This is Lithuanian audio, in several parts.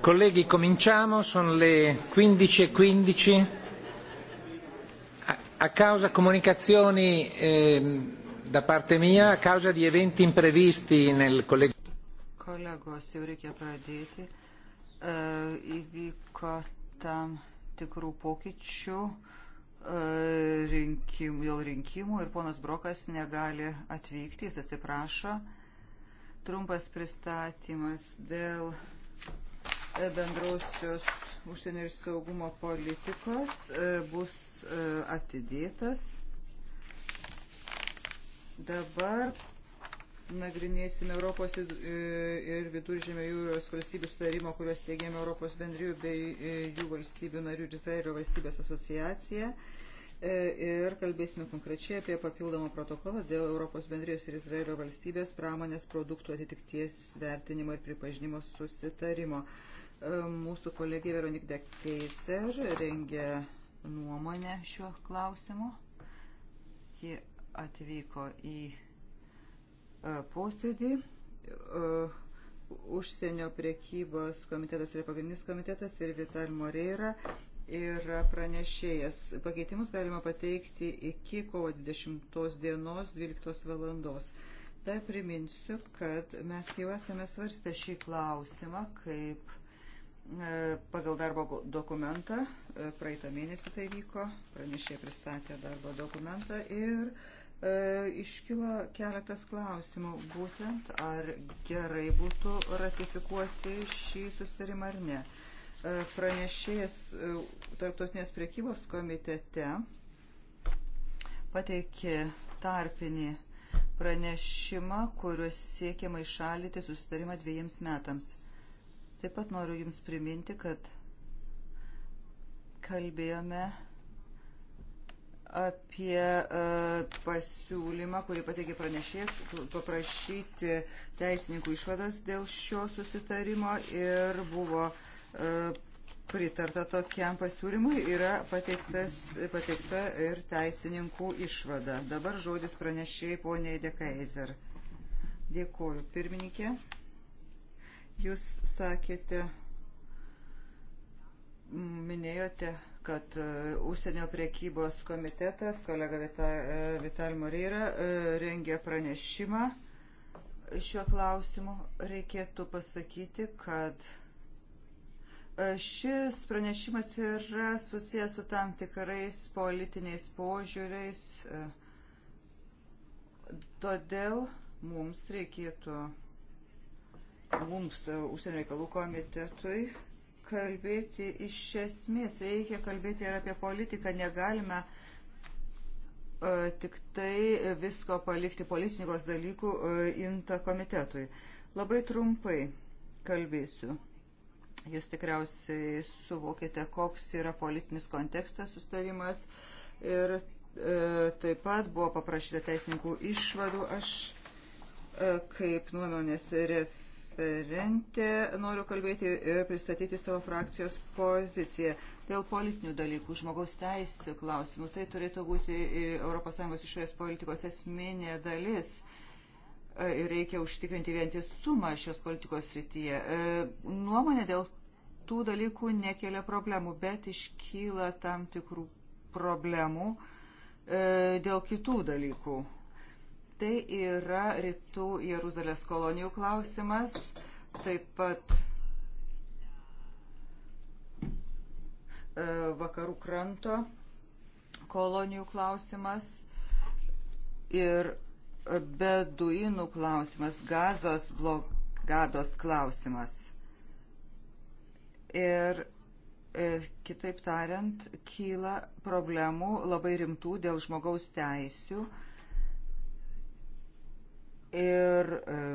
Colleghi, cominciamo, sono le 15.15. 15. E a causa comunicazioni eh, da parte mia, a causa di eventi imprevisti nel collegio. Kolegos, jau reikia pradėti. Uh, įvyko tam tikrų pokyčių uh, e, rinkim, dėl rinkimų ir ponas Brokas negali atvykti, jis atsiprašo. Uh, Trumpas pristatymas dėl e, bendrausios užsienio ir saugumo politikos e, bus e, atidėtas. Dabar nagrinėsime Europos ir Viduržėmio jūros valstybių sutarimo, kuriuos teigėme Europos bendrijų bei jų valstybių narių ir Izraelio valstybės asociacija. E, ir kalbėsime konkrečiai apie papildomą protokolą dėl Europos bendrijos ir Izraelio valstybės pramonės produktų atitikties vertinimo ir pripažinimo susitarimo. E, mūsų kolegė Veronik Dekeiser rengė nuomonę šiuo klausimu. Ji atvyko į e, posėdį. Užsienio priekybos komitetas yra pagrindinis komitetas ir Vital Moreira yra pranešėjas. Pakeitimus galima pateikti iki kovo 20 dienos 12 valandos. Dar priminsiu, kad mes jau esame svarstę šį klausimą kaip e, pagal darbo dokumentą. E, praeitą mėnesį tai vyko, pranešėjai pristatė darbo dokumentą ir e, iškilo keletas klausimų, būtent ar gerai būtų ratifikuoti šį sustarimą ar ne. E, pranešėjas e, Tarptautinės priekybos komitete pateikė tarpinį pranešimą, kuriuos siekiama išalyti susitarimą dviejiems metams. Taip pat noriu Jums priminti, kad kalbėjome apie e, pasiūlymą, kurį pateikė pranešėjas, paprašyti teisininkų išvados dėl šio susitarimo ir buvo pritarta tokiam pasiūlymui, yra pateikta ir teisininkų išvada. Dabar žodis pranešėjai poniai Dekaizer. Dėkoju, pirmininkė. Jūs sakėte, minėjote, kad e, Užsienio priekybos komitetas, kolega e, Vital Moreira, e, rengia pranešimą šiuo klausimu. Reikėtų pasakyti, kad Šis pranešimas yra susijęs su tam tikrais politiniais požiūriais, todėl mums reikėtų, mums e, užsienio reikalų komitetui, kalbėti iš esmės, reikia kalbėti ir apie politiką, negalime e, tik tai visko palikti politikos dalykų e, inta komitetui. Labai trumpai kalbėsiu. Jūs tikriausiai suvokite, koks yra politinis kontekstas sustarimas. Ir e, taip pat buvo paprašyta teisininkų išvadų. Aš e, kaip nuomonės referentė noriu kalbėti ir pristatyti savo frakcijos poziciją. Dėl politinių dalykų, žmogaus teisų klausimų, tai turėtų būti ES išorės politikos esminė dalis E, ir reikia užtikrinti vientisumą šios politikos srityje. E, nuomonė dėl tų dalykų nekelia problemų, bet iškyla tam tikrų problemų e, dėl kitų dalykų. Tai yra rytų Jeruzalės kolonijų klausimas, taip pat vakarų kranto kolonijų klausimas ir beduinų klausimas, gazos blokados klausimas. Ir e, kitaip tariant, kyla problemų labai rimtų dėl žmogaus teisių. Ir e,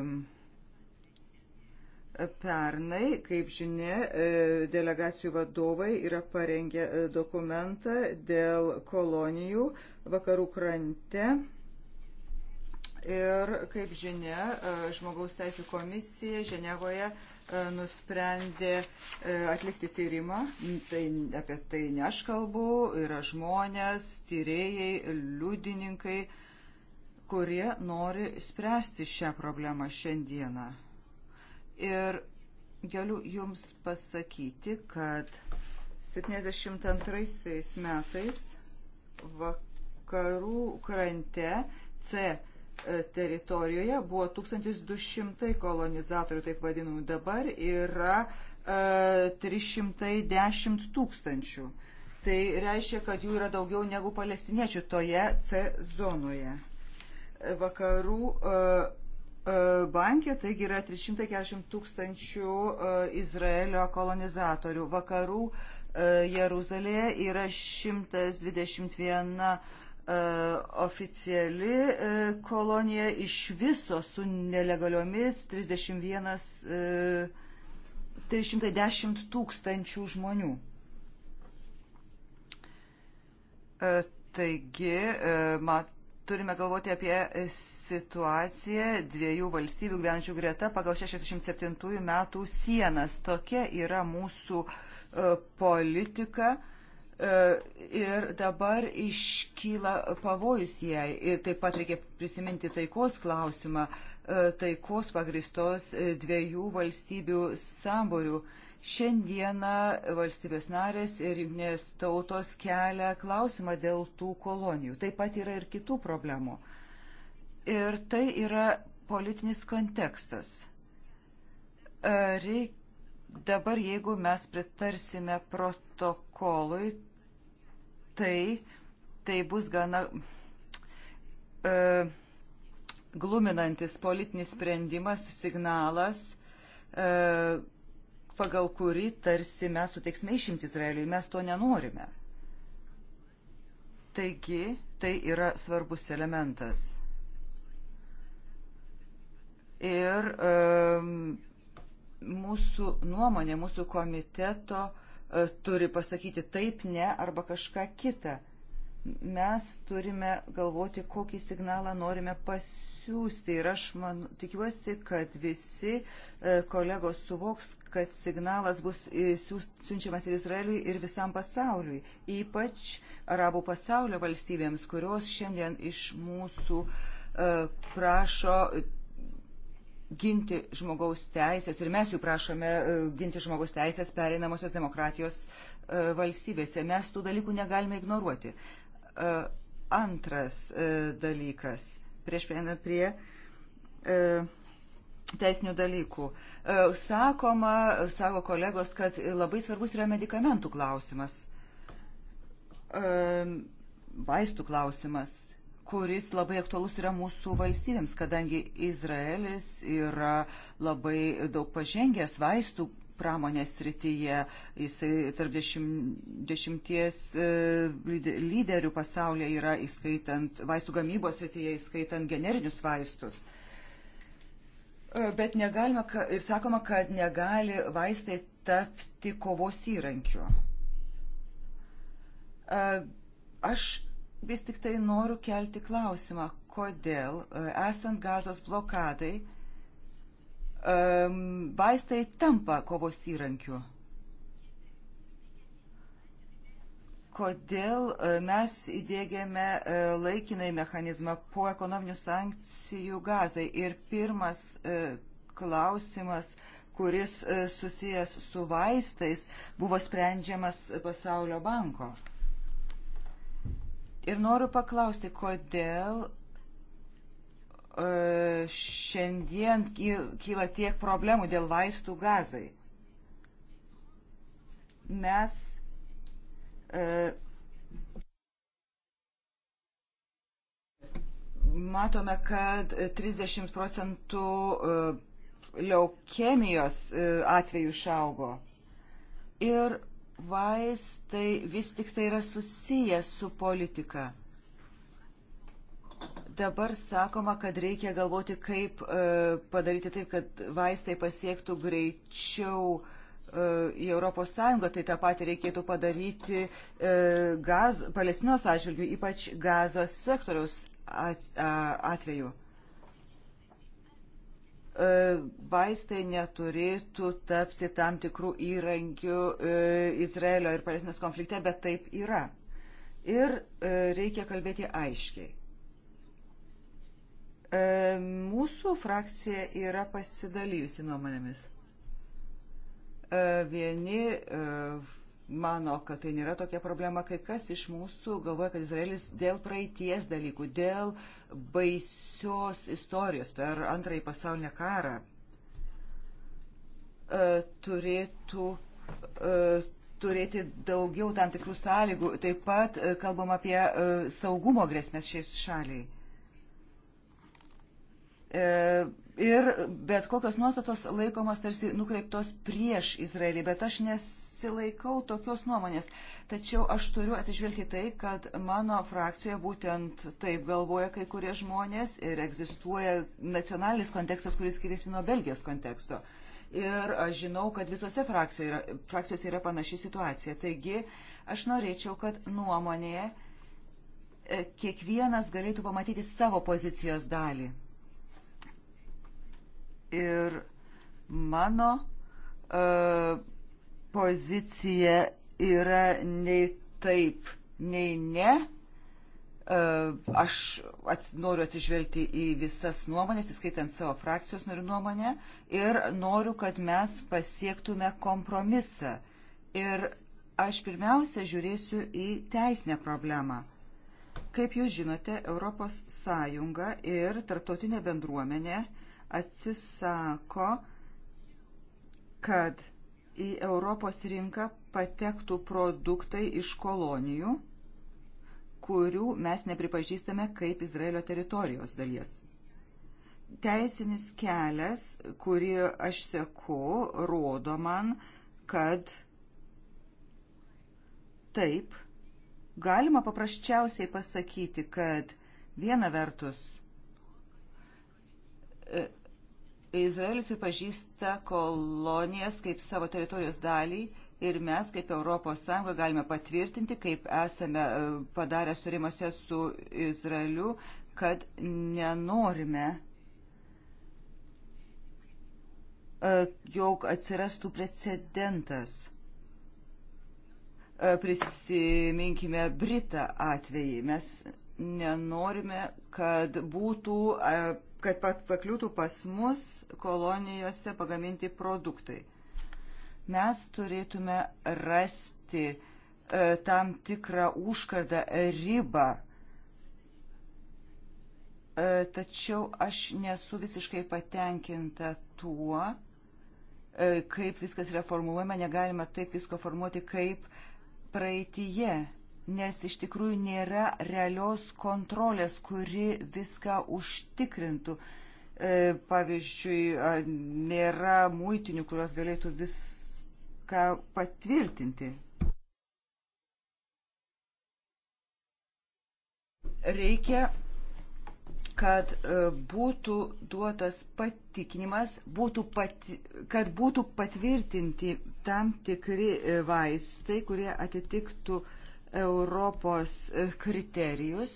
pernai, kaip žinia, e, delegacijų vadovai yra parengę dokumentą dėl kolonijų vakarų krante Ir, kaip žinia, e, Žmogaus teisų komisija Ženevoje e, nusprendė e, atlikti tyrimą. Tai, apie tai ne aš kalbu, yra žmonės, tyrėjai, liudininkai, kurie nori spręsti šią problemą šiandieną. Ir galiu Jums pasakyti, kad 72 metais vakarų krante C E, teritorijoje buvo 1200 kolonizatorių, taip vadinamų, dabar yra e, 310 tūkstančių. Tai reiškia, kad jų yra daugiau negu palestiniečių toje C zonoje. E, vakarų e, e, bankė, taigi yra 340 tūkstančių e, Izraelio kolonizatorių. Vakarų e, Jeruzalėje yra 121 E, oficiali e, kolonija iš viso su nelegaliomis 31, 310 e, tūkstančių žmonių. Taigi, mat, turime galvoti apie situaciją dviejų valstybių gyvenančių greta pagal 67 metų sienas. Tokia yra mūsų politika. Uh, E, ir dabar iškyla pavojus jai. Ir taip pat reikia prisiminti taikos klausimą, e, taikos pagristos e, dviejų valstybių samborių. Šiandieną valstybės narės ir jungtinės tautos kelia klausimą dėl tų kolonijų. Taip pat yra ir kitų problemų. Ir tai yra politinis kontekstas. Reik... Dabar, jeigu mes pritarsime protokolui, tai, tai bus gana e, gluminantis politinis sprendimas, signalas, e, pagal kurį tarsi mes suteiksime išimti Izraeliui, mes to nenorime. Taigi, tai yra svarbus elementas. Ir e, mūsų nuomonė, mūsų komiteto e, E, turi pasakyti taip, ne arba kažką kitą. Mes turime galvoti, kokį signalą norime pasiūsti ir aš man, tikiuosi, kad visi e, kolegos suvoks, kad signalas bus siunčiamas ir Izraeliui ir visam pasauliui, ypač arabų pasaulio valstybėms, kurios šiandien iš mūsų e, prašo ginti žmogaus teisės ir mes jų prašome e, ginti žmogaus teisės pereinamosios demokratijos e, valstybėse. Mes tų dalykų negalime ignoruoti. E, antras dalykas, prieš prieinant prie teisinių dalykų. Sakoma, sako kolegos, kad labai svarbus yra medikamentų klausimas, vaistų klausimas kuris labai aktualus yra mūsų valstybėms, kadangi Izraelis yra labai daug pažengęs vaistų pramonės srityje, jisai tarp dešimties e, lyderių pasaulyje yra, įskaitant vaistų gamybos srityje, įskaitant generinius vaistus. E, bet negalima, ir sakoma, kad negali vaistai tapti kovos įrankiu. E, aš vis tik tai noriu kelti klausimą, kodėl e, esant gazos blokadai e, vaistai tampa kovos įrankiu. Kodėl e, mes įdėgėme laikinai mechanizmą po ekonominių sankcijų gazai? Ir pirmas klausimas, kuris susijęs su vaistais, buvo sprendžiamas Pasaulio banko. Ir noriu paklausti, kodėl e, šiandien kyla tiek problemų dėl vaistų gazai. Mes e, matome, kad 30 procentų e, leukemijos atvejų išaugo. Ir vaistai vis tik tai yra susiję su politika. Dabar sakoma, kad reikia galvoti, kaip e, padaryti taip, kad vaistai pasiektų greičiau e, į ES, tai tą patį reikėtų padaryti e, gaz, Palestinos atžvilgių, ypač gazos sektoriaus at, a, atveju. E, vaistai neturėtų tapti tam tikrų įrankių e, Izraelio ir Palestinos konflikte, bet taip yra. Ir e, reikia kalbėti aiškiai. Mūsų frakcija yra pasidalijusi nuomonėmis. Vieni mano, kad tai nėra tokia problema, kai kas iš mūsų galvoja, kad Izraelis dėl praeities dalykų, dėl baisios istorijos per antrąjį pasaulinę karą e, turėtų e, turėti daugiau tam tikrų sąlygų. Taip pat e, kalbam apie saugumo grėsmės šiais šaliai. E, ir bet kokios nuostatos laikomos tarsi nukreiptos prieš Izraelį, bet aš nesilaikau tokios nuomonės. Tačiau aš turiu atsižvelgti tai, kad mano frakcijoje būtent taip galvoja kai kurie žmonės ir egzistuoja nacionalinis kontekstas, kuris skiriasi nuo Belgijos konteksto. Ir aš žinau, kad visose frakcijose yra, frakcijose yra panaši situacija. Taigi aš norėčiau, kad nuomonėje e, kiekvienas galėtų pamatyti savo pozicijos dalį ir mano uh, pozicija yra nei taip, nei ne. Uh, aš ats, noriu atsižvelgti į visas nuomonės, įskaitant savo frakcijos narių nuomonę, ir noriu, kad mes pasiektume kompromisą. Ir aš pirmiausia žiūrėsiu į teisinę problemą. Kaip jūs žinote, ES ir tarptautinė bendruomenė uh, atsisako, kad į Europos rinką patektų produktai iš kolonijų, kurių mes nepripažįstame kaip Izraelio teritorijos dalies. Teisinis kelias, kurį aš seku, rodo man, kad taip, galima paprasčiausiai pasakyti, kad viena vertus e, Izraelis pripažįsta kolonijas kaip savo teritorijos dalį ir mes kaip ES galime patvirtinti, kaip esame e, padarę surimuose su Izraeliu, kad nenorime, e, jog atsirastų precedentas. E, prisiminkime Britą atvejį. Mes nenorime, kad būtų kad pakliūtų pas mus kolonijose pagaminti produktai. Mes turėtume rasti e, tam tikrą užkardą ribą. E, tačiau aš nesu visiškai patenkinta tuo, e, kaip viskas yra formuluojama, negalima taip visko formuoti kaip praeitie nes iš tikrųjų nėra realios kontrolės, kuri viską užtikrintų. E, pavyzdžiui, nėra muitinių, kurios galėtų viską patvirtinti. Reikia, kad e, būtų duotas patikinimas, būtų pati, kad būtų patvirtinti tam tikri e, vaistai, kurie atitiktų uh, Europos e, kriterijus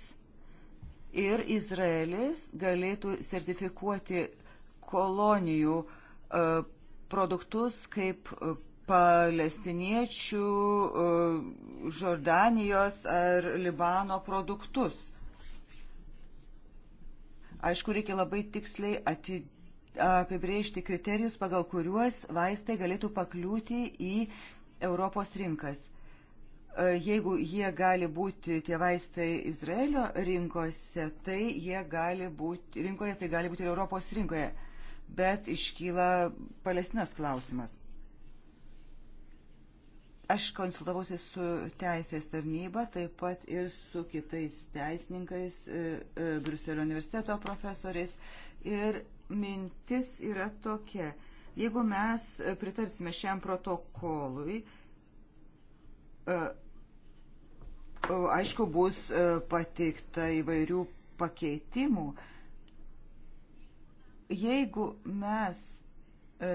ir Izraelis galėtų sertifikuoti kolonijų e, produktus kaip e, palestiniečių, Jordanijos ar Libano produktus. Aišku, reikia labai tiksliai atidėti apibrėžti kriterijus, pagal kuriuos vaistai galėtų pakliūti į Europos rinkas. E, jeigu jie gali būti tie vaistai Izraelio rinkose, tai jie gali būti rinkoje, tai gali būti ir Europos rinkoje. Bet iškyla Palestinos klausimas. Aš konsultavausi su teisės tarnyba, taip pat ir su kitais teisininkais, e, e, Bruselio universiteto profesoriais. Ir mintis yra tokia, jeigu mes pritarsime šiam protokolui, aišku, bus e, pateikta įvairių pakeitimų. Jeigu mes e,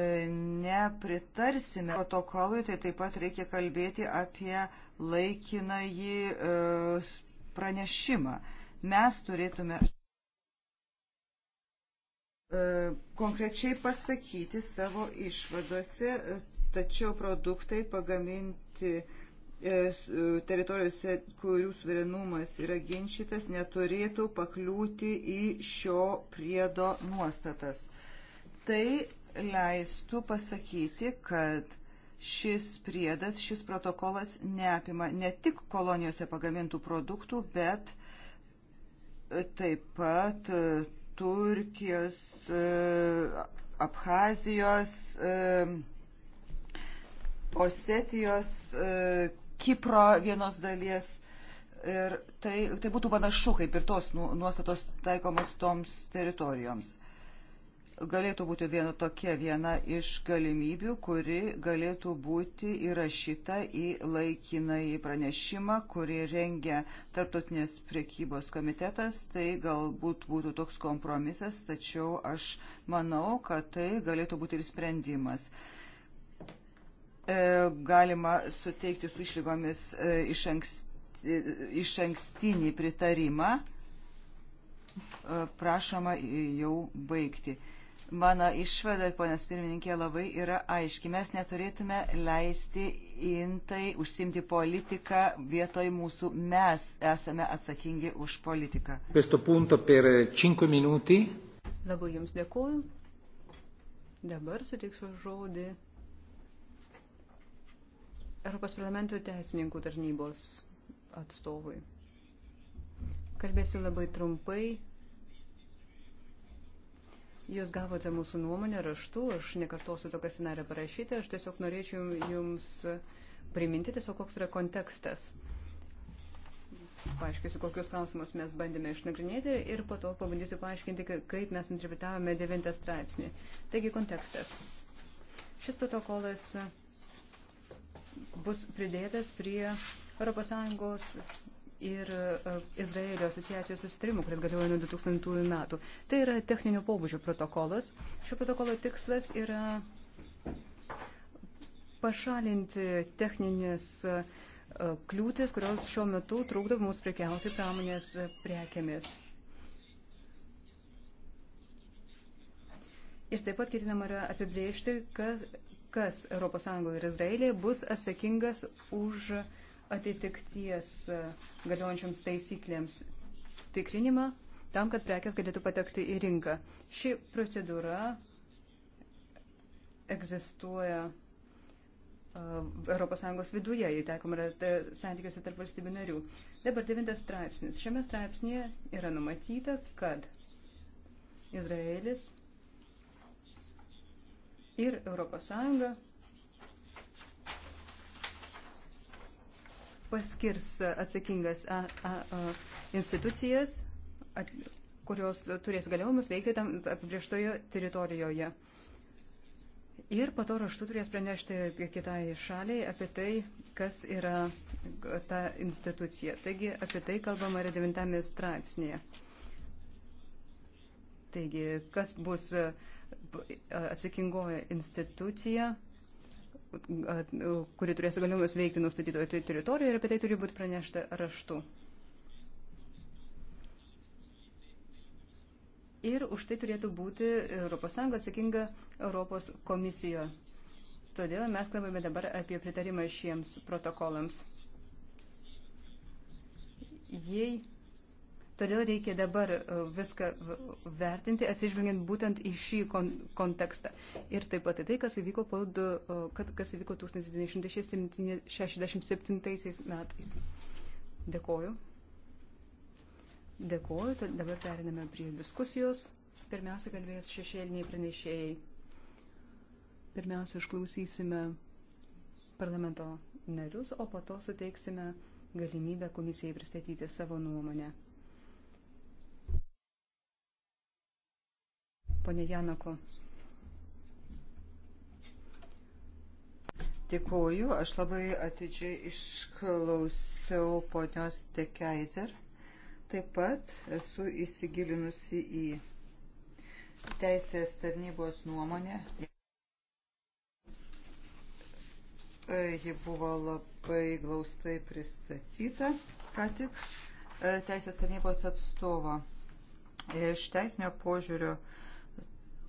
nepritarsime protokolui, tai taip pat reikia kalbėti apie laikinąjį e, pranešimą. Mes turėtume konkrečiai pasakyti savo išvadose, tačiau produktai pagaminti E, e, teritorijose, kurių suverenumas yra ginčytas, neturėtų pakliūti į šio priedo nuostatas. Tai leistų pasakyti, kad šis priedas, šis protokolas neapima ne tik kolonijose pagamintų produktų, bet e, taip pat Turkijos, Abhazijos, Osetijos, Kipro vienos dalies. Ir tai, tai būtų panašu, kaip ir tos nu, nuostatos taikomos toms teritorijoms. Galėtų būti viena tokia viena iš galimybių, kuri galėtų būti įrašyta į laikinąjį pranešimą, kurį rengia Tarptautinės priekybos komitetas. Tai galbūt būtų toks kompromisas, tačiau aš manau, kad tai galėtų būti ir sprendimas. Uh, E, galima suteikti su išlygomis e, iš, ankst, iš ankstinį pritarimą. E, prašoma jau baigti. Mano išvada, ponas pirmininkė, labai yra aiški. Mes neturėtume leisti intai užsimti politiką vietoj mūsų. Mes esame atsakingi už politiką. Labai jums dėkuoju. Dabar sutiksiu žodį Europos parlamento teisininkų tarnybos atstovui. Kalbėsiu labai trumpai. Jūs gavote mūsų nuomonę raštu, aš nekartosiu to, kas ten yra parašyta, aš tiesiog norėčiau jums priminti tiesiog, koks yra kontekstas. Paaiškinsiu, kokius klausimus mes bandėme išnagrinėti ir po to pabandysiu paaiškinti, kaip mes interpretavome devintą straipsnį. Taigi kontekstas. Šis protokolas bus pridėtas prie ES ir e, Izraelio asociacijos sustarimų, kuris galioja nuo 2000 metų. Tai yra techninio pobūdžio protokolas. Šio protokolo tikslas yra pašalinti techninės e, kliūtis, kurios šiuo metu trukdo mums prekiauti pramonės e, prekiamis. Ir taip pat ketinama yra apibrėžti, kad kas ES ir Izraelija bus atsakingas už atitikties e, galiojančioms taisyklėms tikrinimą tam, kad prekes galėtų patekti į rinką. Ši procedūra egzistuoja ES viduje, jį taikoma yra e, santykiuose tarp valstybių narių. Dabar devintas straipsnis. Šiame straipsnėje yra numatyta, kad Izraelis ir ES paskirs atsakingas a, a, a, institucijas, at, kurios turės galiojimus veikti tam apibrieštojo teritorijoje. Ir po to raštu turės pranešti kitai šaliai apie tai, kas yra ta institucija. Taigi apie tai kalbama yra devintame straipsnėje. Taigi, kas bus uh, atsakingoji institucija, kuri turės įgaliojimus veikti nustatytoje teritorijoje ir apie tai turi būti pranešta raštu. Ir už tai turėtų būti ES atsakinga Europos komisijoje. Todėl mes kalbame dabar apie pritarimą šiems protokolams. Jei Todėl reikia dabar e, viską vertinti, atsižvelgiant būtent į šį kon kontekstą. Ir taip pat į tai, kas įvyko, po, kad, kas įvyko 1967 metais. Dėkoju. Dėkoju. Tad dabar periname prie diskusijos. Pirmiausia, kalbės šešėliniai pranešėjai. Pirmiausia, išklausysime parlamento narius, o po to suteiksime galimybę komisijai pristatyti savo nuomonę. ponė Janako. Dėkuoju, aš labai atidžiai išklausiau ponios Tekeizer. Taip pat esu įsigilinusi į teisės tarnybos nuomonę. Ji buvo labai glaustai pristatyta, ką tik e, teisės tarnybos atstovo. Iš teisinio požiūrio uh,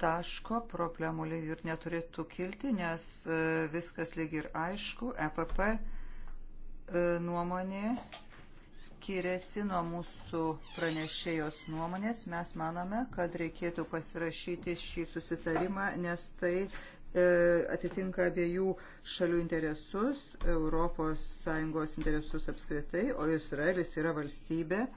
taško problemų lyg ir neturėtų kilti, nes e, viskas lyg ir aišku, EPP e, nuomonė skiriasi nuo mūsų pranešėjos nuomonės. Mes manome, kad reikėtų pasirašyti šį susitarimą, nes tai e, atitinka abiejų šalių interesus, ES interesus apskritai, o Izraelis yra valstybė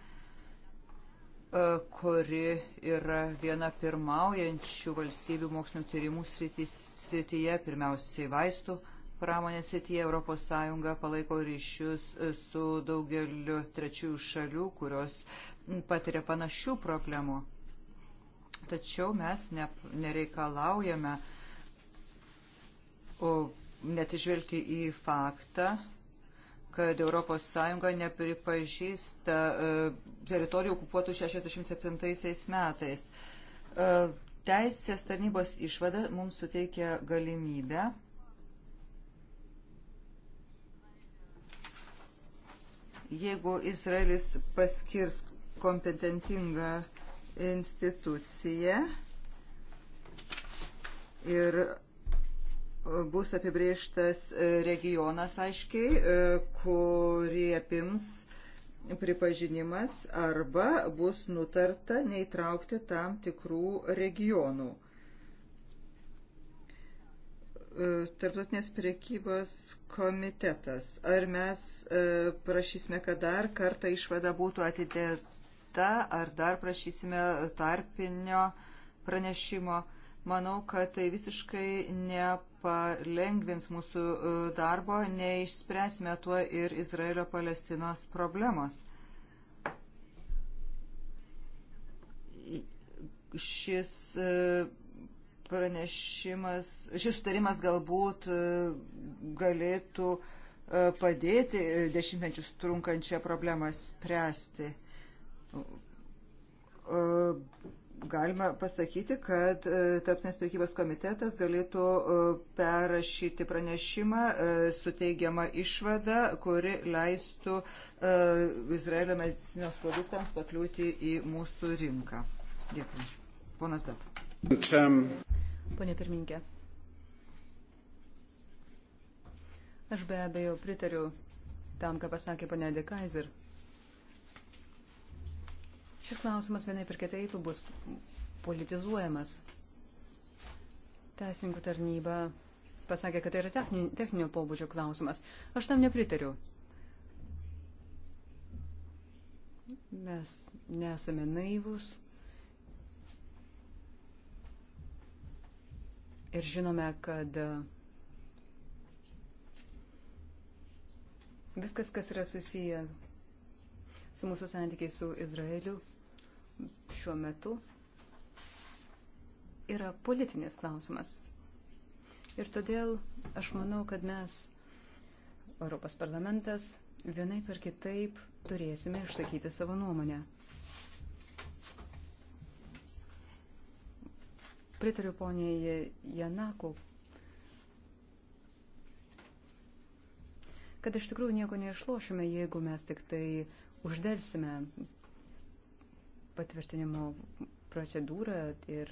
E, kuri yra viena pirmaujančių valstybių mokslinio tyrimų srityje, pirmiausiai vaistų pramonės srityje Europos Sąjunga palaiko ryšius su daugeliu trečiųjų šalių, kurios patiria panašių problemų. Tačiau mes ne, nereikalaujame net išvelgti į faktą, kad ES nepripažįsta e, teritorijų okupuotų 67 metais. E, teisės tarnybos išvada mums suteikia galimybę jeigu Izraelis paskirs kompetentingą instituciją ir bus apibrieštas e, regionas aiškiai, e, kurį apims pripažinimas arba bus nutarta neįtraukti tam tikrų regionų. E, tarptautinės priekybos komitetas. Ar mes prašysime, kad dar kartą išvada būtų atidėta, ar dar prašysime tarpinio pranešimo? Manau, kad tai visiškai nepaprasta palengvins mūsų e, darbo, neišspręsime tuo ir Izraelio-Palestinos problemos. Šis e, pranešimas, šis sutarimas galbūt e, galėtų padėti dešimtmečius trunkančią problemą spręsti galima pasakyti, kad e, Tarptinės priekybos komitetas galėtų e, perrašyti pranešimą e, su teigiama išvada, kuri leistų Izraelio medicinos produktams pakliūti į mūsų rinką. Dėkui. Ponas Daf. Um, Pone pirmininkė. Aš be abejo pritariu tam, ką pasakė ponė De Kaiser. Šis klausimas vienai per kitaip bus politizuojamas. Teisininkų tarnyba pasakė, kad tai yra techninio pobūdžio klausimas. Aš tam nepritariu. Mes nesame naivus ir žinome, kad e, viskas, kas yra susiję su mūsų santykiai su Izraeliu šiuo metu yra politinis klausimas. Ir todėl aš manau, kad mes, Europos parlamentas, vienai per kitaip turėsime išsakyti savo nuomonę. Pritariu poniai Janaku, kad iš tikrųjų nieko neišlošime, jeigu mes tik tai uh, uždelsime patvirtinimo procedūrą ir,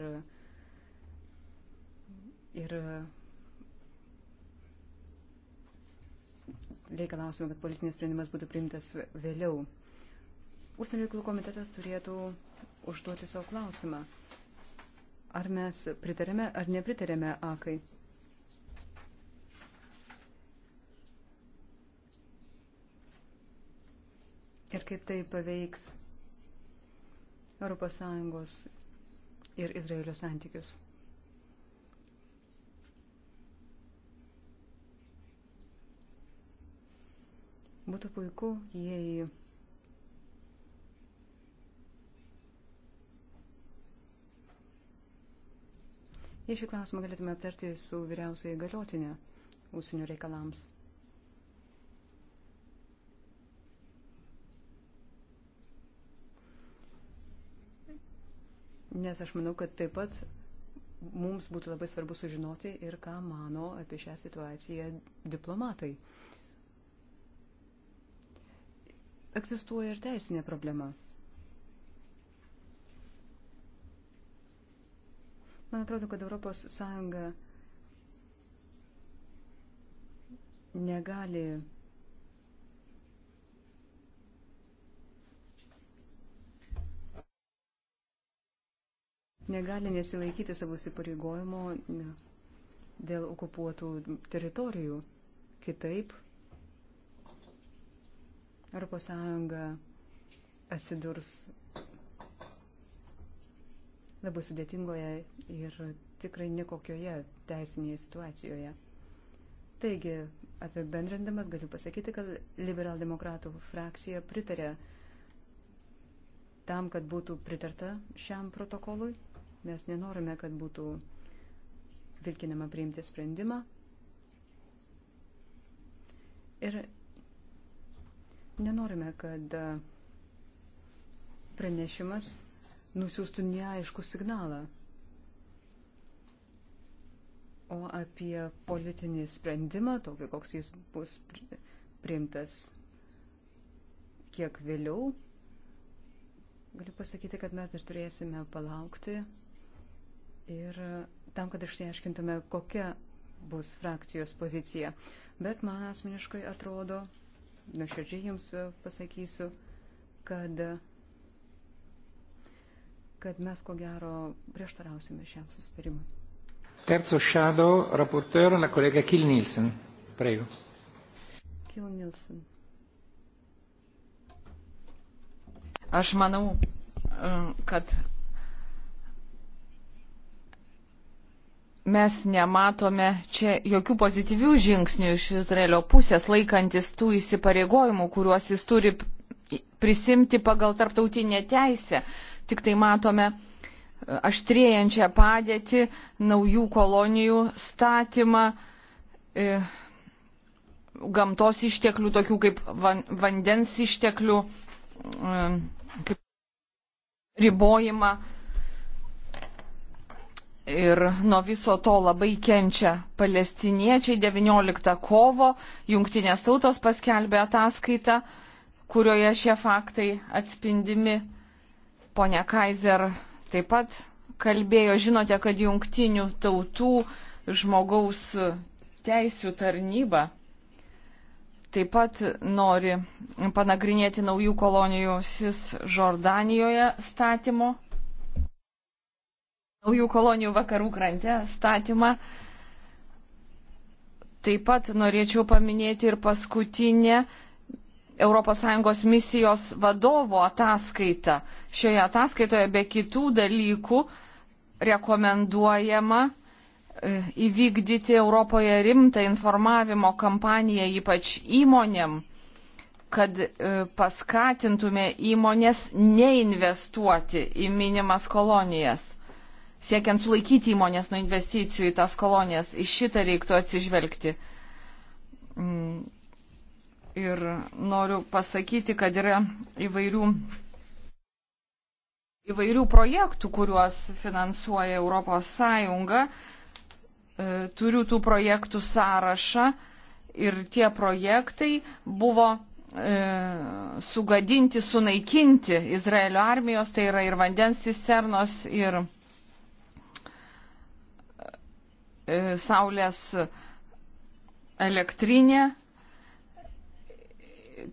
ir reikalausime, kad politinis sprendimas būtų priimtas vėliau. Užsienio reikalų komitetas turėtų užduoti savo klausimą. Ar mes pritarėme ar nepritarėme AKAI? ir kaip tai paveiks ES ir Izraelio santykius. Būtų puiku, jei Jei šį klausimą galėtume aptarti su vyriausioje galiotinė ūsinių reikalams. nes aš manau, kad taip pat mums būtų labai svarbu sužinoti ir ką mano apie šią situaciją diplomatai. Egzistuoja ir teisinė problema. Man atrodo, kad Europos Sąjunga negali negali nesilaikyti savo įsipareigojimo dėl okupuotų teritorijų. Kitaip ES atsidurs labai sudėtingoje ir tikrai nekokioje teisinėje situacijoje. Taigi, apibendrindamas galiu pasakyti, kad liberaldemokratų frakcija pritarė tam, kad būtų pritarta šiam protokolui. Mes nenorime, kad būtų vilkinama priimti sprendimą. Ir nenorime, kad e, pranešimas nusiųstų neaišku signalą. O apie politinį sprendimą, tokį koks jis bus priimtas kiek vėliau, galiu pasakyti, kad mes dar turėsime palaukti ir tam, kad išsiaiškintume, kokia bus frakcijos pozicija. Bet man asmeniškai atrodo, nuširdžiai jums pasakysiu, kad, kad mes ko gero prieštarausime šiam susitarimui. Terzo shadow rapporteur, la collega Kill Nielsen. Prego. Kill Nielsen. Aš manau, kad mes nematome čia jokių pozityvių žingsnių iš Izraelio pusės, laikantis tų įsipareigojimų, kuriuos jis turi prisimti pagal tarptautinę teisę. Tik tai matome e, aštrėjančią padėtį, naujų kolonijų statymą, e, gamtos išteklių, tokių kaip vandens išteklių, e, kaip ribojimą. Ir nuo viso to labai kenčia palestiniečiai. 19 kovo jungtinės tautos paskelbė ataskaitą, kurioje šie faktai atspindimi. Pone Kaiser taip pat kalbėjo, žinote, kad jungtinių tautų žmogaus teisų tarnyba taip pat nori panagrinėti naujų kolonijų SIS Jordanijoje statymo naujų kolonijų vakarų krante statymą. Taip pat norėčiau paminėti ir paskutinę ES misijos vadovo ataskaitą. Šioje ataskaitoje be kitų dalykų rekomenduojama e, įvykdyti Europoje rimtą informavimo kampaniją, ypač įmonėm, kad e, paskatintume įmonės neinvestuoti į minimas kolonijas siekiant sulaikyti įmonės nuo investicijų į tas kolonijas. Iš šitą reiktų atsižvelgti. Mm. Ir noriu pasakyti, kad yra įvairių, įvairių projektų, kuriuos finansuoja Europos Sąjunga. E, turiu tų projektų sąrašą ir tie projektai buvo e, sugadinti, sunaikinti Izraelio armijos, tai yra ir vandens cisternos, ir E, saulės elektrinė.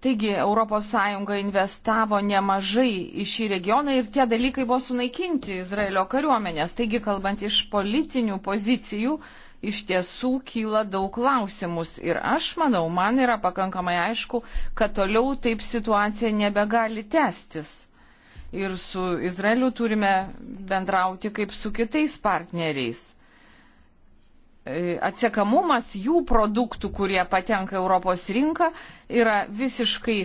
Taigi ES investavo nemažai į šį regioną ir tie dalykai buvo sunaikinti Izraelio kariuomenės. Taigi, kalbant iš politinių pozicijų, iš tiesų kyla daug klausimus. Ir aš manau, man yra pakankamai aišku, kad toliau taip situacija nebegali tęstis. Ir su Izraeliu turime bendrauti kaip su kitais partneriais. E, atsekamumas jų produktų, kurie patenka Europos rinką, yra visiškai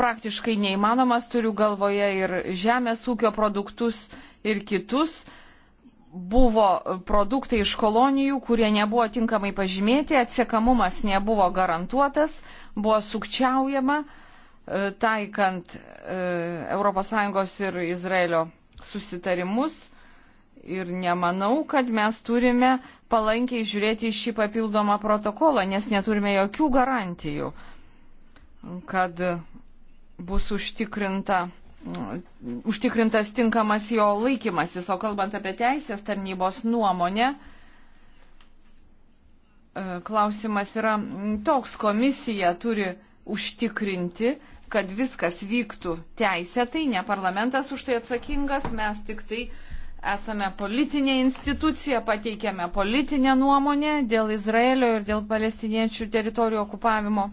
praktiškai neįmanomas, turiu galvoje ir žemės ūkio produktus ir kitus. Buvo produktai iš kolonijų, kurie nebuvo tinkamai pažymėti, atsekamumas nebuvo garantuotas, buvo sukčiaujama, e, taikant ES ir Izraelio susitarimus ir nemanau, kad mes turime palankiai žiūrėti į šį papildomą protokolą, nes neturime jokių garantijų, kad bus užtikrinta, užtikrintas tinkamas jo laikymasis. O kalbant apie teisės tarnybos nuomonę, klausimas yra toks, komisija turi užtikrinti, kad viskas vyktų teisėtai, ne parlamentas už tai atsakingas, mes tik tai uh, Esame politinė institucija, pateikėme politinę nuomonę dėl Izraelio ir dėl palestiniečių teritorijų okupavimo.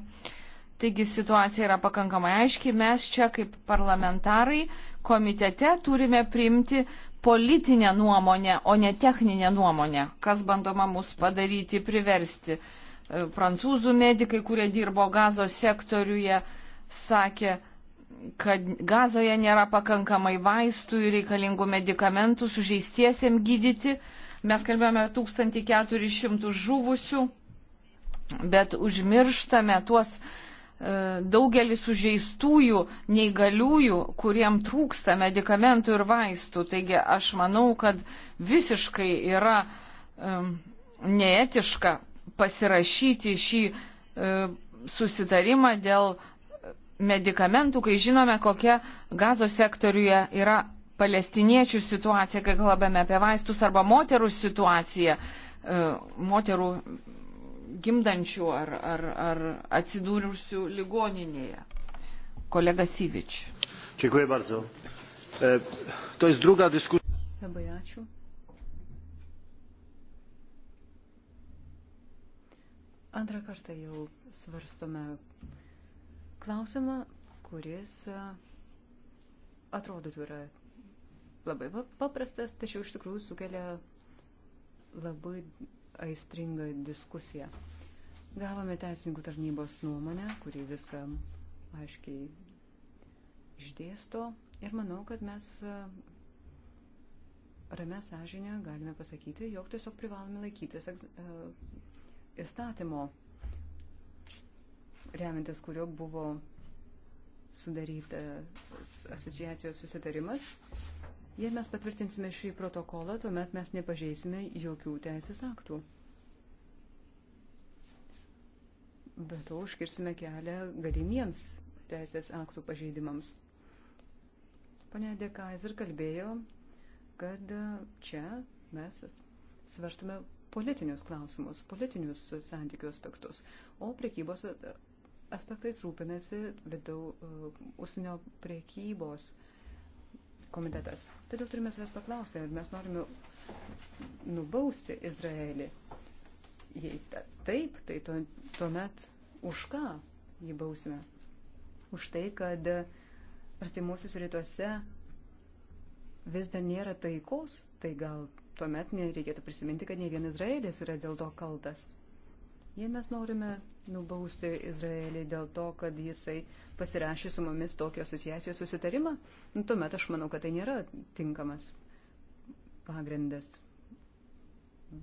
Taigi situacija yra pakankamai aiški. Mes čia kaip parlamentarai komitete turime priimti politinę nuomonę, o ne techninę nuomonę, kas bandoma mus padaryti, priversti. E, prancūzų medikai, kurie dirbo gazos sektoriuje, sakė, kad gazoje nėra pakankamai vaistų ir reikalingų medikamentų sužeistiesiem gydyti. Mes kalbėjome 1400 žuvusių, bet užmirštame tuos e, daugelį sužeistųjų, neįgaliųjų, kuriem trūksta medikamentų ir vaistų. Taigi aš manau, kad visiškai yra um, neetiška pasirašyti šį um, susitarimą dėl medikamentų, kai žinome, kokia gazo sektoriuje yra palestiniečių situacija, kai kalbame apie vaistus arba moterų situaciją, e, moterų gimdančių ar, ar, ar atsidūrusių ligoninėje. Kolega Syvič. Dziękuję bardzo. E, to jest druga dyskusja. Labai ačiū. Antrą kartą jau svarstome klausimą, kuris e, atrodytų yra labai paprastas, tačiau iš tikrųjų sukelia labai aistringą diskusiją. Gavome teisininkų tarnybos nuomonę, kuri viską aiškiai išdėsto ir manau, kad mes e, ramę sąžinę galime pasakyti, jog tiesiog privalome laikytis e, įstatymo remintis kurio buvo sudarytas asociacijos susitarimas. Jei mes patvirtinsime šį protokolą, tuomet mes nepažeisime jokių teisės aktų. Be to užkirsime kelią galimiems teisės aktų pažeidimams. Pane Dekaiser kalbėjo, kad čia mes svarstume politinius klausimus, politinius santykių aspektus, o prekybos aspektais rūpinasi vidau uh, užsienio priekybos komitetas. Todėl turime savęs paklausti, ar mes norime nubausti Izraelį. Jei ta, taip, tai tu, tuomet už ką jį bausime? Už tai, kad artimuosius rytuose vis dar nėra taikos, tai gal tuomet nereikėtų prisiminti, kad ne vien Izraelis yra dėl to kaltas. Jei mes norime nubausti Izraelį dėl to, kad jisai pasirašė su mumis tokio asociacijos susitarimą, nu, tuomet aš manau, kad tai nėra tinkamas pagrindas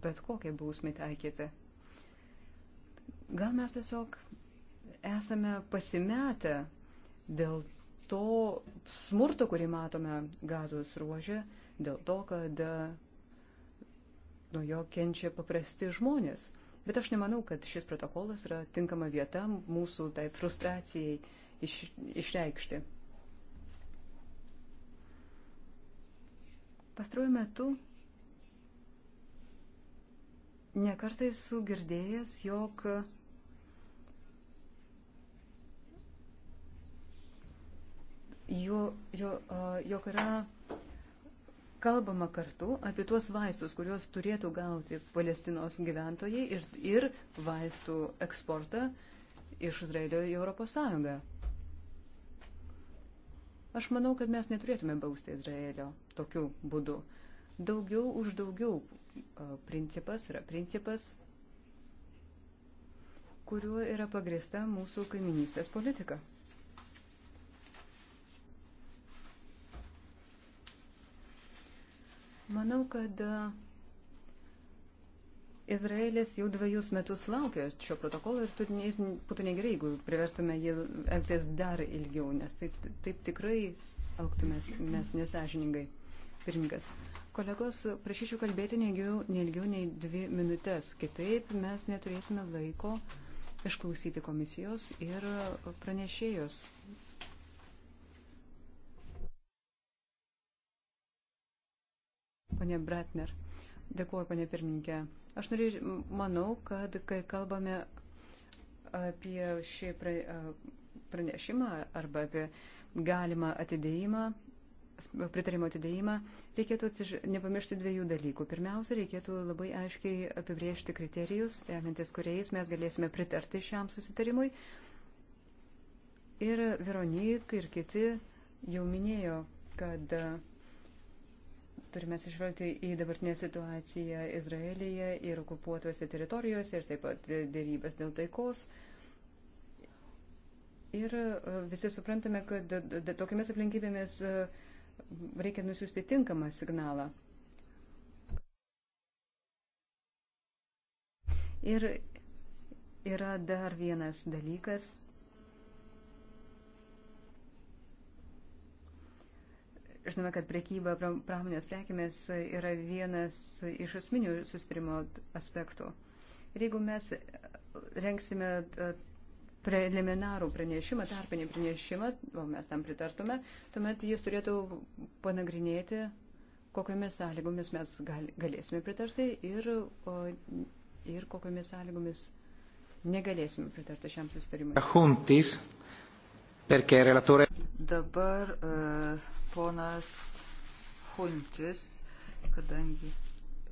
bet kokią bausmę taikyti. Gal mes tiesiog esame pasimetę dėl to smurto, kurį matome gazos ruožė, dėl to, kad e, nuo jo kenčia paprasti žmonės. Bet aš nemanau, kad šis protokolas yra tinkama vieta mūsų tai frustracijai iš, išreikšti. Pastaruoju metu nekartai sugirdėjęs, jog jo, jo, jog yra kalbama kartu apie tuos vaistus, kuriuos turėtų gauti Palestinos gyventojai ir, ir vaistų eksportą iš Izraelio į Europos Sąjungą. Aš manau, kad mes neturėtume bausti Izraelio tokiu būdu. Daugiau už daugiau principas yra principas, kuriuo yra pagrista mūsų kaiminystės politika. Manau, kad e, Izraelis jau dviejus metus laukia šio protokolo ir, tu, ir būtų negerai, jeigu priverstume jį elgtis dar ilgiau, nes taip, taip tikrai elgtumės mes nesažiningai. Pirmininkas, kolegos, prašyčiau kalbėti neilgiau, neilgiau nei dvi minutės, kitaip mes neturėsime laiko išklausyti komisijos ir pranešėjos Pane Bratner. Dėkuoju, pane pirmininkė. Aš norėjau, manau, kad kai kalbame apie šį pranešimą arba apie galimą atidėjimą, pritarimo atidėjimą, reikėtų nepamiršti dviejų dalykų. Pirmiausia, reikėtų labai aiškiai apibriežti kriterijus, remintis kuriais mes galėsime pritarti šiam susitarimui. Ir Veronik ir kiti jau minėjo, kad uh, turime atsižvelgti į dabartinę situaciją Izraelyje ir okupuotose teritorijose ir taip pat dėrybas dėl taikos. Ir e, visi suprantame, kad tokiamis aplinkybėmis e, reikia nusiųsti tinkamą signalą. Ir yra dar vienas dalykas, Žinome, kad priekyba pramonės prekėmis yra vienas iš asmenių sustarimo aspektų. Ir jeigu mes renksime e, preliminarų pranešimą, tarpinį pranešimą, o mes tam pritartume, tuomet jis turėtų panagrinėti, kokiamis sąlygomis mes gal, galėsime pritarti ir, o, ir kokiamis sąlygomis negalėsime pritarti šiam sustarimui. Huntis, perché relatore. Dabar uh, ponas Huntis, kadangi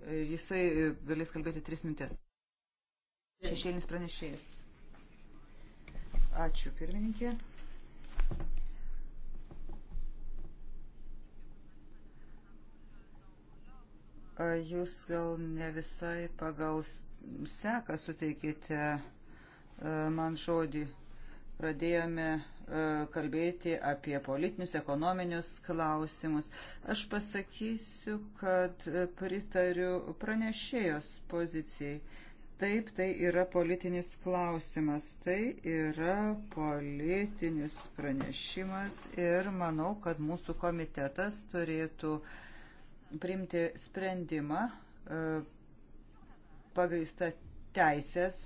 e, jisai e, galės kalbėti tris minutės. Šešėlinis pranešėjas. Ačiū, pirmininkė. Jūs gal ne visai pagal seką suteikite e, man žodį. Pradėjome E, kalbėti apie politinius, ekonominius klausimus. Aš pasakysiu, kad e, pritariu pranešėjos pozicijai. Taip, tai yra politinis klausimas, tai yra politinis pranešimas ir manau, kad mūsų komitetas turėtų priimti sprendimą e, pagrįsta teisės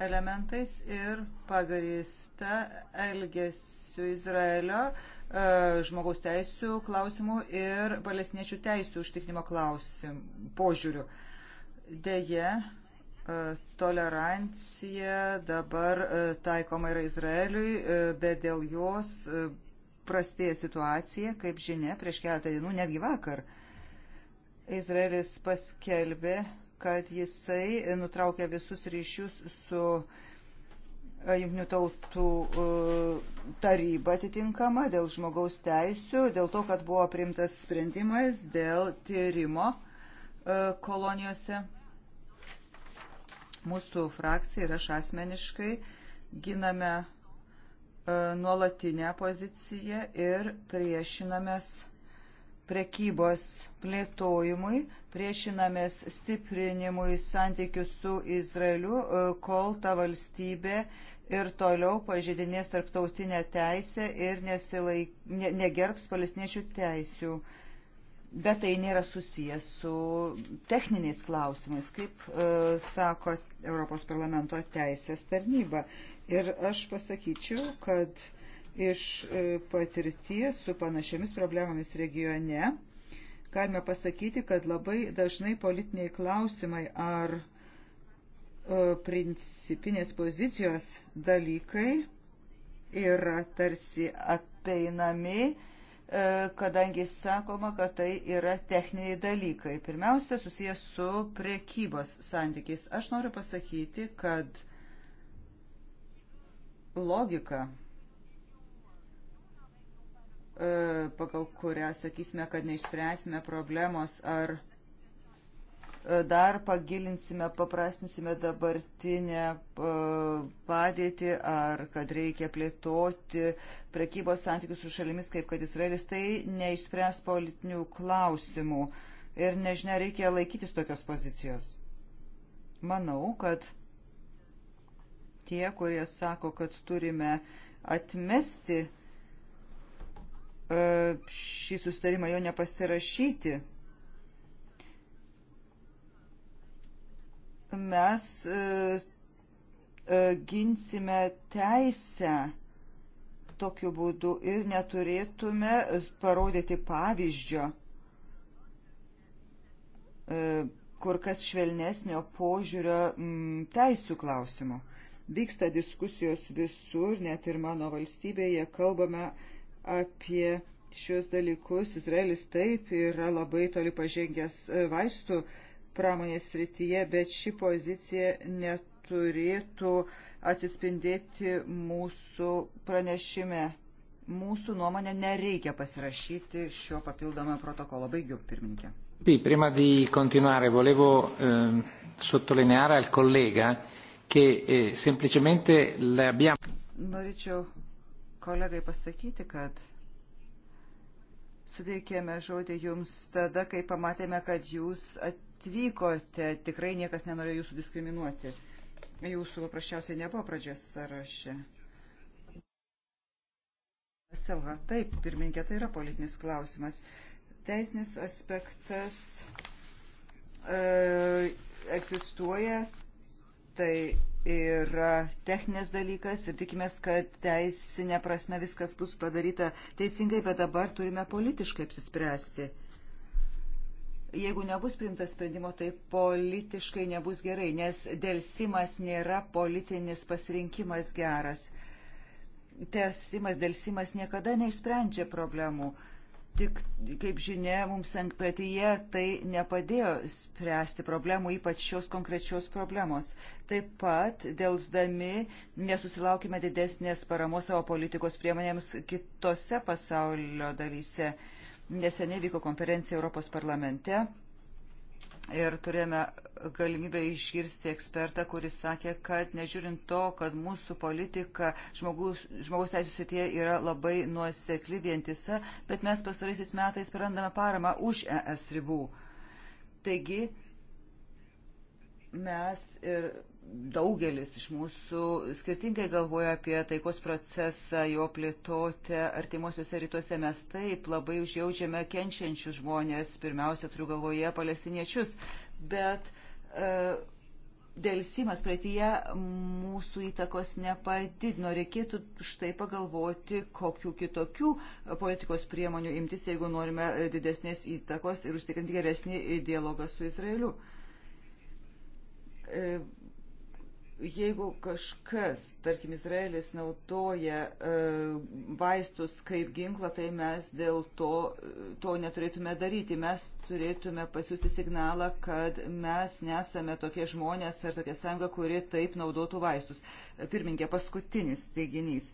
elementais ir pagrįsta elgesiu Izraelio e, žmogaus teisų klausimų ir palestiniečių teisų užtikrinimo klausimų požiūrių. Deja, e, tolerancija dabar e, taikoma yra Izraeliui, bet dėl jos prastėja situacija, kaip žinia, prieš keletą dienų, netgi vakar. Izraelis paskelbė kad jisai nutraukė visus ryšius su e, Junktinių tautų e, taryba atitinkama dėl žmogaus teisių, dėl to, kad buvo priimtas sprendimas dėl tyrimo e, kolonijose. Mūsų frakcija ir aš asmeniškai giname nuolatinę poziciją ir priešinamės prekybos plėtojimui, priešinamės stiprinimui santykių su Izraeliu, e, kol ta valstybė ir toliau pažydinės tarptautinę teisę ir nesilaik, ne, negerbs palestiniečių teisių. Bet tai nėra susijęs su techniniais klausimais, kaip e, sako Europos parlamento teisės tarnyba. Ir aš pasakyčiau, kad iš e, patirties su panašiamis problemomis regione galime pasakyti, kad labai dažnai politiniai klausimai ar e, principinės pozicijos dalykai yra tarsi apeinami, e, kadangi sakoma, kad tai yra techniniai dalykai. Pirmiausia, susijęs su priekybos santykiais. Aš noriu pasakyti, kad logika E, pagal kurią sakysime, kad neišspręsime problemos ar e, dar pagilinsime, paprastinsime dabartinę e, padėtį ar kad reikia plėtoti prekybos santykius su šalimis, kaip kad Izraelis, tai neišspręs politinių klausimų ir nežinia, reikia laikytis tokios pozicijos. Manau, kad tie, kurie sako, kad turime atmesti uh, E, šį sustarimą jo nepasirašyti. Mes e, e, ginsime teisę tokiu būdu ir neturėtume parodyti pavyzdžio kur kas švelnesnio požiūrio teisų klausimu. Vyksta diskusijos visur, net ir mano valstybėje kalbame apie šios dalykus. Izraelis taip yra labai toli pažengęs e, vaistų pramonės srityje, bet ši pozicija neturėtų atsispindėti mūsų pranešime. Mūsų nuomonė nereikia pasirašyti šio papildomą protokolo. Baigiu, pirmininkė. Sì, prima di continuare volevo eh, sottolineare al collega che eh, semplicemente le abbiamo. Norėčiau kolegai pasakyti, kad suteikėme žodį jums tada, kai pamatėme, kad jūs atvykote. Tikrai niekas nenorėjo jūsų diskriminuoti. Jūsų paprasčiausiai nebuvo pradžios sąraše. Selha, taip, pirmininkė, tai yra politinis klausimas. Teisinis aspektas e, egzistuoja, tai yra techninis dalykas ir tikimės, kad teisinė prasme viskas bus padaryta teisingai, bet dabar turime politiškai apsispręsti. Jeigu nebus priimtas sprendimo, tai politiškai nebus gerai, nes dėlsimas nėra politinis pasirinkimas geras. Tesimas dėlsimas niekada neišsprendžia problemų. Tik, kaip žinia, mums ankpetyje tai nepadėjo spręsti problemų, ypač šios konkrečios problemos. Taip pat, dėlsdami, nesusilaukime didesnės paramos savo politikos priemonėms kitose pasaulio dalyse. Neseniai vyko konferencija Europos parlamente ir turėjome galimybę išgirsti ekspertą, kuris sakė, kad nežiūrint to, kad mūsų politika žmogus, žmogus teisų sitie yra labai nuosekli vientisa, bet mes pasaraisiais metais prarandame paramą už ES ribų. Taigi mes ir daugelis iš mūsų skirtingai galvoja apie taikos procesą, jo plėtotę artimuosiuose rytuose. Mes taip labai užjaučiame kenčiančius žmonės, pirmiausia turiu galvoje palestiniečius, bet e, dėlsimas praeitie mūsų įtakos nepadidino. Reikėtų štai pagalvoti, kokiu kitokių politikos priemonių imtis, jeigu norime didesnės įtakos ir užtikrinti geresnį dialogą su Izraeliu. E, jeigu kažkas, tarkim, Izraelis naudoja e, vaistus kaip ginklą, tai mes dėl to, to neturėtume daryti. Mes turėtume pasiūsti signalą, kad mes nesame tokie žmonės ar tokia sąjunga, kuri taip naudotų vaistus. Pirminkė, paskutinis teiginys.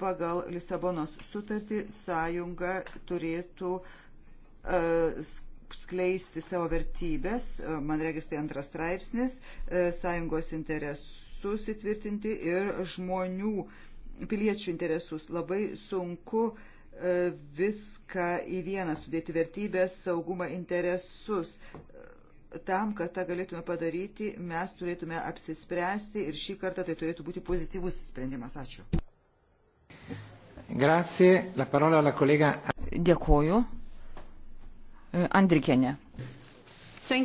Pagal Lisabonos sutartį sąjunga turėtų uh, skleisti savo vertybės, e, man regis tai antras straipsnis, e, sąjungos interesus įtvirtinti ir žmonių, piliečių interesus. Labai sunku e, viską į vieną sudėti vertybės, saugumą, interesus. Tam, kad tą galėtume padaryti, mes turėtume apsispręsti ir šį kartą tai turėtų būti pozityvus sprendimas. Ačiū. Grazie. La parola alla collega. Dėkoju. Andrikienė.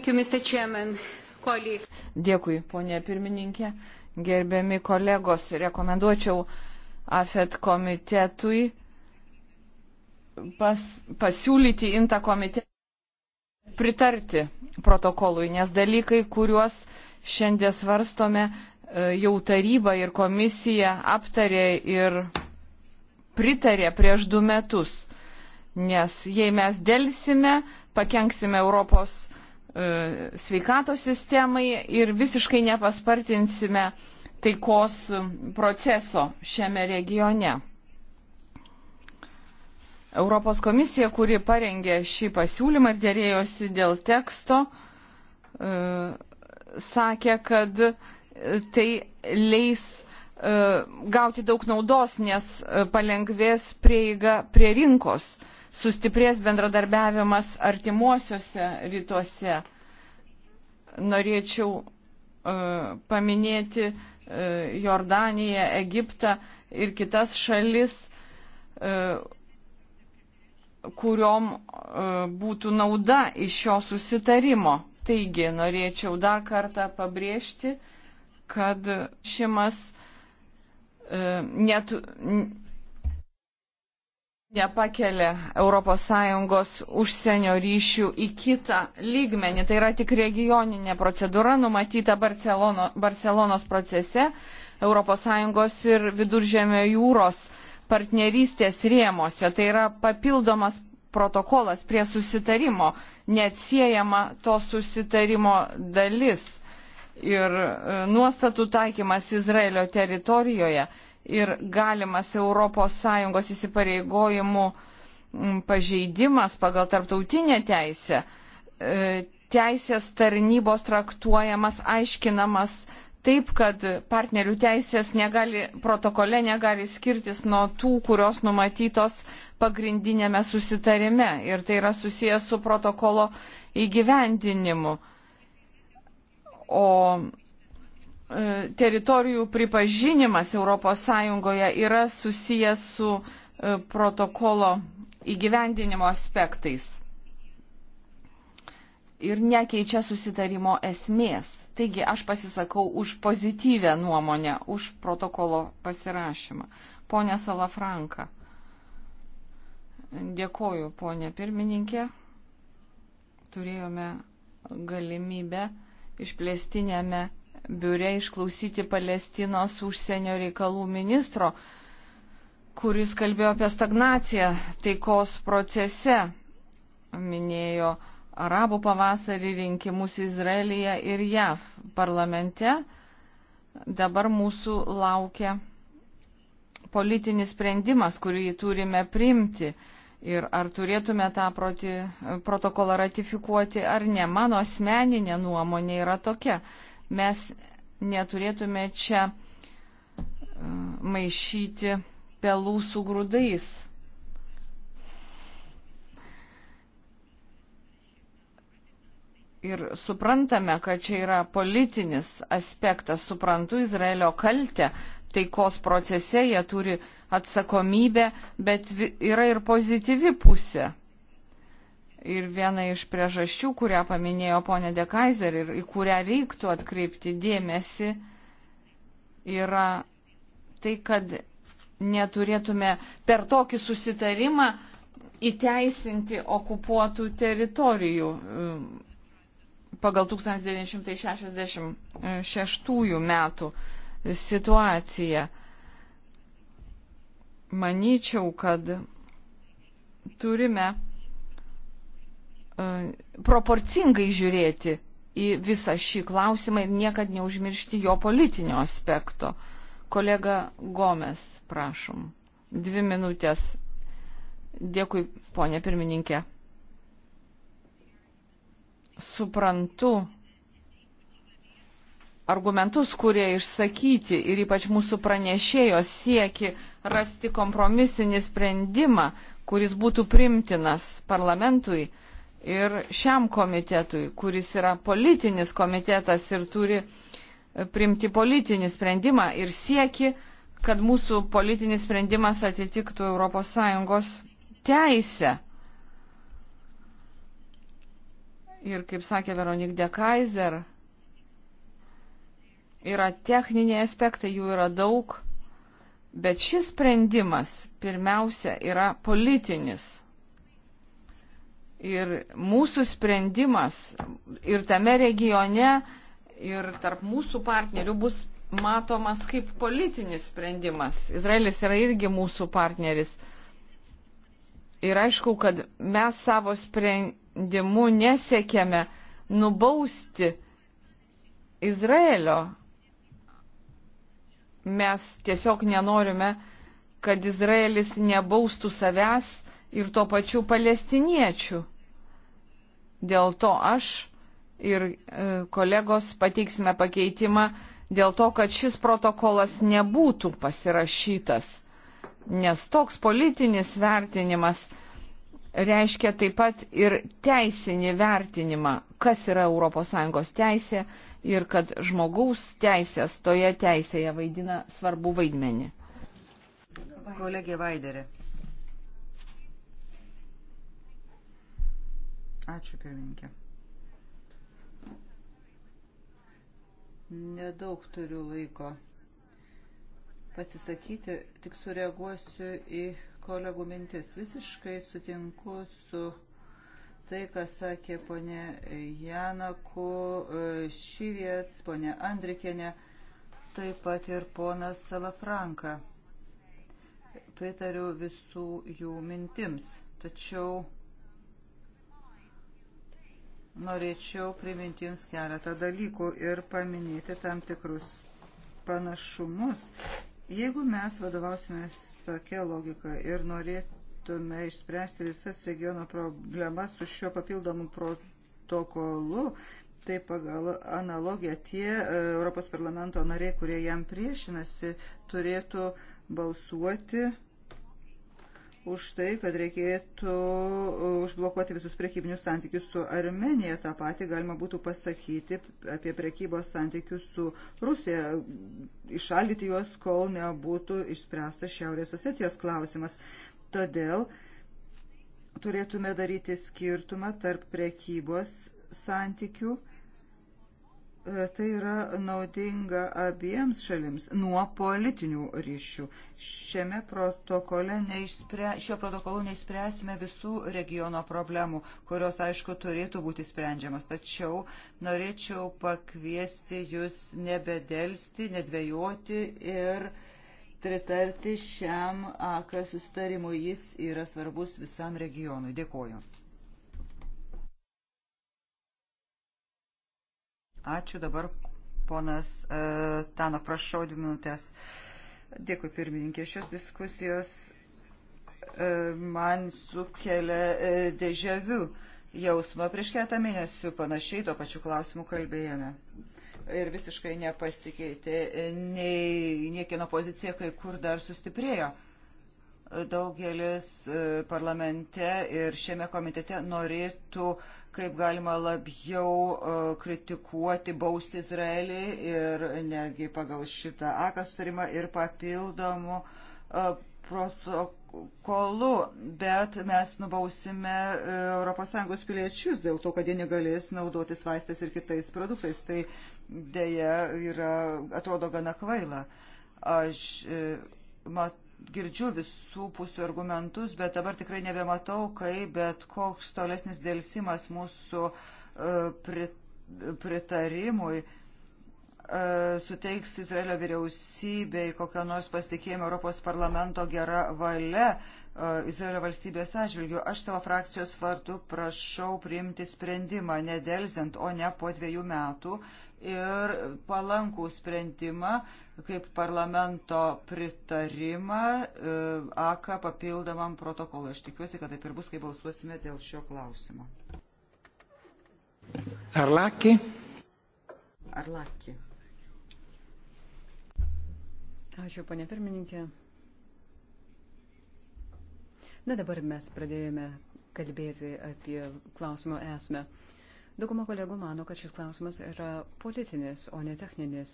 You, Dėkui, ponė pirmininkė. Gerbiami kolegos, rekomenduočiau AFET komitetui pas, pasiūlyti INTA komitetui pritarti protokolui, nes dalykai, kuriuos šiandien svarstome, e, jau taryba ir komisija aptarė ir pritarė prieš du metus. Nes jei mes dėlsime, pakenksime Europos e, sveikatos sistemai ir visiškai nepaspartinsime taikos proceso šiame regione. Europos komisija, kuri parengė šį pasiūlymą ir dėrėjosi dėl teksto, e, sakė, kad tai leis e, gauti daug naudos, nes palengvės prieiga prie rinkos sustiprės bendradarbiavimas artimuosiuose rytuose. Norėčiau e, paminėti e, Jordaniją, Egiptą ir kitas šalis, e, kuriom būtų nauda iš šio susitarimo. Taigi, norėčiau dar kartą pabrėžti, kad šimas net, nepakelia ES užsienio ryšių į kitą lygmenį. Tai yra tik regioninė procedūra numatyta Barcelono, Barcelonos procese ES ir viduržėmio jūros partnerystės rėmose. Tai yra papildomas protokolas prie susitarimo, neatsiejama to susitarimo dalis ir e, nuostatų taikymas Izraelio teritorijoje ir galimas ES įsipareigojimų pažeidimas pagal tarptautinę teisę, e, teisės tarnybos traktuojamas, aiškinamas taip, kad partnerių teisės negali, protokole negali skirtis nuo tų, kurios numatytos pagrindinėme susitarime. Ir tai yra susijęs su protokolo įgyvendinimu. O E, teritorijų pripažinimas ES yra susijęs su e, protokolo įgyvendinimo aspektais ir nekeičia susitarimo esmės. Taigi aš pasisakau už pozityvę nuomonę, už protokolo pasirašymą. Pone Salafranka. Dėkoju, ponė pirmininkė. Turėjome galimybę išplėstinėme biure išklausyti Palestinos užsienio reikalų ministro, kuris kalbėjo apie stagnaciją taikos procese, minėjo arabų pavasarį rinkimus Izraelyje ir JAV parlamente. Dabar mūsų laukia politinis sprendimas, kurį turime priimti. Ir ar turėtume tą proti, protokolą ratifikuoti ar ne. Mano asmeninė nuomonė yra tokia mes neturėtume čia e, maišyti pelų su grūdais. Ir suprantame, kad čia yra politinis aspektas, suprantu Izraelio kaltę, taikos procese jie turi atsakomybę, bet yra ir pozityvi pusė. Ir viena iš priežasčių, kurią paminėjo ponė Dekaiser ir į kurią reiktų atkreipti dėmesį, yra tai, kad neturėtume per tokį susitarimą įteisinti okupuotų teritorijų e, pagal 1966 metų situaciją. Manyčiau, kad turime E, proporcingai žiūrėti į visą šį klausimą ir niekad neužmiršti jo politinio aspekto. Kolega Gomes, prašom. Dvi minutės. Dėkui, ponė pirmininkė. Suprantu argumentus, kurie išsakyti ir ypač mūsų pranešėjos sieki rasti kompromisinį sprendimą, kuris būtų primtinas parlamentui ir šiam komitetui, kuris yra politinis komitetas ir turi primti politinį sprendimą ir sieki, kad mūsų politinis sprendimas atitiktų ES teisę. Ir kaip sakė Veronik de Kaiser, yra techniniai aspektai, jų yra daug, bet šis sprendimas pirmiausia yra politinis Ir mūsų sprendimas ir tame regione, ir tarp mūsų partnerių bus matomas kaip politinis sprendimas. Izraelis yra irgi mūsų partneris. Ir aišku, kad mes savo sprendimu nesiekėme nubausti Izraelio. Mes tiesiog nenorime, kad Izraelis nebaustų savęs ir tuo pačiu palestiniečių. Dėl to aš ir e, kolegos pateiksime pakeitimą dėl to, kad šis protokolas nebūtų pasirašytas, nes toks politinis vertinimas reiškia taip pat ir teisinį vertinimą, kas yra ES teisė ir kad žmogaus teisės toje teisėje vaidina svarbu vaidmenį. Kolegė Vaiderė. Ačiū, pirmininkė. Nedaug turiu laiko pasisakyti, tik sureaguosiu į kolegų mintis. Visiškai sutinku su tai, ką sakė ponė Janaku, e, Šyviets, ponė Andrikienė, taip pat ir ponas Salafranka. Pritariu visų jų mintims. Tačiau norėčiau priminti Jums keletą dalykų ir paminėti tam tikrus panašumus. Jeigu mes vadovausimės tokia logika ir norėtume išspręsti visas regiono problemas su šiuo papildomu protokolu, tai pagal analogiją tie e, Europos parlamento nariai, kurie jam priešinasi, turėtų balsuoti už tai, kad reikėtų užblokuoti visus prekybinius santykius su Armenija. Ta pati galima būtų pasakyti apie prekybos santykius su Rusija, išaldyti juos, kol nebūtų išspręstas Šiaurės Osetijos klausimas. Todėl turėtume daryti skirtumą tarp prekybos santykių E, tai yra naudinga abiems šalims nuo politinių ryšių. Šiame protokole neišspre, šio protokolu neišspręsime visų regiono problemų, kurios, aišku, turėtų būti sprendžiamas. Tačiau norėčiau pakviesti jūs nebedelsti, nedvėjoti ir pritarti šiam AK sustarimui. Jis yra svarbus visam regionui. Dėkuoju. Ačiū dabar, ponas uh, e, Tano, prašau dvi minutės. Dėkui, pirmininkė. Šios diskusijos uh, man sukelia uh, e, dėžavių jausmą. Prieš keletą mėnesių panašiai tuo pačiu klausimu kalbėjome. Ir visiškai nepasikeitė, nei niekieno pozicija kai kur dar sustiprėjo. Uh, daugelis e, parlamente ir šiame komitete norėtų kaip galima labiau e, kritikuoti, bausti Izraelį ir netgi pagal šitą aką sutarimą ir papildomų e, protokolų, bet mes nubausime ES piliečius dėl to, kad jie negalės naudotis vaistais ir kitais produktais. Tai dėja yra, atrodo gana kvaila. Aš matau girdžiu visų pusių argumentus, bet dabar tikrai nebematau, kai bet koks tolesnis dėlsimas mūsų e, pritarimui e, suteiks Izraelio vyriausybei kokio nors pasitikėjimo Europos parlamento gera valia e, Izraelio valstybės atžvilgių. Aš savo frakcijos vardu prašau priimti sprendimą nedelzent, o ne po dviejų metų ir palankų sprendimą, kaip parlamento pritarimą AKA e, papildomam protokolui. Aš tikiuosi, kad taip ir bus, kai balsuosime dėl šio klausimo. Arlaki. Arlaki. Ačiū, ponė pirmininkė. Na dabar mes pradėjome kalbėti apie klausimo esmę. Dauguma kolegų mano, kad šis klausimas yra politinis, o ne techninis.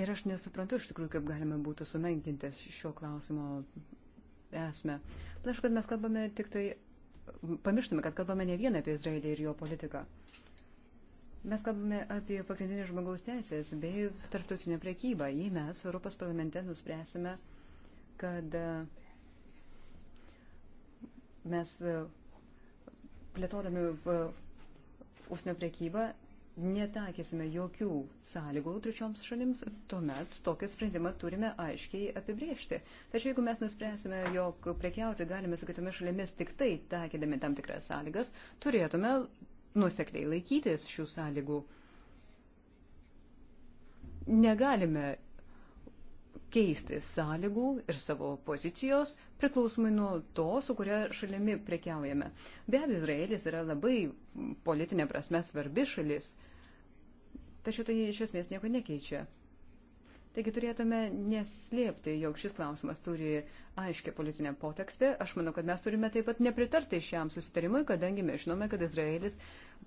Ir aš nesuprantu iš tikrųjų, kaip galime būtų sumenkinti šio klausimo esmę. Panašu, kad mes kalbame tik tai, pamirštame, kad kalbame ne vieną apie Izraelį ir jo politiką. Mes kalbame apie pagrindinės žmogaus teisės bei tarptautinę priekybą. Jei mes Europos parlamente nuspręsime, kad uh, mes e, plėtodami e, užsienio priekybą netakysime jokių sąlygų trečioms šalims, tuomet tokį sprendimą turime aiškiai apibriežti. Tačiau jeigu mes nuspręsime, jog prekiauti galime su kitomis šalimis tik tai takydami tam tikras sąlygas, turėtume nusekliai laikytis šių sąlygų. Negalime keisti sąlygų ir savo pozicijos priklausomai nuo to, su kuria šalimi prekiaujame. Be abejo, Izraelis yra labai politinė prasme svarbi šalis, tačiau tai iš esmės nieko nekeičia. Taigi turėtume neslėpti, jog šis klausimas turi aiškę politinę potekstę. Aš manau, kad mes turime taip pat nepritarti šiam susitarimui, kadangi mes žinome, kad Izraelis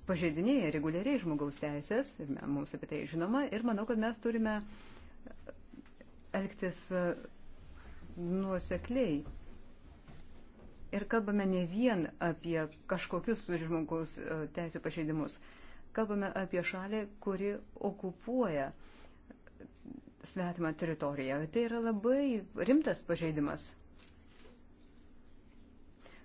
pažeidinėja reguliariai žmogaus teisės, ir mums apie tai žinoma, ir manau, kad mes turime elgtis e, nuosekliai. Ir kalbame ne vien apie kažkokius žmogaus e, teisų pažeidimus. Kalbame apie šalį, kuri okupuoja svetimą teritoriją. Tai yra labai rimtas pažeidimas.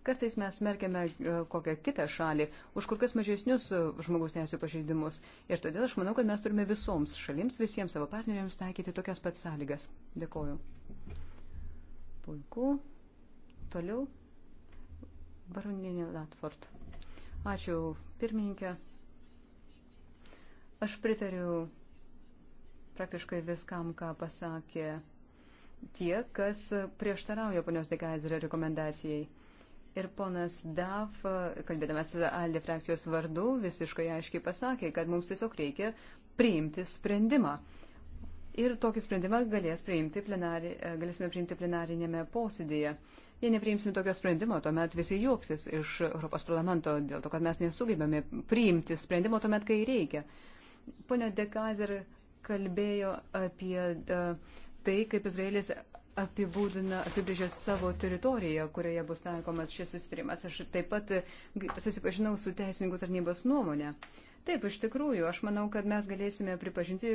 Kartais mes smerkiame e, kokią kitą šalį už kur kas mažesnius e, žmogus teisų pažeidimus. Ir todėl aš manau, kad mes turime visoms šalims, visiems savo partneriams taikyti tokias pat sąlygas. Dėkoju. Puiku. Toliau. Baroninė Latford. Ačiū, pirmininkė. Aš pritariu praktiškai viskam, ką pasakė tie, kas prieštarauja ponios Dekaizerio rekomendacijai. Ir ponas Daf, kalbėdamas Aldi frakcijos vardu, visiškai aiškiai pasakė, kad mums tiesiog reikia priimti sprendimą. Ir tokį sprendimą galės priimti plenari, galėsime priimti plenarinėme posėdėje. Jei nepriimsim tokio sprendimo, tuomet visi juoksis iš Europos parlamento dėl to, kad mes nesugebėme priimti sprendimo tuomet, kai reikia. Pone Dekazer kalbėjo apie e, tai, kaip Izraelis apibrėžė savo teritoriją, kurioje bus taikomas šis sustarimas. Aš taip pat susipažinau su teisininkų tarnybos nuomonė. Taip, iš tikrųjų, aš manau, kad mes galėsime pripažinti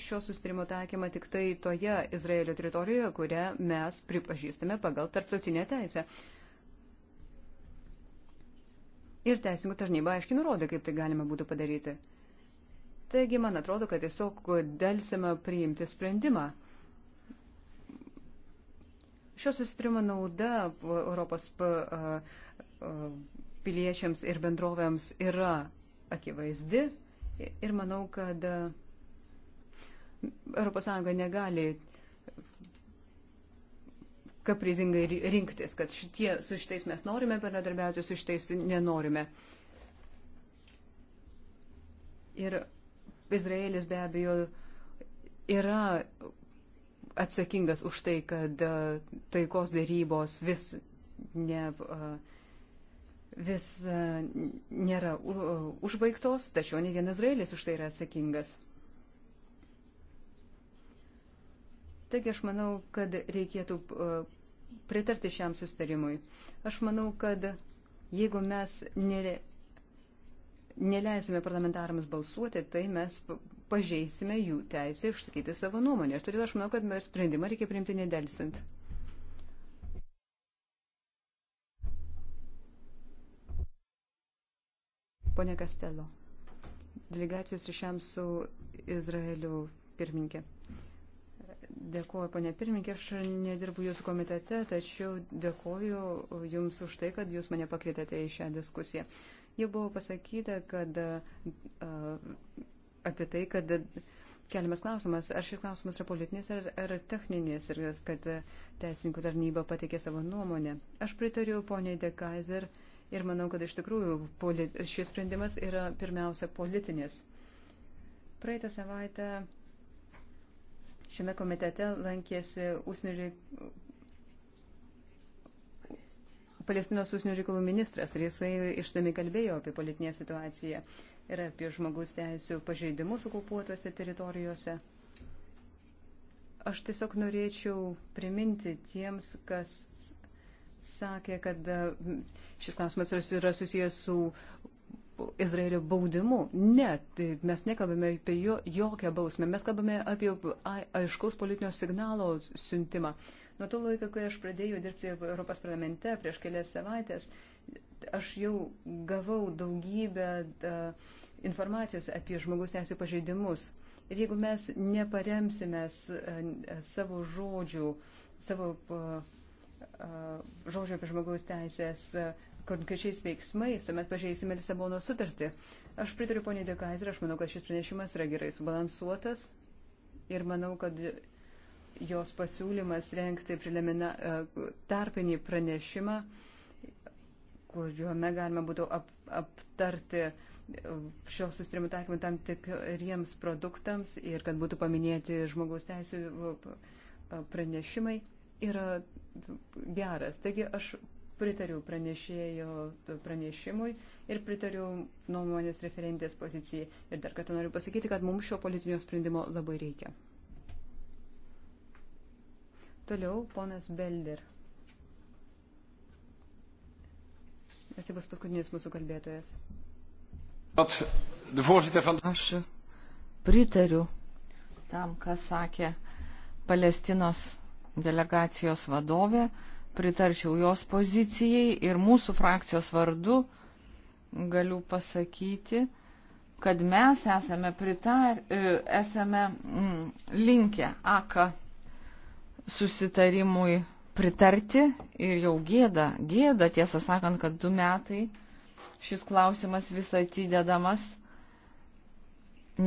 šio sustarimo taikymą tik tai toje Izraelio teritorijoje, kurią mes pripažįstame pagal tarptautinę teisę. Ir teisingų tarnyba aiškiai nurodė, kaip tai galima būtų padaryti. Taigi, man atrodo, kad tiesiog dėlsime priimti sprendimą. Šio susitrimo nauda Europos piliečiams ir bendrovėms yra akivaizdi ir manau, kad ES negali kaprizingai rinktis, kad šitie, su šitais mes norime bendradarbiauti, su šitais nenorime. Ir Izraelis be abejo yra atsakingas už tai, kad e, taikos dėrybos vis, ne, e, vis e, nėra užbaigtos, tačiau ne vienas Izraelis už tai yra atsakingas. Taigi aš manau, kad reikėtų pritarti šiam sustarimui. Aš manau, kad jeigu mes neleisime parlamentarams balsuoti, tai mes pažeisime jų teisę išsakyti savo nuomonę. Ir todėl aš manau, kad sprendimą reikia priimti nedelsint. Pone Kastelo, delegacijos ryšiams su Izraeliu pirmininkė. Dėkuoju, ponė pirmininkė, aš nedirbu jūsų komitete, tačiau dėkuoju jums už tai, kad jūs mane pakvietėte į šią diskusiją. Jau buvo pasakyta, kad uh, apie tai, kad keliamas klausimas, ar šis klausimas yra politinis ar, ar techninis ir kad e, teisininkų tarnyba pateikė savo nuomonę. Aš pritariu poniai De Kaiser ir manau, kad iš tikrųjų šis sprendimas yra pirmiausia politinis. Praeitą savaitę šiame komitete lankėsi užsienio Palestinos užsienio reikalų ministras ir jisai išsami kalbėjo apie politinę situaciją. Uh, ir apie žmogus teisų pažeidimus okupuotose teritorijose. Aš tiesiog norėčiau priminti tiems, kas sakė, kad šis klausimas yra susijęs su Izraelio baudimu. Ne, tai mes nekalbame apie jo, jokią bausmę, mes kalbame apie aiškaus politinio signalo siuntimą. Nuo to laiko, kai aš pradėjau dirbti Europos parlamente prieš kelias savaitės, uh, aš jau gavau daugybę informacijos apie žmogus teisų pažeidimus. Ir jeigu mes neparemsime e, e, savo žodžių, savo žodžio apie žmogaus teisės e, konkrečiais veiksmais, tuomet pažeisime Lisabono sutartį. Aš pritariu poniai Dekaiser, aš manau, kad šis pranešimas yra gerai subalansuotas ir manau, kad jos pasiūlymas renkti tarpinį pranešimą uh, kuriuome galima būtų ap, aptarti šio sustrimo taikymą tam tikriems produktams ir kad būtų paminėti žmogaus teisų pranešimai, yra geras. Taigi aš pritariu pranešėjo pranešimui ir pritariu nuomonės referentės pozicijai. Ir dar kartą noriu pasakyti, kad mums šio politinio sprendimo labai reikia. Toliau ponas Belder. nes tai bus paskutinis mūsų kalbėtojas. Aš pritariu tam, kas sakė Palestinos delegacijos vadovė, pritarčiau jos pozicijai ir mūsų frakcijos vardu galiu pasakyti, kad mes esame, pritar, e, esame mm, linkę AK susitarimui pritarti ir jau gėda, gėda tiesą sakant, kad du metai šis klausimas vis atidedamas.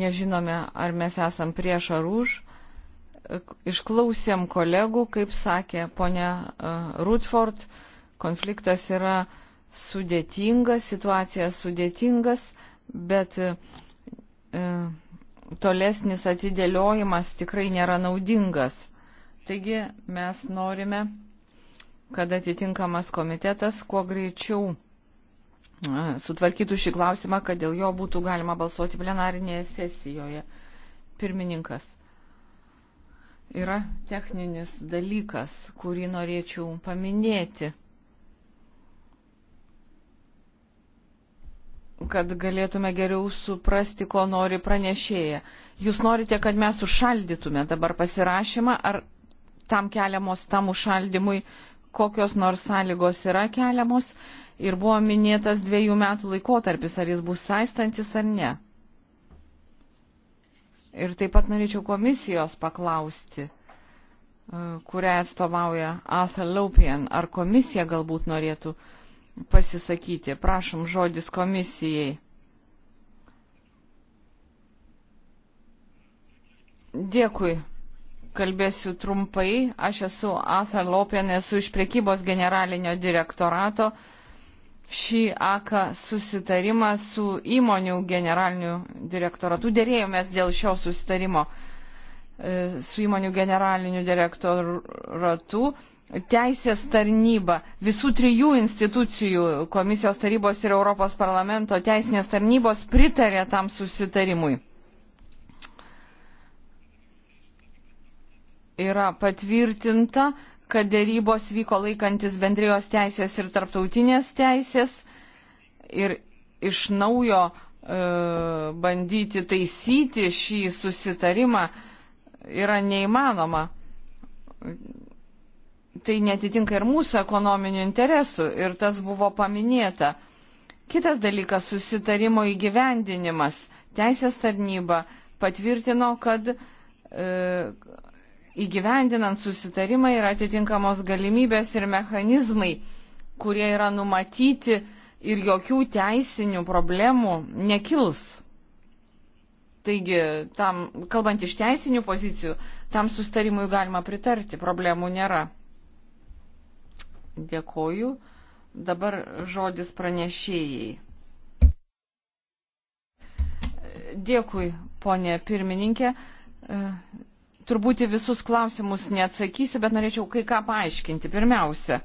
Nežinome, ar mes esam prieš ar už. Išklausėm kolegų, kaip sakė ponia e, Rutford, konfliktas yra sudėtingas, situacija sudėtingas, bet e, e, tolesnis atidėliojimas tikrai nėra naudingas. Taigi mes norime kad atitinkamas komitetas kuo greičiau sutvarkytų šį klausimą, kad dėl jo būtų galima balsuoti plenarinėje sesijoje. Pirmininkas. Yra techninis dalykas, kurį norėčiau paminėti, kad galėtume geriau suprasti, ko nori pranešėja. Jūs norite, kad mes užšaldytume dabar pasirašymą, ar tam keliamos tam užšaldymui kokios nors sąlygos yra keliamos ir buvo minėtas dviejų metų laikotarpis, ar jis bus saistantis ar ne. Ir taip pat norėčiau komisijos paklausti, e, kurią atstovauja Arthur Lopien, ar komisija galbūt norėtų pasisakyti. Prašom žodis komisijai. Dėkui, kalbėsiu trumpai. Aš esu Atha Lopien, esu iš priekybos generalinio direktorato. Šį aką susitarimą su įmonių generaliniu direktoratu dėrėjomės dėl šio susitarimo e, su įmonių generaliniu direktoratu teisės tarnyba, visų trijų institucijų, komisijos tarybos ir Europos parlamento teisinės tarnybos pritarė tam susitarimui. yra patvirtinta, kad dėrybos vyko laikantis bendrijos teisės ir tarptautinės teisės ir iš naujo e, bandyti taisyti šį susitarimą yra neįmanoma. Tai netitinka ir mūsų ekonominių interesų ir tas buvo paminėta. Kitas dalykas - susitarimo įgyvendinimas. Teisės tarnyba patvirtino, kad e, įgyvendinant susitarimą yra atitinkamos galimybės ir mechanizmai, kurie yra numatyti ir jokių teisinių problemų nekils. Taigi, tam, kalbant iš teisinių pozicijų, tam sustarimui galima pritarti, problemų nėra. Dėkoju. Dabar žodis pranešėjai. Dėkui, ponė pirmininkė turbūt į visus klausimus neatsakysiu, bet norėčiau kai ką paaiškinti. Pirmiausia,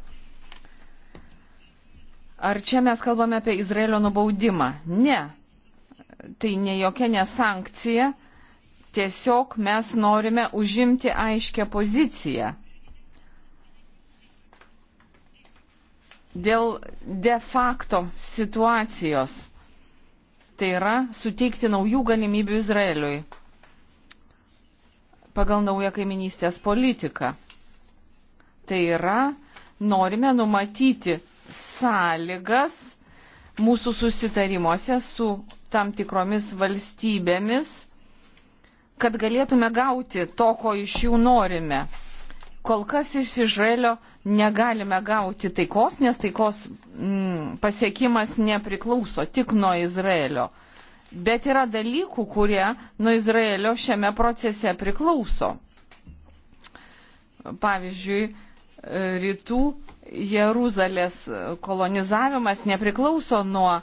ar čia mes kalbame apie Izraelio nubaudimą? Ne. Tai ne jokia nesankcija. Tiesiog mes norime užimti aiškę poziciją. Dėl de facto situacijos. Tai yra suteikti naujų galimybių Izraeliui pagal naują kaiminystės politiką. Tai yra, norime numatyti sąlygas mūsų susitarimuose su tam tikromis valstybėmis, kad galėtume gauti to, ko iš jų norime. Kol kas iš Izraelio negalime gauti taikos, nes taikos mm, pasiekimas nepriklauso tik nuo Izraelio bet yra dalykų, kurie nuo Izraelio šiame procese priklauso. Pavyzdžiui, rytų Jeruzalės kolonizavimas nepriklauso nuo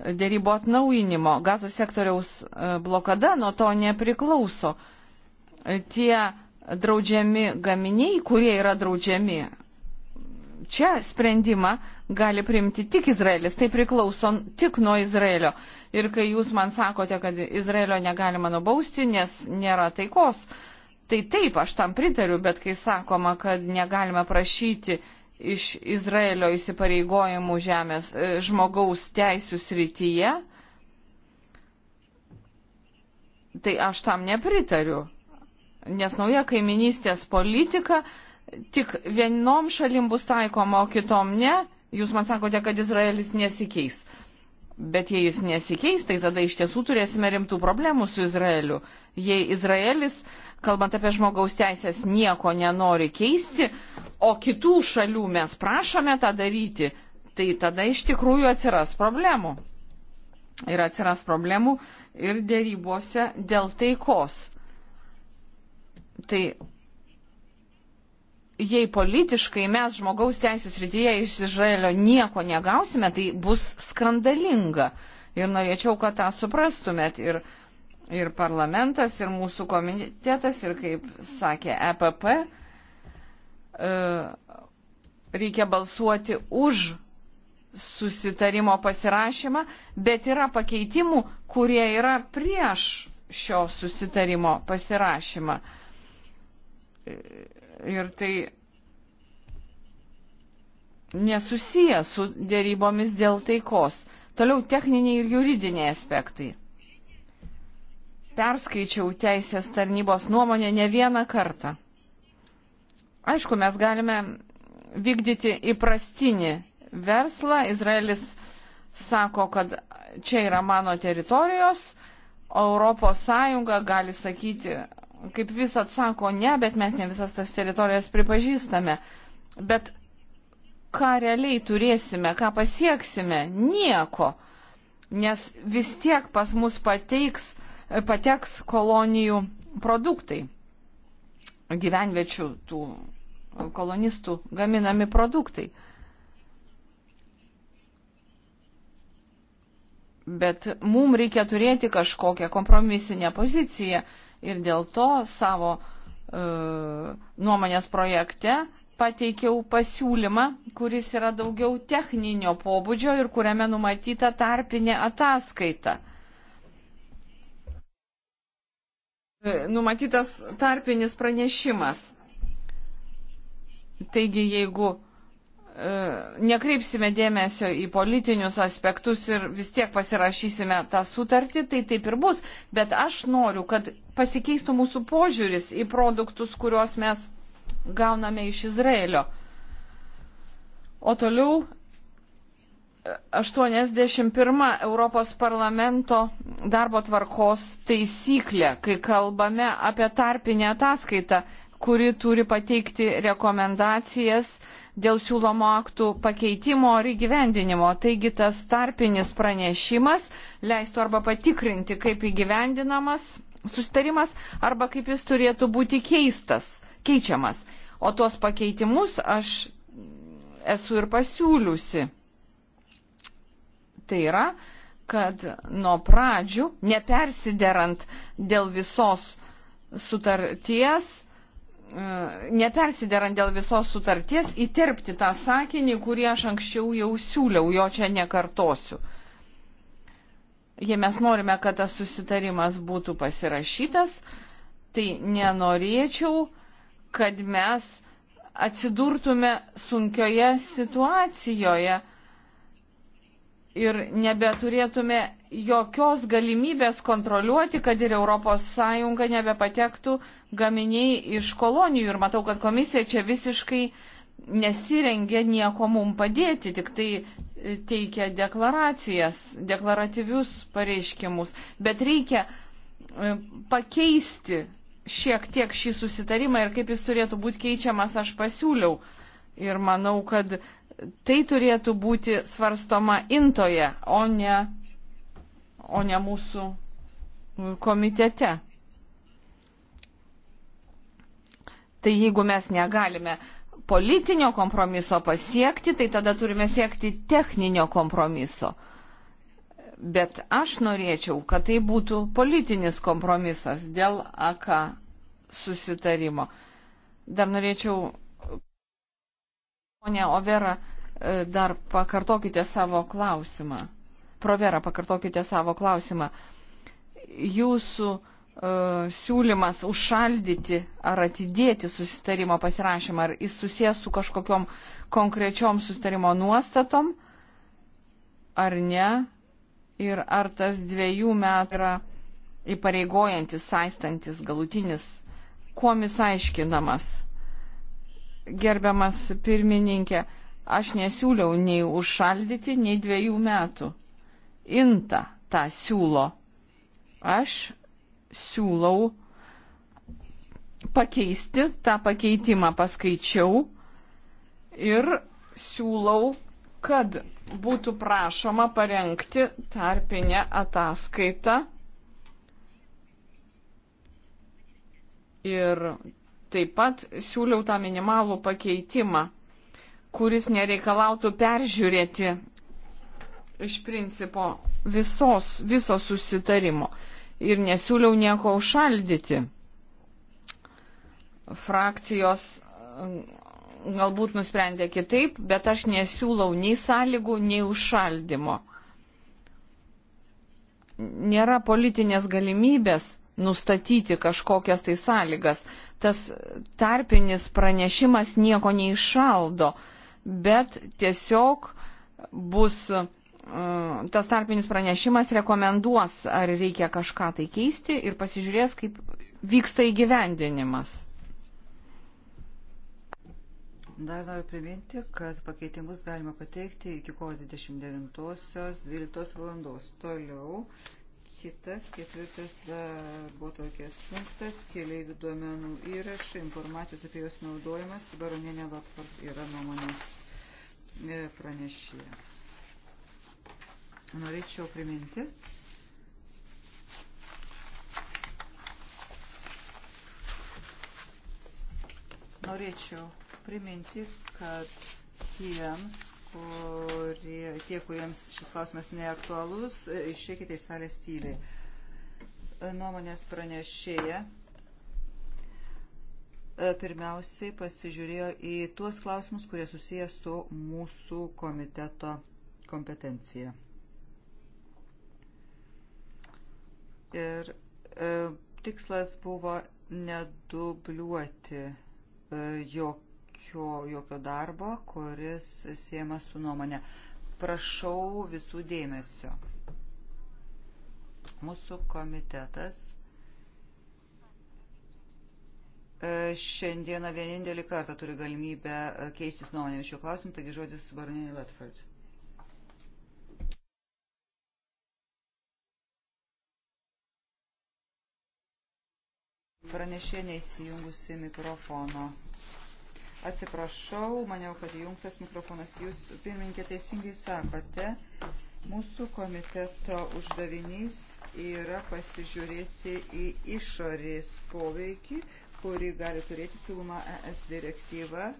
dėrybo atnauinimo. Gazo sektoriaus e, blokada nuo to nepriklauso. Tie draudžiami gaminiai, kurie yra draudžiami, čia sprendimą gali priimti tik Izraelis, tai priklauso tik nuo Izraelio. Ir kai jūs man sakote, kad Izraelio negalima nubausti, nes nėra taikos, tai taip, aš tam pritariu, bet kai sakoma, kad negalima prašyti iš Izraelio įsipareigojimų žemės e, žmogaus teisų srityje, tai aš tam nepritariu. Nes nauja kaiminystės politika tik vienom šalim bus taikoma, o kitom ne. Jūs man sakote, kad Izraelis nesikeis. Bet jei jis nesikeis, tai tada iš tiesų turėsime rimtų problemų su Izraeliu. Jei Izraelis, kalbant apie žmogaus teisės, nieko nenori keisti, o kitų šalių mes prašome tą daryti, tai tada iš tikrųjų atsiras problemų. Ir atsiras problemų ir dėrybose dėl taikos. Tai jei politiškai mes žmogaus teisų srityje iš Izraelio nieko negausime, tai bus skandalinga. Ir norėčiau, kad tą suprastumėt. Ir, ir parlamentas, ir mūsų komitetas, ir kaip sakė EPP, e, reikia balsuoti už susitarimo pasirašymą, bet yra pakeitimų, kurie yra prieš šio susitarimo pasirašymą Ir tai nesusiję su dėrybomis dėl taikos. Toliau techniniai ir juridiniai aspektai. Perskaičiau teisės tarnybos nuomonę ne vieną kartą. Aišku, mes galime vykdyti įprastinį verslą. Izraelis sako, kad čia yra mano teritorijos, Europos Sąjunga gali sakyti, kaip vis atsako ne, bet mes ne visas tas teritorijas pripažįstame. Bet ką realiai turėsime, ką pasieksime? Nieko. Nes vis tiek pas mus pateiks, pateks kolonijų produktai, gyvenviečių tų kolonistų gaminami produktai. Bet mums reikia turėti kažkokią kompromisinę poziciją ir dėl to savo e, nuomonės projekte pateikiau pasiūlymą, kuris yra daugiau techninio pobūdžio ir kuriame numatyta tarpinė ataskaita. E, numatytas tarpinis pranešimas. Taigi, jeigu E, nekreipsime dėmesio į politinius aspektus ir vis tiek pasirašysime tą sutartį, tai taip ir bus. Bet aš noriu, kad pasikeistų mūsų požiūris į produktus, kuriuos mes gauname iš Izraelio. O toliau 81 Europos parlamento darbo tvarkos taisyklė, kai kalbame apie tarpinę ataskaitą, kuri turi pateikti rekomendacijas uh, dėl siūlomo aktų pakeitimo ar įgyvendinimo. Taigi tas tarpinis pranešimas leistų arba patikrinti, kaip įgyvendinamas sustarimas, arba kaip jis turėtų būti keistas, keičiamas. O tuos pakeitimus aš esu ir pasiūliusi. Tai yra, kad nuo pradžių, nepersiderant dėl visos sutarties, E, nepersiderant dėl visos sutarties, įterpti tą sakinį, kurį aš anksčiau jau siūliau, jo čia nekartosiu. Jei mes norime, kad tas susitarimas būtų pasirašytas, tai nenorėčiau, kad mes atsidurtume sunkioje situacijoje ir nebeturėtume jokios galimybės kontroliuoti, kad ir ES nebepatektų gaminiai iš kolonijų. Ir matau, kad komisija čia visiškai nesirengia nieko mum padėti, tik tai e, teikia deklaracijas, deklaratyvius pareiškimus. Bet reikia e, pakeisti šiek tiek šį susitarimą ir kaip jis turėtų būti keičiamas, aš pasiūliau. Ir manau, kad tai turėtų būti svarstoma intoje, o ne o ne mūsų komitete. Tai jeigu mes negalime politinio kompromiso pasiekti, tai tada turime siekti techninio kompromiso. Bet aš norėčiau, kad tai būtų politinis kompromisas dėl AK susitarimo. Dar norėčiau, ponia Overa, e, dar pakartokite savo klausimą provera, pakartokite savo klausimą. Jūsų uh, siūlymas užšaldyti ar atidėti susitarimo pasirašymą, ar jis susijęs su kažkokiom konkrečiom susitarimo nuostatom, ar ne, ir ar tas dviejų metų yra įpareigojantis, saistantis, galutinis, kuom jis aiškinamas. Gerbiamas pirmininkė, aš nesiūliau nei užšaldyti, nei dviejų metų inta tą siūlo. Aš siūlau pakeisti tą pakeitimą, paskaičiau ir siūlau, kad būtų prašoma parengti tarpinę ataskaitą. Ir taip pat siūliau tą minimalų pakeitimą, kuris nereikalautų peržiūrėti iš principo visos, viso susitarimo ir nesiūliau nieko užšaldyti. Frakcijos mm, galbūt nusprendė kitaip, bet aš nesiūlau nei sąlygų, nei užšaldimo. Nėra politinės galimybės nustatyti kažkokias tai sąlygas. Tas tarpinis pranešimas nieko neišaldo, bet tiesiog bus Mm, tas tarpinis pranešimas rekomenduos, ar reikia kažką tai keisti ir pasižiūrės, kaip vyksta įgyvendinimas. Dar noriu priminti, kad pakeitimus galima pateikti iki kovo 29.12 valandos. Toliau kitas ketvirtas darbo tokias punktas - keliaivių duomenų įrašai, informacijos apie jos naudojimas. Baronienė Latvart yra nuomonės e, pranešėja norėčiau priminti, norėčiau priminti, kad tiems, kurie, tie, kuriems šis klausimas neaktualus, e, išėkite iš salės tyliai. E, nuomonės pranešėja e, pirmiausiai pasižiūrėjo į tuos klausimus, kurie susiję su mūsų komiteto kompetencija. Ir e, tikslas buvo nedubliuoti e, jokio, jokio darbo, kuris siejama su nuomonė. Prašau visų dėmesio. Mūsų komitetas e, šiandieną vienintelį kartą turi galimybę e, keistis nuomonėmis šiuo klausimu, taigi žodis Baroniai Latford. Pranešė neįsijungusi mikrofono. Atsiprašau, maniau, kad įjungtas mikrofonas. Jūs, pirmininkė, teisingai sakote, mūsų komiteto uždavinys yra pasižiūrėti į išorės poveikį, kurį gali turėti siūloma ES direktyva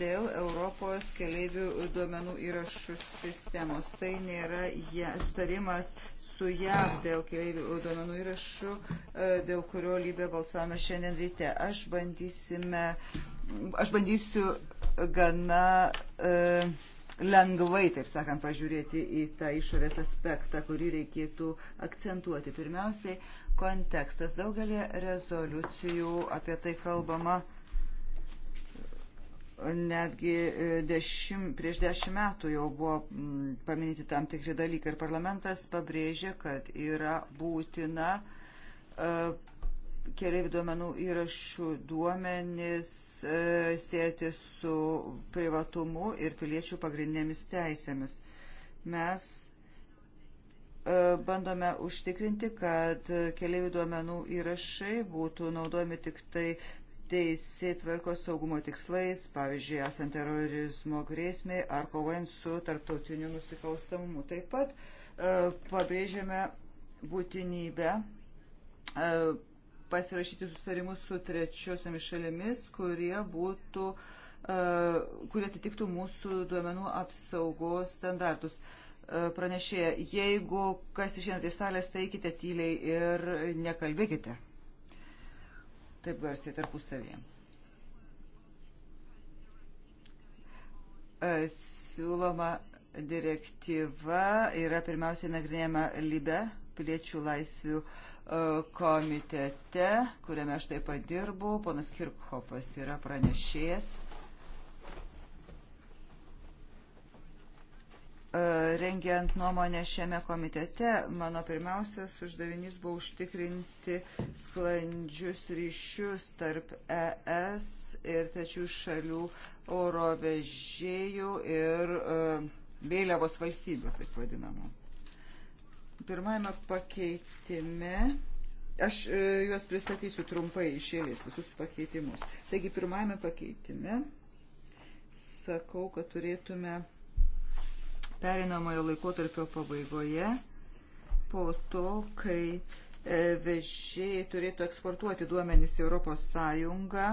dėl Europos keleivių duomenų įrašų sistemos. Tai nėra sutarimas su JAV dėl keleivių duomenų įrašų, e, dėl kurio lybė balsavome šiandien ryte. Aš, aš bandysiu gana e, lengvai, taip sakant, pažiūrėti į tą išorės aspektą, kurį reikėtų akcentuoti. Pirmiausiai, kontekstas. Daugelį rezoliucijų apie tai kalbama Netgi e, dešim, prieš dešimt metų jau buvo paminyti tam tikri dalykai ir parlamentas pabrėžė, kad yra būtina e, keliaivių duomenų įrašų duomenis e, sėti su privatumu ir piliečių pagrindinėmis teisėmis. Mes e, bandome užtikrinti, kad keliaivių duomenų įrašai būtų naudojami tik tai teisėtvarkos saugumo tikslais, pavyzdžiui, esant terorizmo grėsmiai ar kovojant su tarptautiniu nusikalstamumu. Taip pat e, pabrėžiame būtinybę e, pasirašyti susitarimus su trečiosiamis šalimis, kurie būtų e, kurie atitiktų mūsų duomenų apsaugos standartus. E, pranešėja, jeigu kas išėjote iš salės, tai eikite tyliai ir nekalbėkite taip garsiai tarpusavėje. E, siūloma direktyva yra pirmiausiai nagrinėjama Libe piliečių laisvių e, komitete, kuriame aš taip pat dirbu. Ponas Kirkhofas yra pranešėjas. E, rengiant nuomonę šiame komitete, mano pirmiausias uždavinys buvo užtikrinti sklandžius ryšius tarp ES ir trečių šalių oro vežėjų ir e, vėliavos valstybių, taip vadinamų. Pirmajame pakeitime, aš e, juos pristatysiu trumpai iš eilės, visus pakeitimus. Taigi, pirmajame pakeitime sakau, kad turėtume perinamojo laikotarpio pabaigoje, po to, kai e, vežėjai turėtų eksportuoti duomenys į Europos Sąjungą,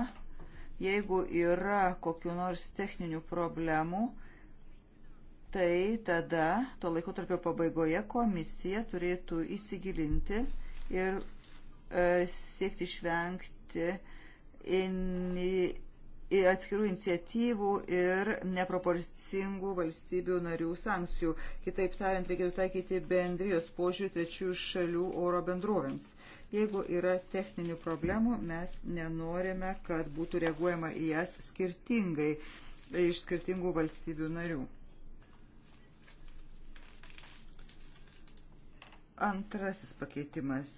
jeigu yra kokiu nors techninių problemų, tai tada to laikotarpio pabaigoje komisija turėtų įsigilinti ir e, siekti išvengti in, atskirų iniciatyvų ir neproporcingų valstybių narių sankcijų. Kitaip tariant, reikėtų taikyti bendrijos požiūrį trečių šalių oro bendrovėms. Jeigu yra techninių problemų, mes nenorime, kad būtų reaguojama į jas skirtingai iš skirtingų valstybių narių. Antrasis pakeitimas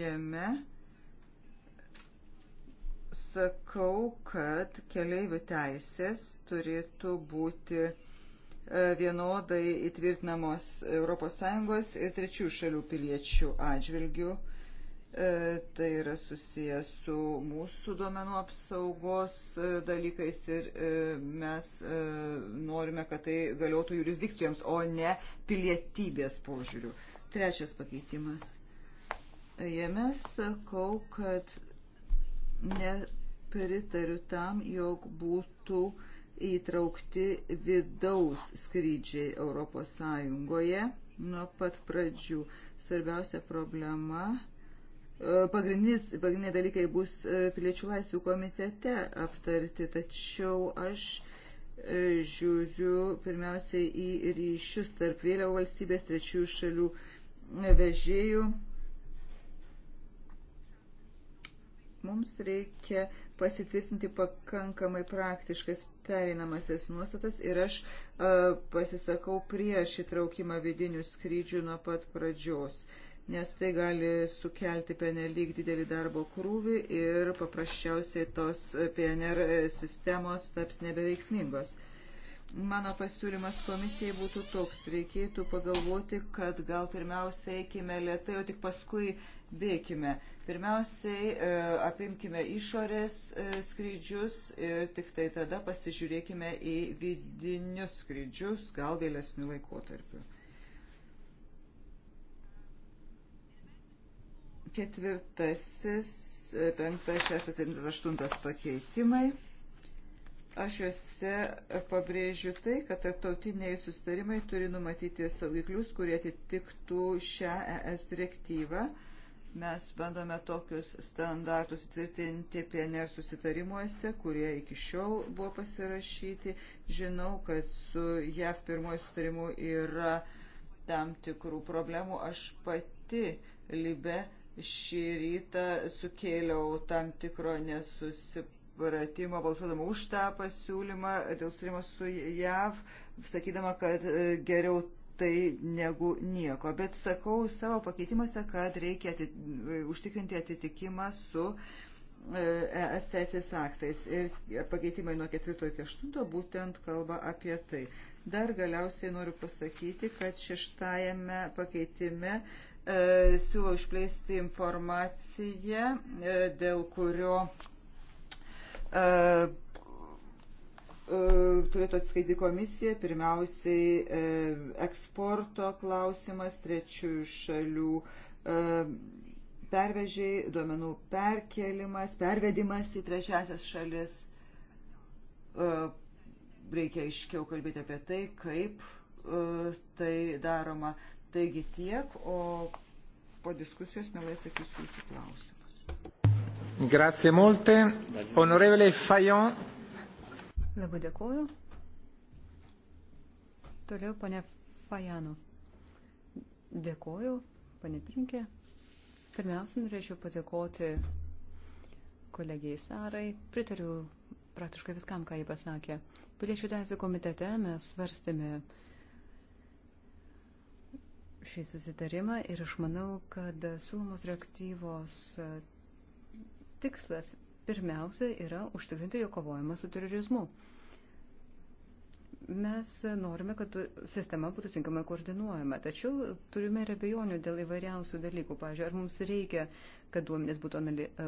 jame sakau, kad keleivių teisės turėtų būti e, vienodai įtvirtinamos ES ir trečių šalių piliečių atžvilgių. E, tai yra susijęs su mūsų duomenų apsaugos e, dalykais ir mes norime, kad tai galiotų jurisdikcijoms, o ne pilietybės požiūrių. Trečias pakeitimas. Jame sakau, kad ne pritariu tam, jog būtų įtraukti vidaus skrydžiai Europos Sąjungoje nuo pat pradžių. Svarbiausia problema e, pagrindinis, pagrindiniai dalykai bus e, piliečių laisvių komitete aptarti, tačiau aš e, žiūriu pirmiausiai į ryšius tarp vėliau valstybės trečiųjų šalių vežėjų. Mums reikia pasitvirtinti pakankamai praktiškas pereinamasis nuostatas ir aš a, pasisakau prieš įtraukimą vidinių skrydžių nuo pat pradžios, nes tai gali sukelti penelyg didelį darbo krūvį ir paprasčiausiai tos PNR sistemos taps nebeveiksmingos. Mano pasiūlymas komisijai būtų toks, reikėtų pagalvoti, kad gal pirmiausia eikime lietai, o tik paskui uh, skubėkime. Pirmiausiai e, apimkime išorės e, skrydžius ir tik tai tada pasižiūrėkime į vidinius skrydžius, gal vėlesnių laikotarpių. Ketvirtasis, e, penktas, šeštas, septintas, aštuntas pakeitimai aš juose pabrėžiu tai, kad tarptautiniai sustarimai turi numatyti saugiklius, kurie atitiktų šią ES direktyvą. Mes bandome tokius standartus tvirtinti PNR susitarimuose, kurie iki šiol buvo pasirašyti. Žinau, kad su JAV pirmoji susitarimu yra tam tikrų problemų. Aš pati Libe šį rytą sukėliau tam tikro nesusipratimo balsuodama už tą pasiūlymą dėl sutarimo su JAV, sakydama, kad e, geriau tai negu nieko. Bet sakau savo pakeitimuose, kad reikia atit, užtikrinti atitikimą su ES e teisės aktais. Ir pakeitimai nuo 4 iki 8 būtent kalba apie tai. Dar galiausiai noriu pasakyti, kad šeštajame pakeitime e, siūlau išplėsti informaciją, e, dėl kurio e, E, turėtų atskaiti komisija, pirmiausiai e, eksporto klausimas, trečių šalių e, pervežiai, duomenų perkelimas, pervedimas į trečiasias šalis. Reikia aiškiau kalbėti apie tai, kaip tai daroma. Taigi tiek, o po diskusijos mielai sakysiu jūsų klausimus. Grazie molte. Onorevole Fajon. Labai dėkuoju. Toliau ponė Fajanų. Dėkuoju, ponė Trinkė. Pirmiausia, norėčiau padėkoti kolegijai Sarai. Pritariu praktiškai viskam, ką jį pasakė. Piliečių teisų komitete mes svarstėme šį susitarimą ir aš manau, kad siūlomos reaktyvos e, tikslas pirmiausia yra užtikrinti jo kovojimą su terorizmu. Mes norime, kad sistema būtų tinkamai koordinuojama, tačiau turime ir abejonių dėl įvairiausių dalykų. Pavyzdžiui, ar mums reikia, kad duomenys būtų, anali... E,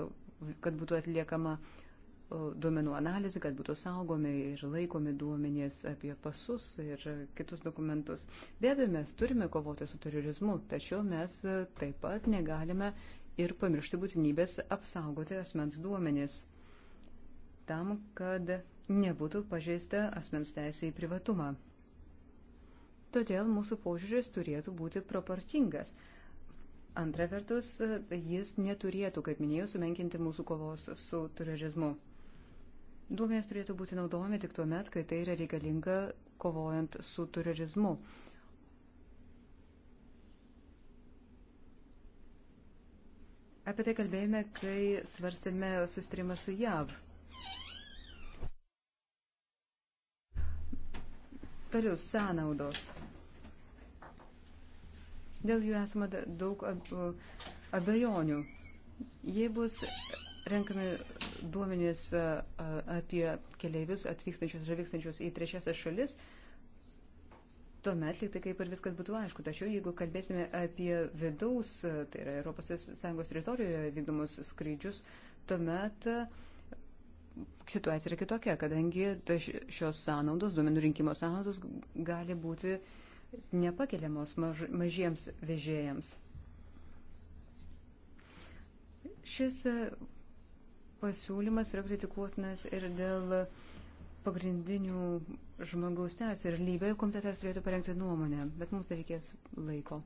kad būtų atliekama e, duomenų analizė, kad būtų saugomi ir laikomi duomenys apie pasus ir kitus dokumentus. Be abejo, mes turime kovoti su terorizmu, tačiau mes e, taip pat negalime ir pamiršti būtinybės apsaugoti asmens duomenys tam, kad nebūtų pažeista asmens teisė į privatumą. Todėl mūsų požiūris turėtų būti proporcingas. Antra vertus, jis neturėtų, kaip minėjau, sumenkinti mūsų kovos su terorizmu. Duomenys turėtų būti naudojami tik tuo met, kai tai yra reikalinga kovojant su terorizmu. Apie tai kalbėjome, kai svarstėme sustarimą su JAV. tarius sąnaudos. Dėl jų esame daug abejonių. Jei bus renkami duomenys apie keleivius atvykstančius ir vykstančius į trečiasias šalis, tuomet lyg tai kaip ir viskas būtų aišku. Tačiau jeigu kalbėsime apie vidaus, tai yra ES teritorijoje vykdomus skrydžius, tuomet uh, situacija yra kitokia, kadangi šios sąnaudos, duomenų rinkimo sąnaudos gali būti nepakeliamos maž, mažiems vežėjams. Šis e, pasiūlymas yra kritikuotinas ir dėl pagrindinių žmogaus teisų ir lybė komitetas turėtų parengti nuomonę, bet mums dar reikės laiko.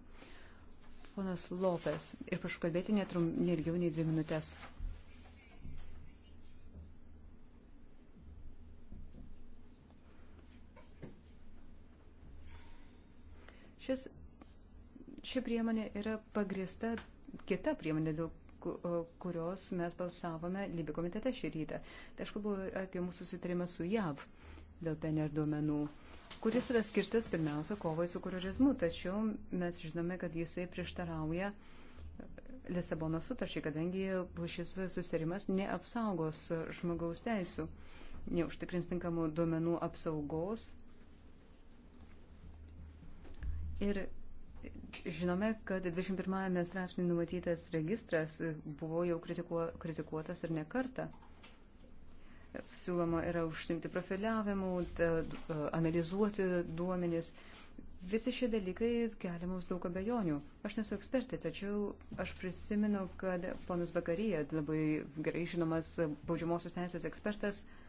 Ponas Lopes, ir prašau kalbėti netrum, nergiau nei dvi minutės. Šis, ši priemonė yra pagrista kita priemonė, dėl kurios mes balsavome Libi komitete šį rytą. Tai aš kalbu apie mūsų sutarimą su JAV dėl PNR duomenų, kuris yra skirtas pirmiausia kovai su terorizmu, tačiau mes žinome, kad jisai prieštarauja Lisabono sutarčiai, kadangi šis susitarimas neapsaugos žmogaus teisų, neužtikrins tinkamų duomenų apsaugos Ir žinome, kad 21-ame straipsnį numatytas registras buvo jau kritikuo, kritikuotas ir nekarta. Siūloma yra užsimti profiliavimu, analizuoti duomenis. Visi šie dalykai kelia mums daug abejonių. Aš nesu ekspertė, tačiau aš prisimenu, kad ponas Bakarija, labai gerai žinomas baudžiamosios teisės ekspertas, uh,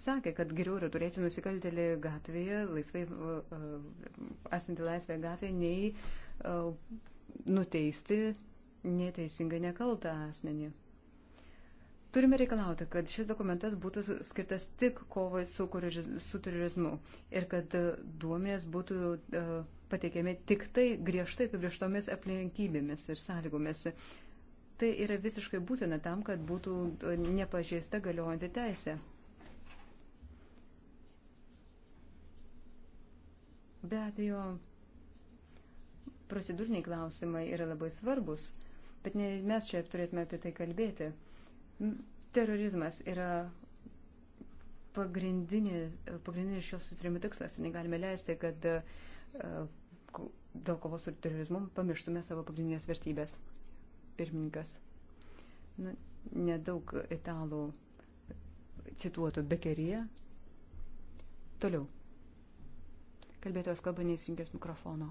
sakė, kad geriau yra turėti nusikaltelį gatvėje, laisvai, uh, uh, esanti laisvėje gatvėje, nei uh, nuteisti neteisingai nekaltą asmenį. Turime reikalauti, kad šis dokumentas būtų skirtas tik kovai su, su terorizmu ir kad duomenės būtų uh, pateikiami tik tai griežtai apibrieštomis aplinkybėmis ir sąlygomis. Tai yra visiškai būtina tam, kad būtų nepažeista galiojanti teisė. Be abejo, procedūriniai klausimai yra labai svarbus, bet ne mes čia turėtume apie tai kalbėti. Terorizmas yra pagrindinis, pagrindinis šios sutrimo tikslas. Negalime leisti, kad e, dėl kovos su terorizmu pamirštume savo pagrindinės vertybės. Pirmininkas. Na, nedaug italų cituotų Bekeryje. Toliau. Kalbėtojos kalba neįsirinkęs mikrofono.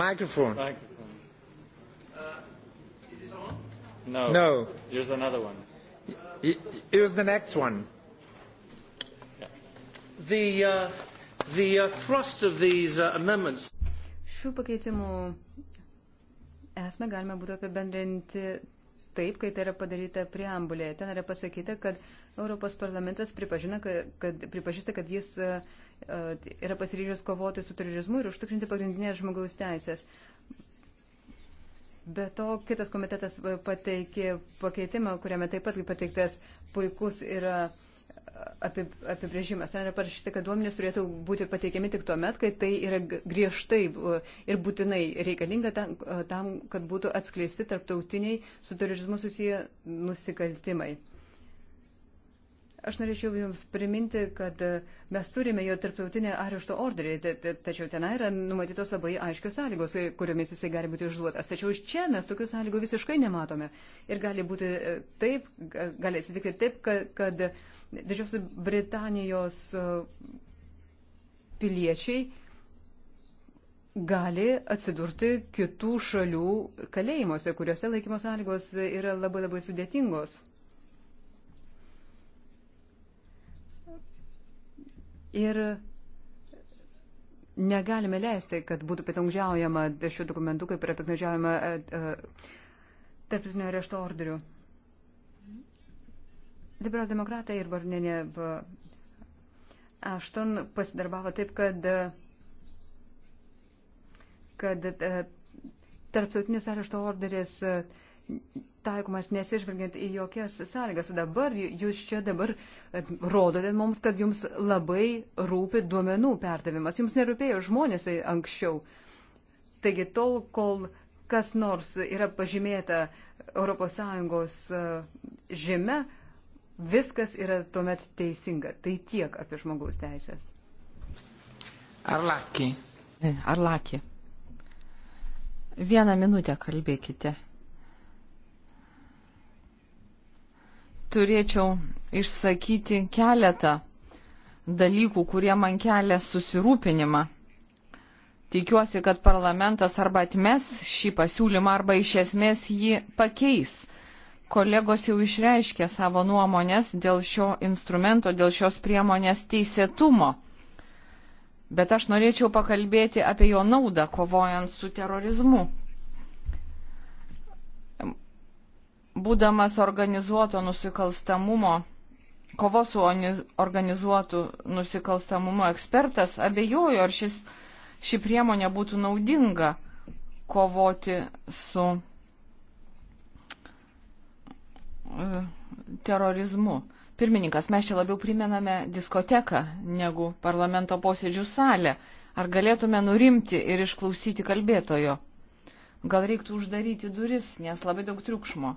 Microphone. Microphone. Uh, no. No. Here's another one. Here's the next one. Yeah. The, uh, the uh, thrust of these uh, amendments. Šių pakeitimų esmę galime būtų apibendrinti taip, kai tai yra padaryta preambulėje. Ten yra pasakyta, kad Europos parlamentas pripažina, kad, kad, pripažįsta, kad jis uh, yra pasiryžęs kovoti su terorizmu ir užtikrinti pagrindinės žmogaus teisės. Be to, kitas komitetas pateikė pakeitimą, kuriame taip pat pateiktas puikus yra. Uh, apibrėžimas. Ten yra parašyta, kad duomenys turėtų būti pateikiami tik tuo met, kai tai yra griežtai e, ir būtinai reikalinga tam, e, tam kad būtų atskleisti tarptautiniai su terorizmu susiję nusikaltimai. Aš norėčiau Jums priminti, kad e, mes turime jo tarptautinę arešto orderį, tačiau tenai yra numatytos labai aiškios sąlygos, kuriomis jisai gali būti išduotas. Tačiau iš čia mes tokių sąlygų visiškai nematome. Ir gali būti taip, gali atsitikti taip, kad, kad Didžiosios Britanijos e, piliečiai gali atsidurti kitų šalių kalėjimuose, kuriuose laikymo sąlygos yra labai labai sudėtingos. Ir negalime leisti, kad būtų pitongžiaujama šių dokumentų, kaip yra pitongžiaujama e, e, tarptautinio arešto orderių. Dabar demokratai ir Barnenė Ašton pasidarbavo taip, kad, kad e, tarptautinis arešto orderis e, taikomas nesižvelgiant į jokias sąlygas. O dabar jūs čia dabar e, rodote mums, kad jums labai rūpi duomenų perdavimas. Jums nerūpėjo žmonės anksčiau. Taigi tol, kol kas nors yra pažymėta ES žyme, Viskas yra tuomet teisinga. Tai tiek apie žmogaus teisės. Ar lakį? E, Ar lakį? Vieną minutę kalbėkite. Turėčiau išsakyti keletą dalykų, kurie man kelia susirūpinimą. Tikiuosi, kad parlamentas arba atmes šį pasiūlymą, arba iš esmės jį pakeis Kolegos jau išreiškė savo nuomonės dėl šio instrumento, dėl šios priemonės teisėtumo. Bet aš norėčiau pakalbėti apie jo naudą kovojant su terorizmu. Būdamas organizuoto nusikalstamumo, kovos su organizuotų nusikalstamumo ekspertas, abejoju, ar šis, ši priemonė būtų naudinga kovoti su terorizmu. Pirmininkas, mes čia labiau primename diskoteką negu parlamento posėdžių salę. Ar galėtume nurimti ir išklausyti kalbėtojo? Gal reiktų uždaryti duris, nes labai daug triukšmo.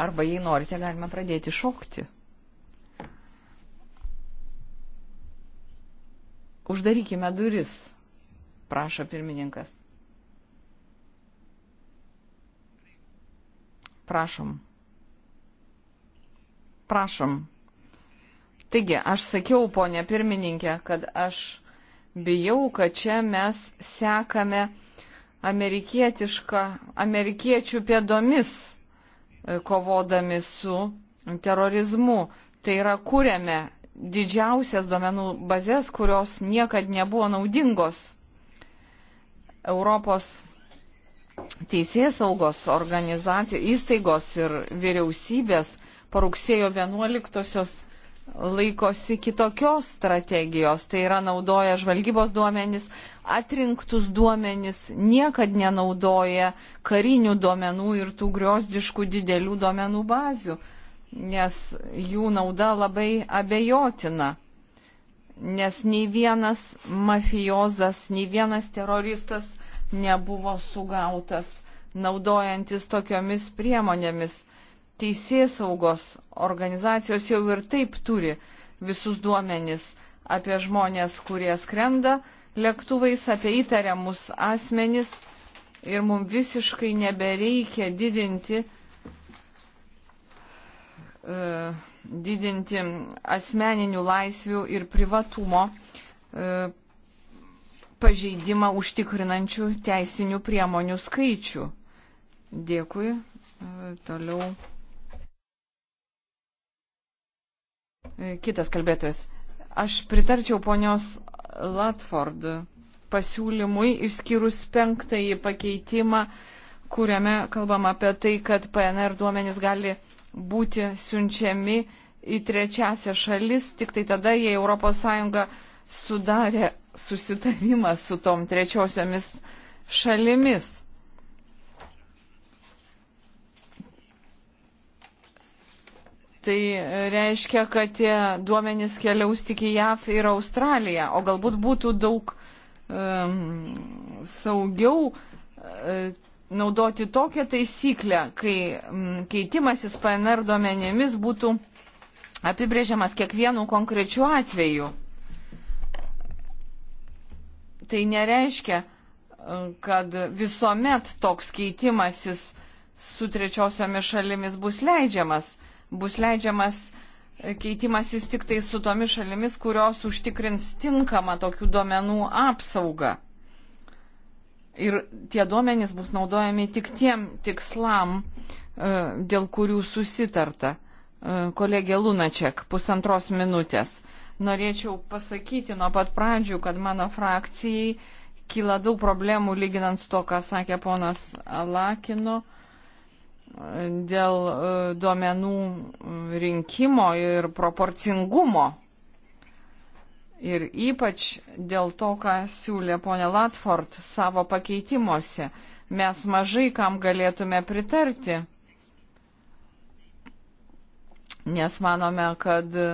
Arba jei norite, galime pradėti šokti. Uždarykime duris prašo pirmininkas. Prašom. Prašom. Taigi, aš sakiau, ponė pirmininkė, kad aš bijau, kad čia mes sekame amerikietišką, amerikiečių pėdomis, e, kovodami su terorizmu. Tai yra, kuriame didžiausias duomenų bazės, kurios niekad nebuvo naudingos Europos teisės saugos organizacijos, įstaigos ir vyriausybės parugsėjo 11-osios laikosi kitokios strategijos, tai yra naudoja žvalgybos duomenis, atrinktus duomenis, niekad nenaudoja karinių duomenų ir tų griozdiškų didelių duomenų bazių, nes jų nauda labai abejotina nes nei vienas mafijozas, nei vienas teroristas nebuvo sugautas naudojantis tokiomis priemonėmis. Teisės saugos organizacijos jau ir taip turi visus duomenis apie žmonės, kurie skrenda lėktuvais, apie įtariamus asmenis ir mums visiškai nebereikia didinti uh, didinti asmeninių laisvių ir privatumo e, pažeidimą užtikrinančių teisinių priemonių skaičių. Dėkui. E, toliau. E, kitas kalbėtojas. Aš pritarčiau ponios Latford pasiūlymui, išskyrus penktąjį pakeitimą, kuriame kalbam apie tai, kad PNR duomenys gali būti siunčiami į trečiasią šalis tik tai tada, jei ES sudarė susitarimą su tom trečiosiomis šalimis. Tai reiškia, kad tie duomenys keliaus tik į JAV ir Australiją, o galbūt būtų daug um, saugiau uh, naudoti tokią taisyklę, kai mm, keitimasis PNR duomenimis būtų apibrėžiamas kiekvienu konkrečiu atveju. Tai nereiškia, mm, kad visuomet toks keitimasis su trečiosiomis šalimis bus leidžiamas. Bus leidžiamas e, keitimasis tik tai su tomis šalimis, kurios užtikrins tinkamą tokių duomenų apsaugą. Ir tie duomenys bus naudojami tik tiem tikslam, e, dėl kurių susitarta. E, kolegė Lunačiak, pusantros minutės. Norėčiau pasakyti nuo pat pradžių, kad mano frakcijai kyla daug problemų lyginant su to, ką sakė ponas Alakino e, dėl duomenų rinkimo ir proporcingumo Ir ypač dėl to, ką siūlė ponė Latford savo pakeitimuose, mes mažai kam galėtume pritarti, nes manome, kad e,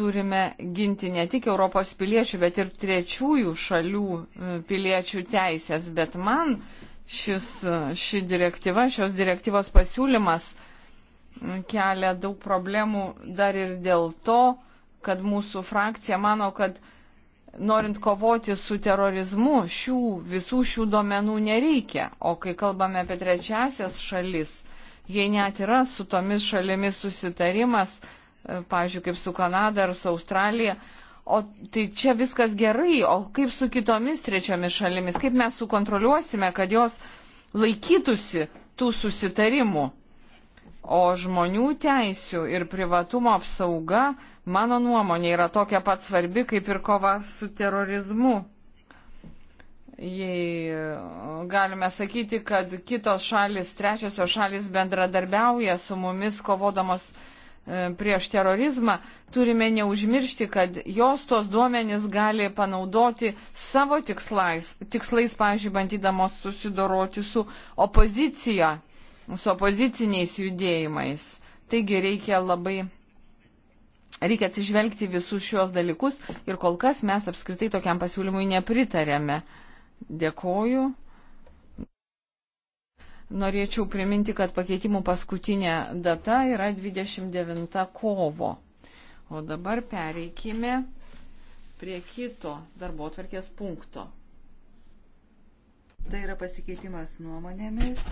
turime ginti ne tik Europos piliečių, bet ir trečiųjų šalių e, piliečių teisės. Bet man šis, e, ši direktyva, šios direktyvos pasiūlymas kelia daug problemų dar ir dėl to, kad mūsų frakcija mano, kad norint kovoti su terorizmu, šių, visų šių duomenų nereikia. O kai kalbame apie trečiasias šalis, jei net yra su tomis šalimis susitarimas, e, pavyzdžiui, kaip su Kanada ar su Australija, o tai čia viskas gerai, o kaip su kitomis trečiomis šalimis, kaip mes sukontroliuosime, kad jos laikytųsi tų susitarimų. O žmonių teisių ir privatumo apsauga, mano nuomonė, yra tokia pat svarbi kaip ir kova su terorizmu. Jei galime sakyti, kad kitos šalis, trečiosios šalis bendradarbiauja su mumis kovodamos e, prieš terorizmą, turime neužmiršti, kad jos tos duomenys gali panaudoti savo tikslais, tikslais pažiūrėjau, bandydamos susidoroti su opozicija su opoziciniais judėjimais. Taigi reikia labai reikia atsižvelgti visus šios dalykus ir kol kas mes apskritai tokiam pasiūlymui nepritarėme. Dėkoju. Norėčiau priminti, kad pakeitimų paskutinė data yra 29 kovo. O dabar pereikime prie kito darbo atverkės punkto. Tai yra pasikeitimas nuomonėmis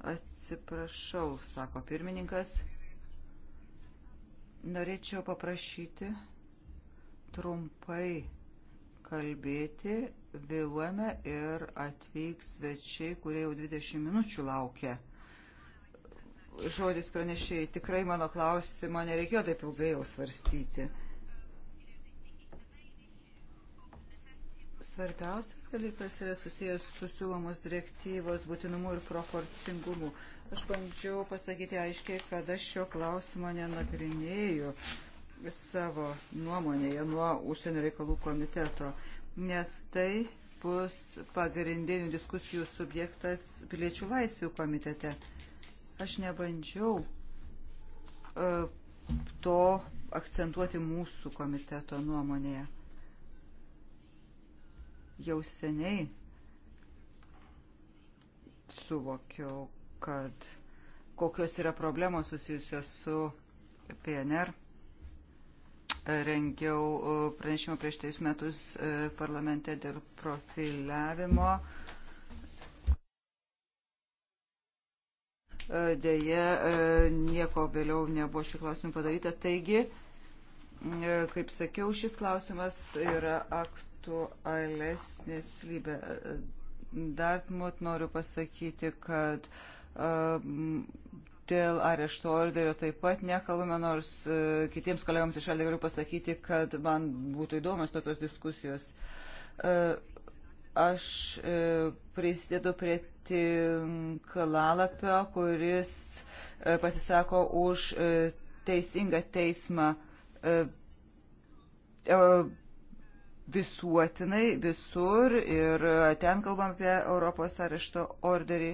Atsiprašau, sako pirmininkas. Norėčiau paprašyti trumpai kalbėti. Vėluojame ir atvyks svečiai, kurie jau 20 minučių laukia. Žodis pranešėjai, tikrai mano klausimą nereikėjo taip ilgai jau svarstyti. Svarbiausias dalykas yra susijęs su siūlomos direktyvos būtinumu ir proporcingumu. Aš bandžiau pasakyti aiškiai, kad aš šio klausimo nenagrinėjau savo nuomonėje nuo užsienio reikalų komiteto, nes tai bus pagrindinių diskusijų subjektas piliečių laisvių komitete. Aš nebandžiau uh, to akcentuoti mūsų komiteto nuomonėje jau seniai suvokiau, kad kokios yra problemos susijusios su PNR. Rengiau e, pranešimą prieš trejus metus e, parlamente dėl profiliavimo. E, deja, nieko vėliau nebuvo šių klausimų padaryta. Taigi, kaip sakiau, šis klausimas yra aktualus būtų alesnis lybė. Dartmut noriu pasakyti, kad um, dėl arešto orderio taip pat nekalbame, nors uh, kitiems kolegams iš šalia galiu pasakyti, kad man būtų įdomios tokios diskusijos. Uh, aš uh, e, prisidedu prie tinklalapio, kuris uh, pasisako už uh, teisingą teismą. Uh, uh, visuotinai visur ir ten kalbam apie Europos arešto orderį.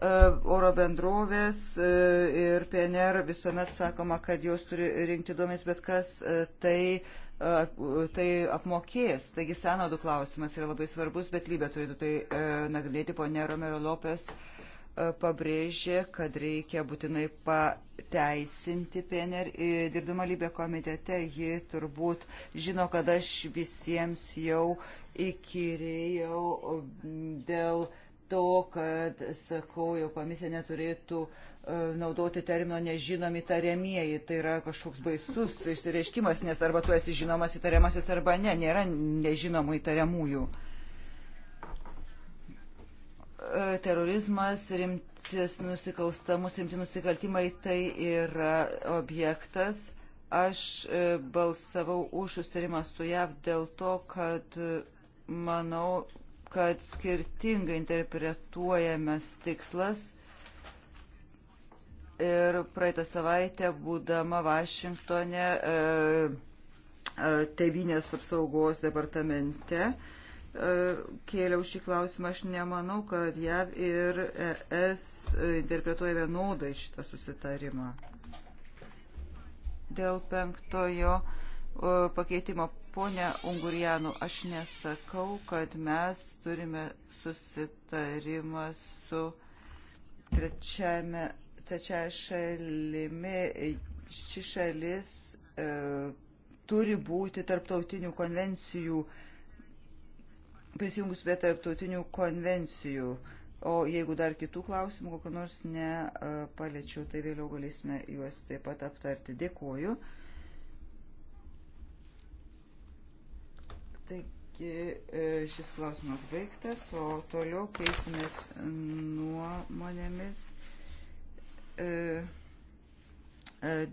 E, oro bendrovės e, ir PNR visuomet sakoma, kad jos turi rinkti duomenys, bet kas e, tai, tai apmokės. Taigi senodų klausimas yra labai svarbus, bet lybė turėtų tai nagrinėti ponė Romero Lopes. Uh, E, pabrėžė, kad reikia būtinai pateisinti PNR. E, dirbdama lybė komitete, ji turbūt žino, kad aš visiems jau įkyrėjau dėl to, kad, sakau, jau komisija neturėtų e, naudoti termino nežinomi tariamieji. Tai yra kažkoks baisus išsireiškimas, nes arba tu esi žinomas įtariamasis, arba ne, nėra nežinomų įtariamųjų. E, terorizmas, rimtis nusikalstamus, rimti nusikaltimai tai yra objektas. Aš e, balsavau už susitarimą su JAV dėl to, kad e, manau, kad skirtingai interpretuojamas tikslas. Ir praeitą savaitę, būdama Vašingtone, Tevinės apsaugos departamente, kėliau šį klausimą, aš nemanau, kad JAV ir ES interpretuoja vienodai šitą susitarimą. Dėl penktojo pakeitimo, ponia Ungurianų, aš nesakau, kad mes turime susitarimą su trečiame, trečiaja šalimi. Ši šalis e, turi būti tarptautinių konvencijų e, prisijungus prie tarptautinių konvencijų. O jeigu dar kitų klausimų kokiu nors nepaliečiau, tai vėliau galėsime juos taip pat aptarti. Dėkuoju. Taigi e, šis klausimas baigtas, o toliau keisimės nuomonėmis. E,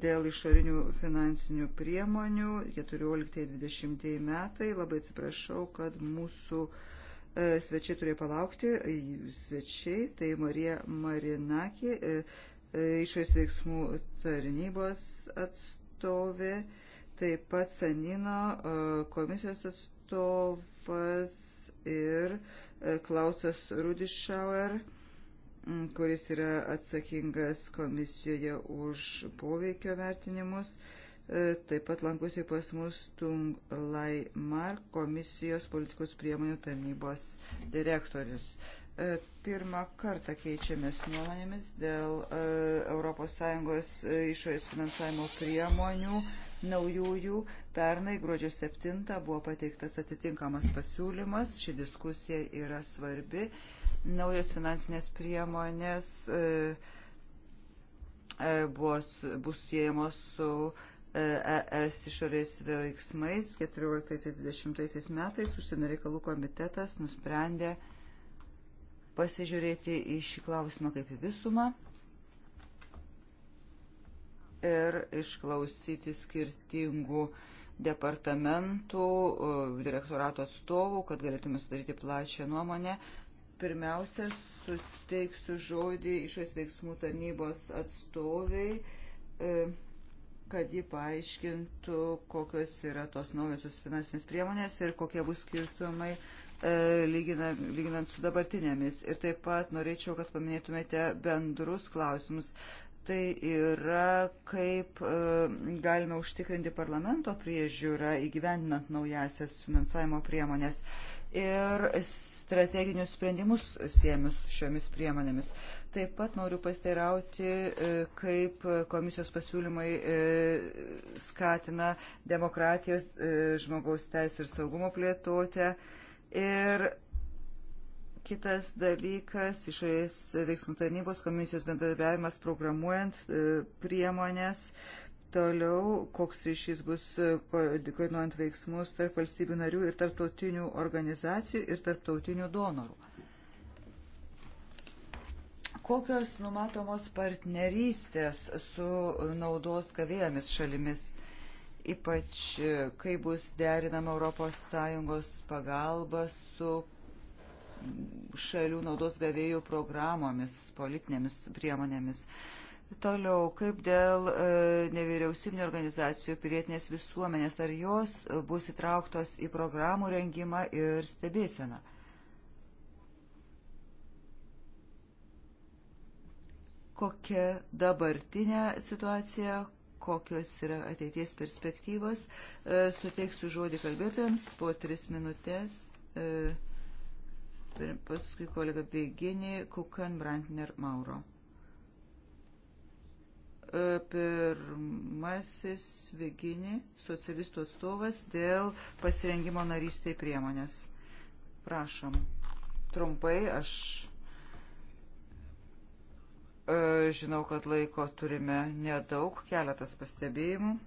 dėl išorinių finansinių priemonių 14-20 metai. Labai atsiprašau, kad mūsų e, svečiai turėjo palaukti. Svečiai tai Marija Marinakė, e, e, išorės veiksmų tarnybos atstovė, taip pat Sanino komisijos atstovas ir Klausas Rudišauer kuris yra atsakingas komisijoje už poveikio vertinimus. E, taip pat lankusi pas mus Tung Lai Mark, komisijos politikos priemonių tarnybos direktorius. E, pirmą kartą keičiamės nuomonėmis dėl ES e, išorės finansavimo priemonių naujųjų. Pernai gruodžio 7 buvo pateiktas atitinkamas pasiūlymas. Ši diskusija yra svarbi Naujos finansinės priemonės e, e, bus, bus siejamos su ES e išorės veiksmais 14-20 metais užsienio reikalų komitetas nusprendė pasižiūrėti į šį klausimą kaip į visumą ir išklausyti skirtingų departamentų, direktorato atstovų, kad galėtume sudaryti plačią nuomonę. Pirmiausia, suteiksiu žodį išorės veiksmų tarnybos atstoviai, e, kad ji paaiškintų, kokios yra tos naujosios finansinės priemonės ir kokie bus skirtumai e, lyginant su dabartinėmis. Ir taip pat norėčiau, kad paminėtumėte bendrus klausimus. Tai yra, kaip e, galime užtikrinti parlamento priežiūrą įgyvendinant naujasias finansavimo priemonės ir strateginius sprendimus siemius šiomis priemonėmis. Taip pat noriu pasteirauti, e, kaip komisijos pasiūlymai e, skatina demokratijos, e, žmogaus teisų ir saugumo plėtotę. Ir kitas dalykas, išorės veiksmų tarnybos komisijos bendradarbiavimas programuojant priemonės Toliau, koks ryšys bus e, koordinuojant veiksmus tarp valstybių narių ir tarptautinių organizacijų ir tarptautinių donorų. Kokios numatomos partnerystės su naudos gavėjomis šalimis, ypač e, kai bus derinama ES pagalba su šalių naudos gavėjų programomis, politinėmis priemonėmis. Uh, Toliau, kaip dėl e, nevyriausybinio organizacijų pilietinės visuomenės, ar jos e, bus įtrauktos į programų rengimą ir stebėseną? Kokia dabartinė situacija, kokios yra ateities perspektyvos. E, suteiksiu žodį kalbėtojams po tris minutės. Paskui kolega Beginį, Kukan, Brantner, Mauro. E, pirmasis Vigini, socialistų atstovas, dėl pasirengimo narystėj priemonės. Prašom. Trumpai aš e, žinau, kad laiko turime nedaug, keletas pastebėjimų.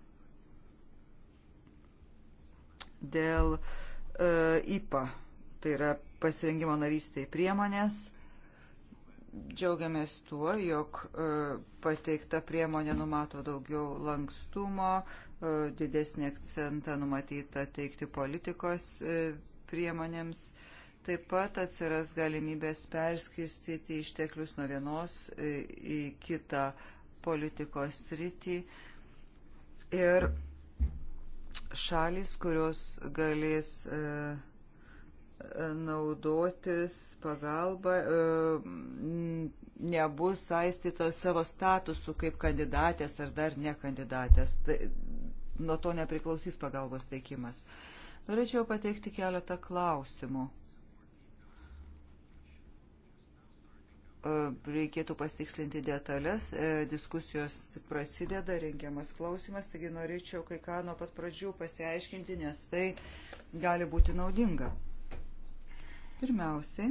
Dėl e, IPA, tai yra pasirengimo narystėj priemonės Džiaugiamės tuo, jog e, pateikta priemonė numato daugiau lankstumo, e, didesnį akcentą numatyta teikti politikos e, priemonėms. Taip pat atsiras galimybės perskirstyti išteklius nuo vienos į kitą politikos rytį. Ir šalis, kurios galės uh, naudotis pagalba e, nebus aistytos savo statusu kaip kandidatės ar dar ne kandidatės. Tai, nuo to nepriklausys pagalbos teikimas. Norėčiau pateikti keletą klausimų. E, reikėtų pasikslinti detalės. E, diskusijos prasideda, rengiamas klausimas, taigi norėčiau kai ką nuo pat pradžių pasiaiškinti, nes tai gali būti naudinga. Pirmiausiai,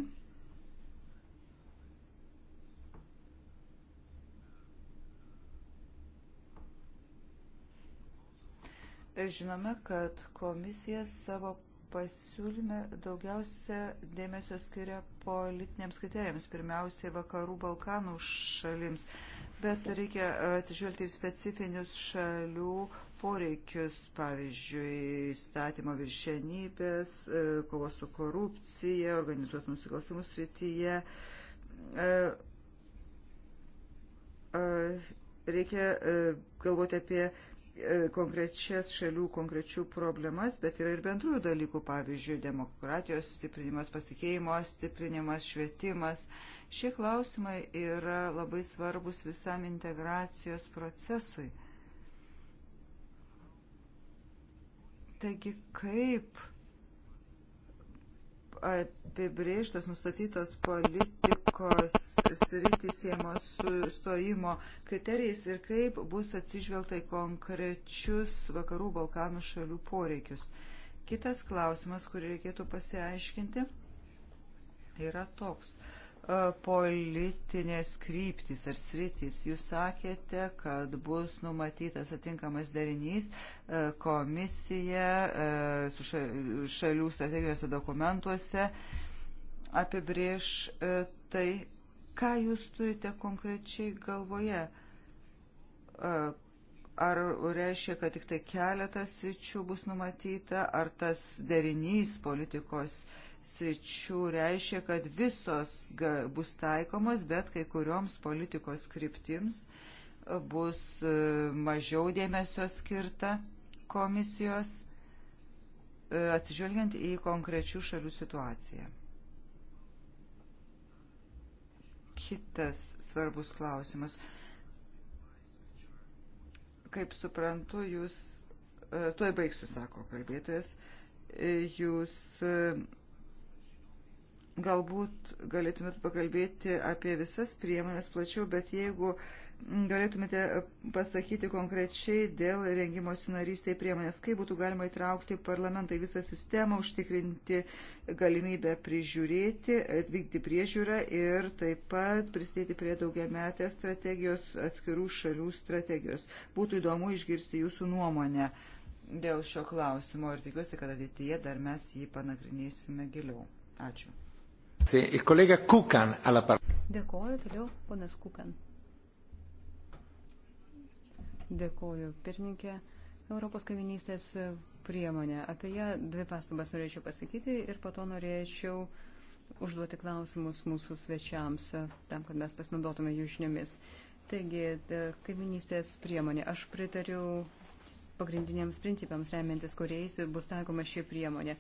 žinome, kad komisija savo pasiūlyme daugiausia dėmesio skiria politiniams kriterijams, pirmiausiai vakarų Balkanų šalims, bet reikia e, atsižvelgti ir specifinius šalių poreikius, pavyzdžiui, statymo viršenybės, e, kovos su korupcija, organizuotų nusikalstamų srityje. E, e, reikia galvoti apie konkrečias šalių, konkrečių problemas, bet yra ir bendrųjų dalykų, pavyzdžiui, demokratijos stiprinimas, pasikeimo stiprinimas, švietimas. Šie klausimai yra labai svarbus visam integracijos procesui. Taigi kaip apibrėžtos, nustatytos politikos sritys siemos su stojimo kriterijais ir kaip bus atsižvelgta į konkrečius vakarų Balkanų šalių poreikius. Kitas klausimas, kurį reikėtų pasiaiškinti, yra toks. Uh, E, politinės kryptis ar sritys. Jūs sakėte, kad bus numatytas atinkamas darinys e, komisija e, su šalių strategijose dokumentuose apibrieš tai, ką jūs turite konkrečiai galvoje. Ar reiškia, kad tik tai keletas sričių bus numatyta, ar tas derinys politikos uh, sričių reiškia, kad visos bus taikomos, bet kai kurioms politikos kryptims e, bus e, mažiau dėmesio skirta komisijos, e, atsižvelgiant į konkrečių šalių situaciją. Kitas svarbus klausimas. Kaip suprantu, jūs, tuoj baigsiu, sako kalbėtojas, jūs Galbūt galėtumėt pakalbėti apie visas priemonės plačiau, bet jeigu galėtumėte pasakyti konkrečiai dėl rengimosi narystėje priemonės, kaip būtų galima įtraukti parlamentą į visą sistemą, užtikrinti galimybę prižiūrėti, vykti priežiūrą ir taip pat pristėti prie daugiametės strategijos, atskirų šalių strategijos. Būtų įdomu išgirsti jūsų nuomonę dėl šio klausimo ir tikiuosi, kad ateityje dar mes jį panagrinėsime giliau. Ačiū. Dėkoju, toliau ponas Kukan. Dėkoju, pirmininkė. Europos kaiminystės priemonė. Apie ją dvi pastabas norėčiau pasakyti ir po to norėčiau užduoti klausimus mūsų svečiams, tam, kad mes pasinaudotume jų žiniomis. Taigi, kaiminystės priemonė. Aš pritariu pagrindiniams principams, remiantis kuriais bus taikoma ši priemonė.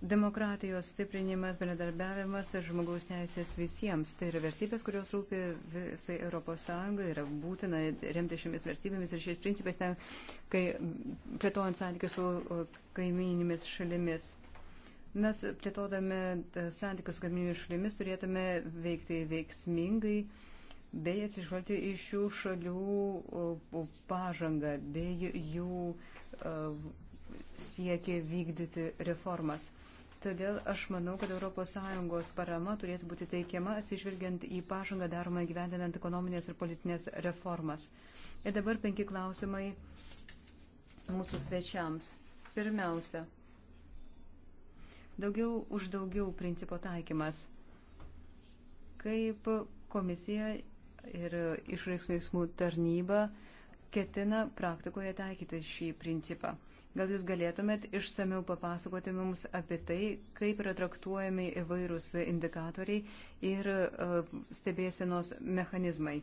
Demokratijos stiprinimas, bendradarbiavimas ir žmogaus teisės visiems. Tai yra vertybės, kurios rūpi visai ES, yra būtina remti šiomis vertybėmis ir šiais principais ten, kai plėtojant santykius su kaiminimis šalimis. Mes plėtodami e, santykius su kaiminimis šalimis turėtume veikti veiksmingai bei atsižvelgti į šių šalių pažangą, bei jų e, siekė vykdyti reformas. Todėl aš manau, kad ES parama turėtų būti teikiama atsižvelgiant į pažangą daromą gyvendinant ekonominės ir politinės reformas. Ir dabar penki klausimai mūsų svečiams. Pirmiausia, daugiau už daugiau principo taikymas. Kaip komisija ir išraiksmų tarnyba ketina praktikoje taikyti šį principą. Gal jūs galėtumėt išsamiau papasakoti mums apie tai, kaip yra traktuojami įvairūs indikatoriai ir e, stebėsienos mechanizmai.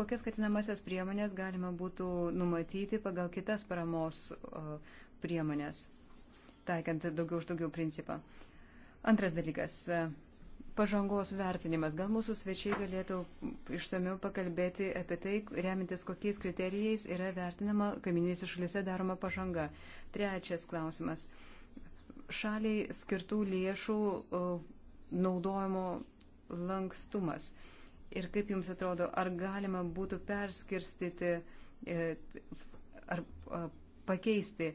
Kokias skatinamasias priemonės galima būtų numatyti pagal kitas paramos e, priemonės, taikant daugiau už daugiau principą. Antras dalykas pažangos vertinimas. Gal mūsų svečiai galėtų išsamiau pakalbėti apie tai, remintis kokiais kriterijais yra vertinama kaiminėse šalise daroma pažanga. Trečias klausimas. Šaliai skirtų lėšų naudojimo lankstumas. Ir kaip Jums atrodo, ar galima būtų perskirstyti e, ar pakeisti e,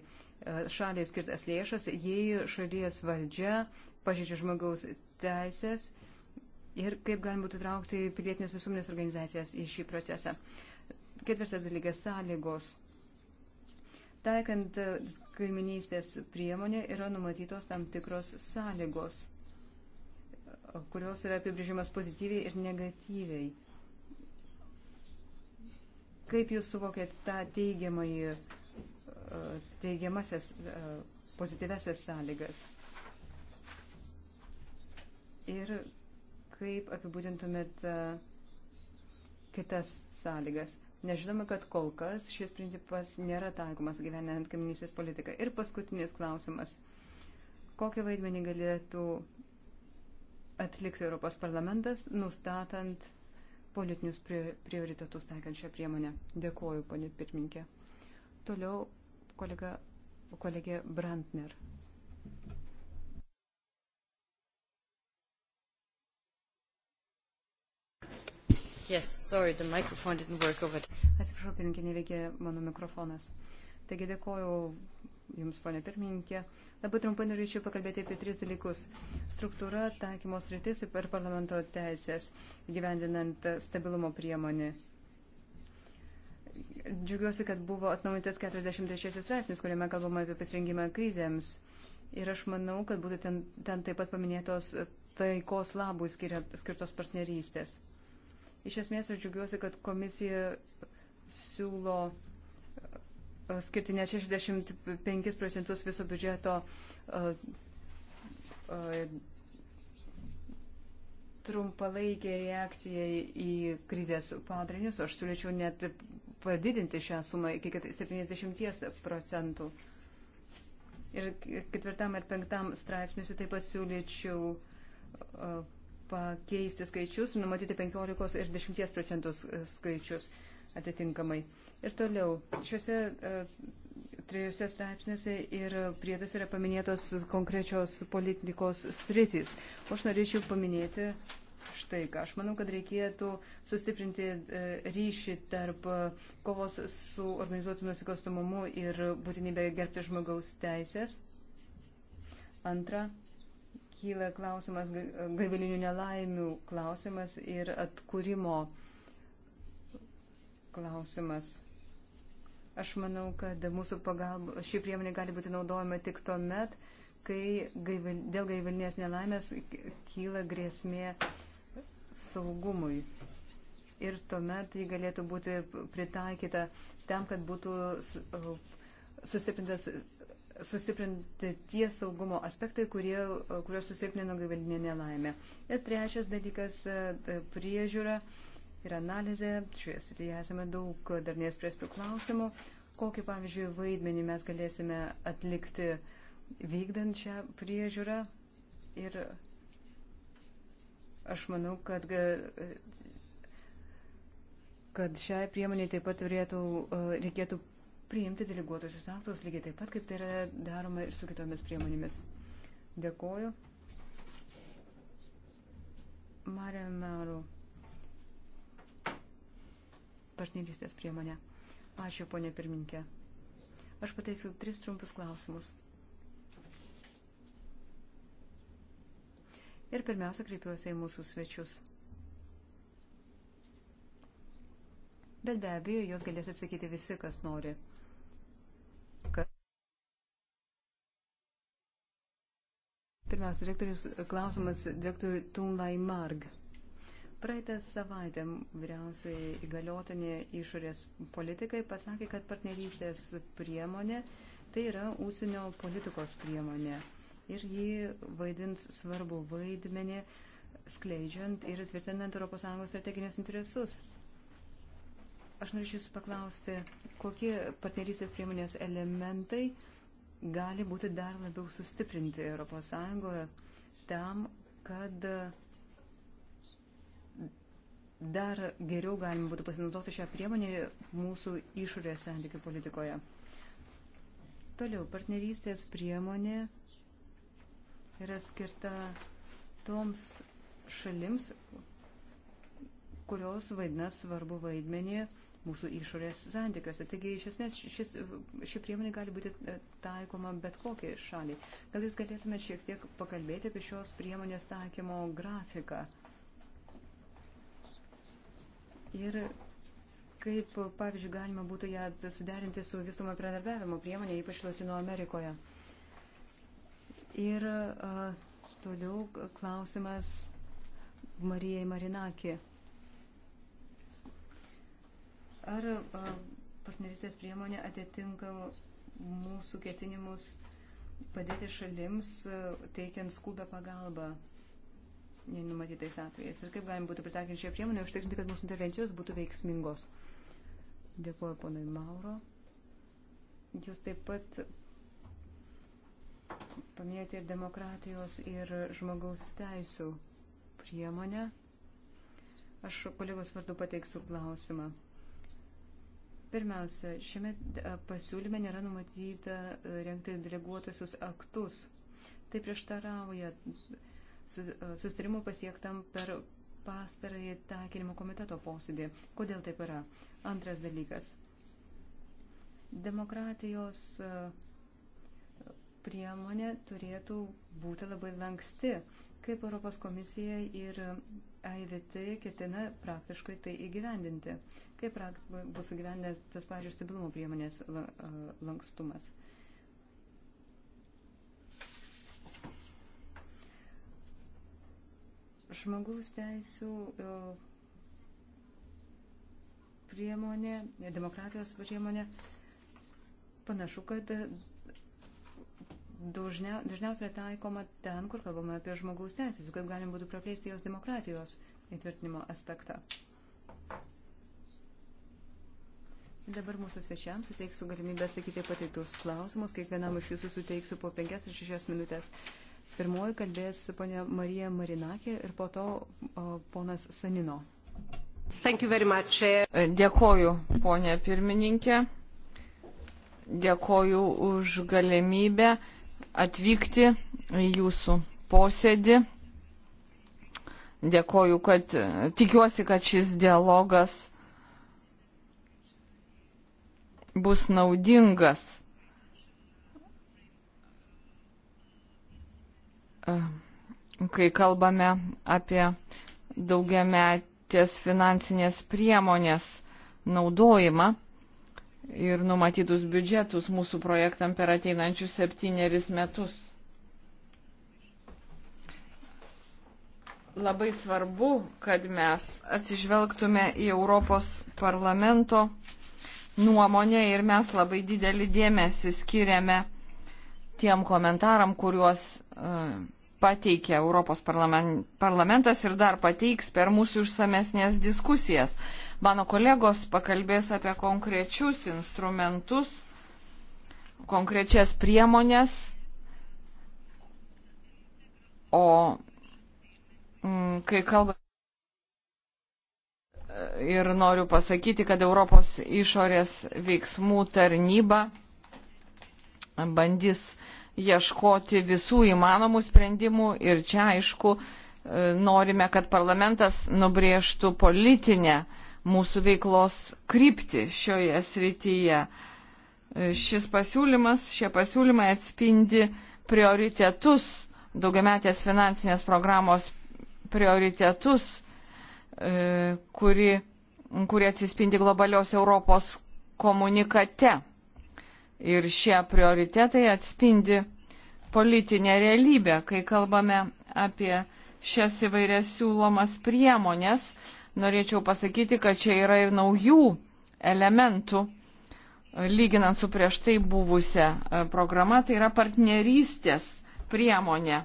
šaliai skirtas lėšas, jei šalies valdžia pažiūrė žmogaus teisės ir kaip galima būtų traukti pilietinės visuomenės organizacijas į šį procesą. Ketvirtas dalykas - sąlygos. Taikant uh, kaiminystės priemonė yra numatytos tam tikros sąlygos, uh, kurios yra apibrėžimas pozityviai ir negatyviai. Kaip Jūs suvokėt tą teigiamąjį, uh, teigiamasias, pozityvesias sąlygas? Ir kaip apibūdintumėt e, kitas sąlygas? Nežinome, kad kol kas šis principas nėra taikomas gyvenant kaiminysės politiką. Ir paskutinis klausimas. Kokį vaidmenį galėtų atlikti Europos parlamentas, nustatant politinius prioritetus taikant šią priemonę? Dėkuoju, ponė pirminkė. Toliau kolega, kolegė Brandner. Yes, sorry, the microphone didn't work over. Atsiprašau, pirmininkė, neveikia mano mikrofonas. Taigi dėkoju Jums, ponė pirmininkė. Labai trumpai norėčiau pakalbėti apie tris dalykus. Struktūra, taikymos rytis ir parlamento teisės, gyvendinant stabilumo priemonį. Džiugiuosi, kad buvo atnaujintas 46 straipsnis, kuriame kalbama apie pasirengimą krizėms. Ir aš manau, kad būtų ten, ten taip pat paminėtos taikos labų skirtos partnerystės. Iš esmės aš džiugiuosi, kad komisija siūlo e, skirti ne 65 procentus viso biudžeto e, e, trumpalaikė reakcija į krizės padarinius. Aš siūlyčiau net padidinti šią sumą iki 70 procentų. Ir ketvirtam ir penktam straipsniuose taip pasiūlyčiau uh, pakeisti skaičius, numatyti 15 ir 10 procentus skaičius atitinkamai. Ir toliau, šiuose e, trijose straipsniuose ir priedas yra paminėtos konkrečios politikos sritys. O aš norėčiau paminėti štai ką. Aš manau, kad reikėtų sustiprinti e, ryšį tarp kovos su organizuotu nusikalstamumu ir būtinybė gerbti žmogaus teisės. Antra, kyla klausimas, gaivalinių nelaimių klausimas ir atkūrimo klausimas. Aš manau, kad mūsų pagalba, ši priemonė gali būti naudojama tik tuo met, kai gaival, dėl gaivalinės nelaimės kyla grėsmė saugumui. Ir tuomet ji galėtų būti pritaikyta tam, kad būtų sustiprintas sustiprinti tie saugumo aspektai, kurie, kurios susilpnino gyvalinė nelaimė. Ir trečias dalykas e, - priežiūra ir analizė. Šioje srityje esame daug dar neįspręstų klausimų. Kokį, pavyzdžiui, vaidmenį mes galėsime atlikti vykdant šią priežiūrą. Ir aš manau, kad e, kad šiai priemonė taip pat turėtų, e, reikėtų priimti deleguotusius aktus lygiai taip pat, kaip tai yra daroma ir su kitomis priemonėmis. Dėkoju. Marija Maru. Partnerystės priemonė. Ačiū, ponė pirminkė. Aš pataisiu tris trumpus klausimus. Ir pirmiausia, kreipiuosi į mūsų svečius. Bet be abejo, jos galės atsakyti visi, kas nori kad Pirmiausia, direktorius klausimas direktoriui Tunlai Marg. Praeitą savaitę vyriausioji įgaliotinė išorės politikai pasakė, kad partnerystės priemonė tai yra ūsinio politikos priemonė ir ji vaidins svarbu vaidmenį skleidžiant ir tvirtinant ES strateginius interesus. Aš norėčiau jūsų paklausti, kokie partnerystės priemonės elementai gali būti dar labiau sustiprinti ES tam, kad dar geriau galima būtų pasinaudoti šią priemonę mūsų išorės santykių politikoje. Toliau, partnerystės priemonė yra skirta toms šalims, kurios vaidina svarbu vaidmenį mūsų išorės santykiuose. Taigi, iš esmės, šis, ši priemonė gali būti e, taikoma bet kokiai šaliai. Gal jūs galėtumėte šiek tiek pakalbėti apie šios priemonės taikymo grafiką? Ir kaip, pavyzdžiui, galima būtų ją suderinti su visumo bendradarbiavimo priemonė, ypač Latino Amerikoje. Ir uh, toliau klausimas Marijai Marinakė ar partneristės priemonė atitinka mūsų ketinimus padėti šalims, teikiant skubę pagalbą nenumatytais atvejais. Ir kaip galim būtų pritaikinti šią priemonę, užtikrinti, kad mūsų intervencijos būtų veiksmingos. Dėkuoju ponui Mauro. Jūs taip pat paminėjote ir demokratijos, ir žmogaus teisų priemonę. Aš kolegos vardu pateiksiu klausimą. Pirmiausia, šiame e, pasiūlyme nėra numatyta e, renkti deleguotusius aktus. Tai prieštarauja e, sustarimu pasiektam per pastarąjį takinimo komiteto posėdį. Kodėl taip yra? Antras dalykas. Demokratijos priemonė turėtų būti labai lanksti, kaip Europos komisija ir AIVT tai ketina praktiškai tai įgyvendinti, kai bus įgyvendintas tas pažiūrės stabilumo priemonės lankstumas. Žmogaus teisų priemonė, demokratijos priemonė, panašu, kad dažnia, dažniausiai yra taikoma ten, kur kalbama apie žmogaus teisės, kad galim būtų praplėsti jos demokratijos įtvirtinimo aspektą. Dabar mūsų svečiams suteiksiu galimybę sakyti pateiktus klausimus. Kiekvienam iš jūsų suteiksiu po 5 ar 6 minutės. Pirmoji kalbės ponia Marija Marinakė ir po to o, ponas Sanino. E, dėkoju, ponė pirmininkė. Dėkoju už galimybę atvykti į jūsų posėdį. Dėkoju, kad tikiuosi, kad šis dialogas bus naudingas. Kai kalbame apie daugiametės finansinės priemonės naudojimą, ir numatytus biudžetus mūsų projektam per ateinančius septynerius metus. Labai svarbu, kad mes atsižvelgtume į Europos parlamento nuomonę ir mes labai didelį dėmesį skiriame tiem komentaram, kuriuos uh, pateikė Europos parlament, parlamentas ir dar pateiks per mūsų išsamesnės diskusijas. Uh, Mano kolegos pakalbės apie konkrečius instrumentus, konkrečias priemonės, o m, mm, kai kalba. Ir noriu pasakyti, kad Europos išorės veiksmų tarnyba bandys ieškoti visų įmanomų sprendimų ir čia aišku norime, kad parlamentas nubrėžtų politinę uh, mūsų veiklos krypti šioje srityje. Šis pasiūlymas, šie pasiūlymai atspindi prioritetus, daugiametės finansinės programos prioritetus, e, kuri, kurie atsispindi globalios Europos komunikate. Ir šie prioritetai atspindi politinę realybę, kai kalbame apie šias įvairias siūlomas priemonės, norėčiau pasakyti, kad čia yra ir naujų elementų, lyginant su prieš tai buvusią e, programą, tai yra partnerystės priemonė.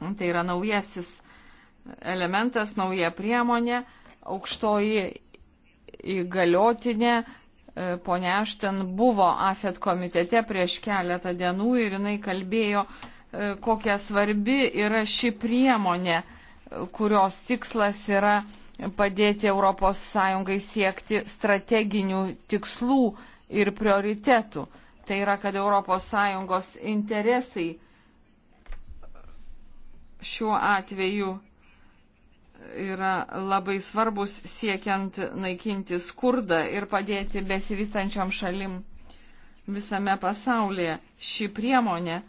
Tai yra naujasis elementas, nauja priemonė, aukštoji įgaliotinė. E, Pone Ašten buvo AFET komitete prieš keletą dienų ir jinai kalbėjo, e, kokia svarbi yra ši priemonė kurios tikslas yra padėti ES siekti strateginių tikslų ir prioritetų. Tai yra, kad ES interesai šiuo atveju yra labai svarbus siekiant naikinti skurdą ir padėti besivystančiom šalim visame pasaulyje. Ši priemonė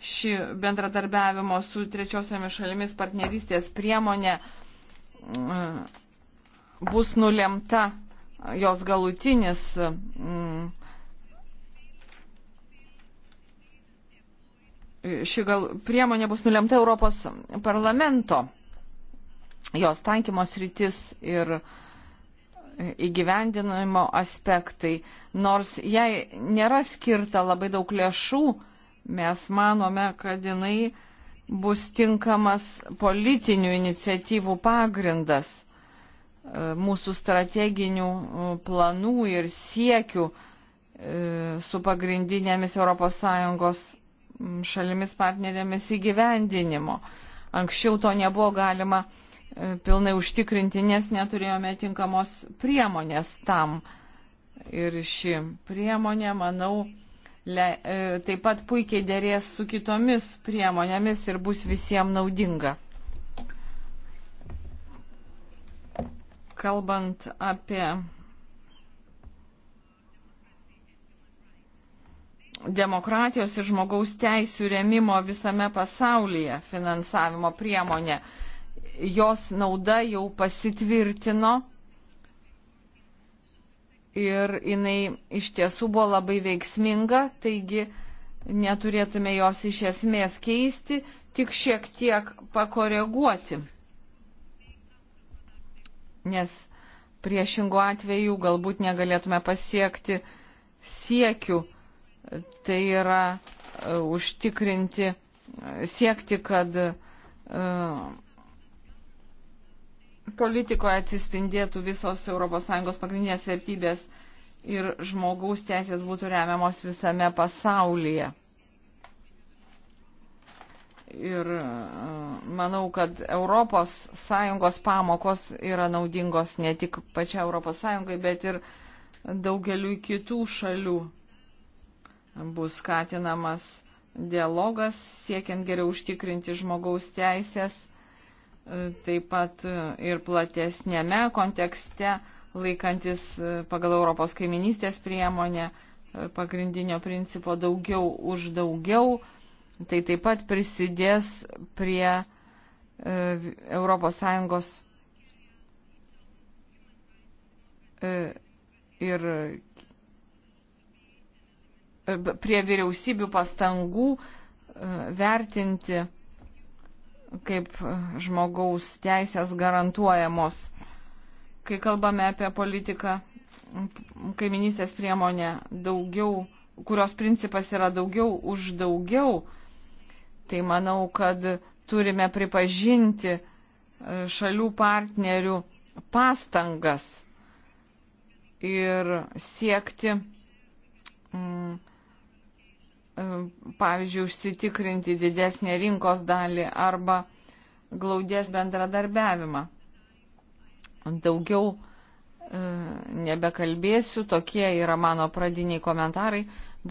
ši bendradarbiavimo su trečiosiomis šalimis partnerystės priemonė mm, bus nulemta jos galutinis mm, ši gal priemonė bus nulemta Europos parlamento, jos tankymos rytis ir įgyvendinimo aspektai. Nors jai nėra skirta labai daug lėšų, Mes manome, kad jinai bus tinkamas politinių iniciatyvų pagrindas e, mūsų strateginių e, planų ir siekių e, su pagrindinėmis ES šalimis partnerėmis įgyvendinimo. Anksčiau to nebuvo galima pilnai užtikrinti, nes neturėjome tinkamos priemonės tam. Ir ši priemonė, manau, E, taip pat puikiai dėrės su kitomis priemonėmis ir bus visiems naudinga. Kalbant apie demokratijos ir žmogaus teisų rėmimo visame pasaulyje finansavimo priemonė, jos nauda jau pasitvirtino ir jinai iš tiesų buvo labai veiksminga, taigi neturėtume jos iš esmės keisti, tik šiek tiek pakoreguoti. Nes priešingų atvejų galbūt negalėtume pasiekti siekių. Tai yra uh, užtikrinti, e, siekti, kad uh, politikoje atsispindėtų visos ES pagrindinės vertybės ir žmogaus teisės būtų remiamos visame pasaulyje. Ir e, manau, kad ES pamokos yra naudingos ne tik pačia ES, bet ir daugeliu kitų šalių. Bus skatinamas dialogas, siekiant geriau užtikrinti žmogaus teisės taip pat ir platesnėme kontekste, laikantis e, pagal Europos kaiminystės priemonę e, pagrindinio principo daugiau už daugiau, tai taip pat prisidės prie ES e, ir prie vyriausybių pastangų vertinti kaip e, žmogaus teisės garantuojamos. Kai kalbame apie politiką, kaiminystės priemonė daugiau, kurios principas yra daugiau už daugiau, tai manau, kad turime pripažinti e, šalių partnerių pastangas ir siekti mm, E, pavyzdžiui, užsitikrinti didesnį rinkos dalį arba glaudės bendradarbiavimą. Daugiau e, nebekalbėsiu, tokie yra mano pradiniai komentarai.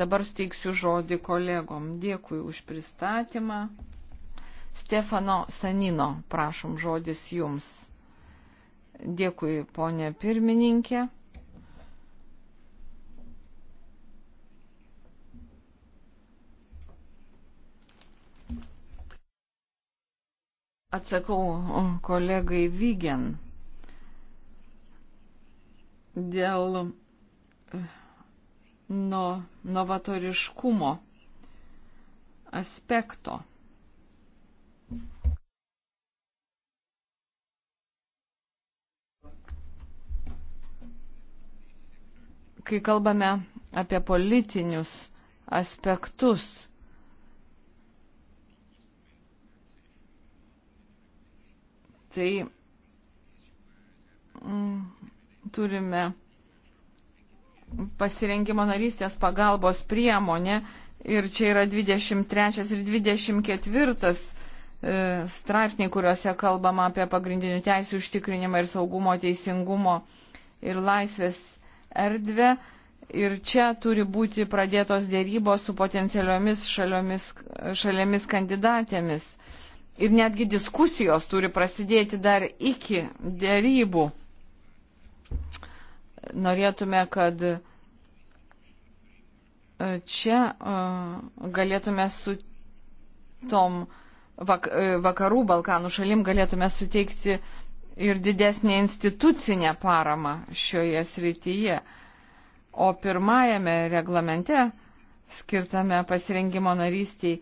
Dabar steiksiu žodį kolegom. Dėkui už pristatymą. Stefano Sanino, prašom žodis jums. Dėkui, ponė pirmininkė. Atsakau kolegai Vygen dėl e, no, novatoriškumo aspekto. Kai kalbame apie politinius aspektus, tai mm, turime pasirengimo narystės pagalbos priemonė ir čia yra 23 ir 24 e, straipsniai, kuriuose kalbama apie pagrindinių teisų užtikrinimą ir saugumo, teisingumo ir laisvės erdvę. Ir čia turi būti pradėtos dėrybos su potencialiomis šaliomis, šalėmis kandidatėmis ir netgi diskusijos turi prasidėti dar iki dėrybų. Norėtume, kad e, čia e, galėtume su tom e, vakarų Balkanų šalim galėtume suteikti ir didesnį institucinę paramą šioje srityje. O pirmajame reglamente skirtame pasirengimo narystiai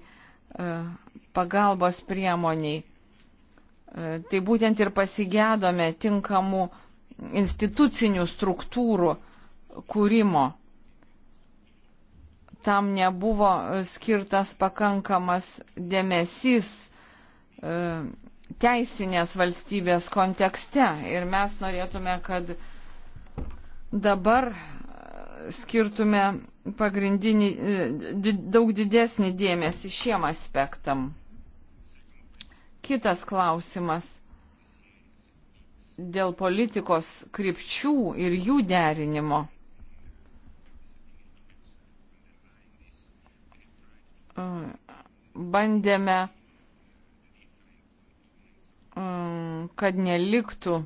pagalbos priemoniai. E, tai būtent ir pasigėdome tinkamų institucinių struktūrų kūrimo. Tam nebuvo skirtas pakankamas dėmesys e, teisinės valstybės kontekste. Ir mes norėtume, kad dabar skirtume pagrindinį, e, daug didesnį dėmesį šiem aspektam. Kitas klausimas dėl politikos krypčių ir jų derinimo. E, bandėme, e, kad neliktų e,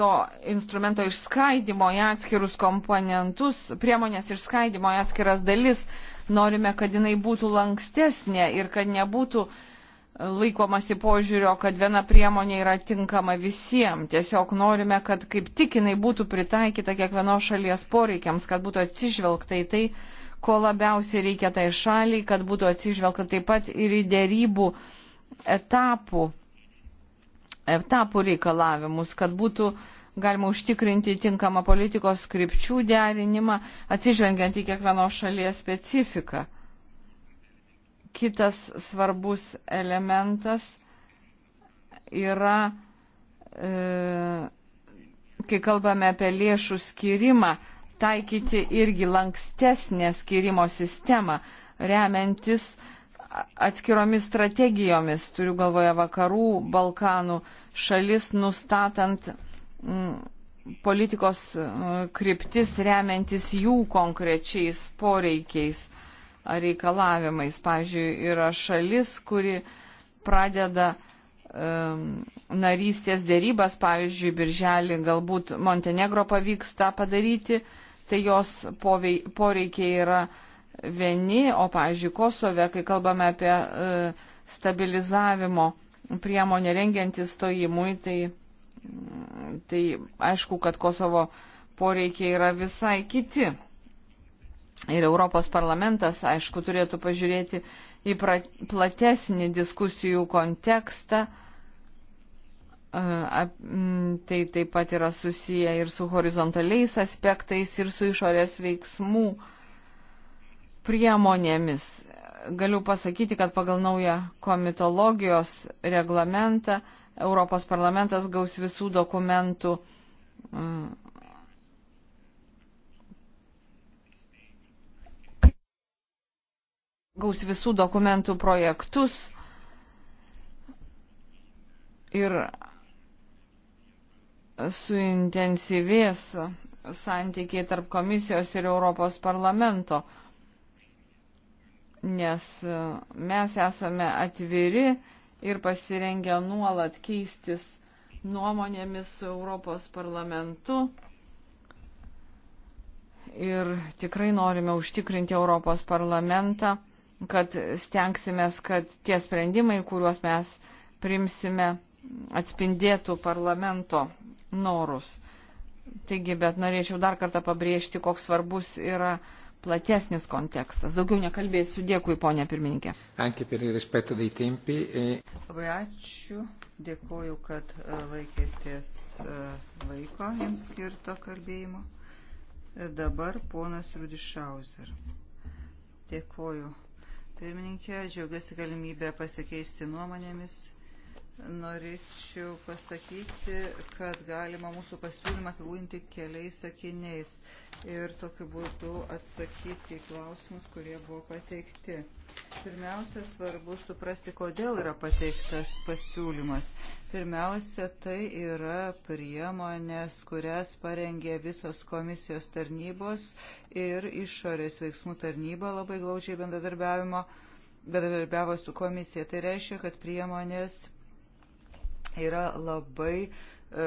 to instrumento išskaidimo į atskirus komponentus, priemonės išskaidimo į atskiras dalis, Norime, kad jinai būtų lankstesnė ir kad nebūtų laikomasi požiūrio, kad viena priemonė yra tinkama visiems. Tiesiog norime, kad kaip tik jinai būtų pritaikyta kiekvienos šalies poreikiams, kad būtų atsižvelgta į tai, ko labiausiai reikia tai šaliai, kad būtų atsižvelgta taip pat ir į dėrybų etapų, etapų reikalavimus, kad būtų uh, galima užtikrinti tinkamą politikos skripčių derinimą, atsižvelgiant į kiekvienos šalies specifiką. Kitas svarbus elementas yra, e, kai kalbame apie lėšų skirimą, taikyti irgi lankstesnę skirimo sistemą, remiantis atskiromis strategijomis, turiu galvoje vakarų, Balkanų šalis, nustatant Mm, politikos mm, kryptis remiantis jų konkrečiais poreikiais ar reikalavimais. Pavyzdžiui, yra šalis, kuri pradeda um, narystės dėrybas, pavyzdžiui, birželį galbūt Montenegro pavyks tą padaryti, tai jos povei, poreikiai yra vieni, o, pavyzdžiui, Kosove, kai kalbame apie uh, stabilizavimo priemonę rengiantis stojimui, tai Tai aišku, kad Kosovo poreikiai yra visai kiti. Ir Europos parlamentas, aišku, turėtų pažiūrėti į platesnį diskusijų kontekstą. E, tai taip pat yra susiję ir su horizontaliais aspektais, ir su išorės veiksmų priemonėmis. Galiu pasakyti, kad pagal naują komitologijos reglamentą Europos parlamentas gaus visų dokumentų mm, gaus visų dokumentų projektus ir suintensyvės santykiai tarp komisijos ir Europos parlamento, nes mes esame atviri ir pasirengę nuolat keistis nuomonėmis su Europos parlamentu. Ir tikrai norime užtikrinti Europos parlamentą, kad stengsime, kad tie sprendimai, kuriuos mes primsime, atspindėtų parlamento norus. Taigi, bet norėčiau dar kartą pabrėžti, koks svarbus yra uh, platesnis kontekstas. Daugiau nekalbėsiu. Dėkui, ponė pirmininkė. E- Labai ačiū. Dėkuoju, kad e, laikėtės e, laiko jums skirto kalbėjimo. Dabar ponas Rudišauser. Dėkuoju. Pirmininkė, džiaugiuosi galimybę pasikeisti nuomonėmis norėčiau pasakyti, kad galima mūsų pasiūlymą apibūdinti keliais sakiniais ir tokiu būdu atsakyti į klausimus, kurie buvo pateikti. Pirmiausia, svarbu suprasti, kodėl yra pateiktas pasiūlymas. Pirmiausia, tai yra priemonės, kurias parengė visos komisijos tarnybos ir išorės veiksmų tarnyba labai glaudžiai bendradarbiavimo bendradarbiavo su komisija. Tai reiškia, kad priemonės yra labai e,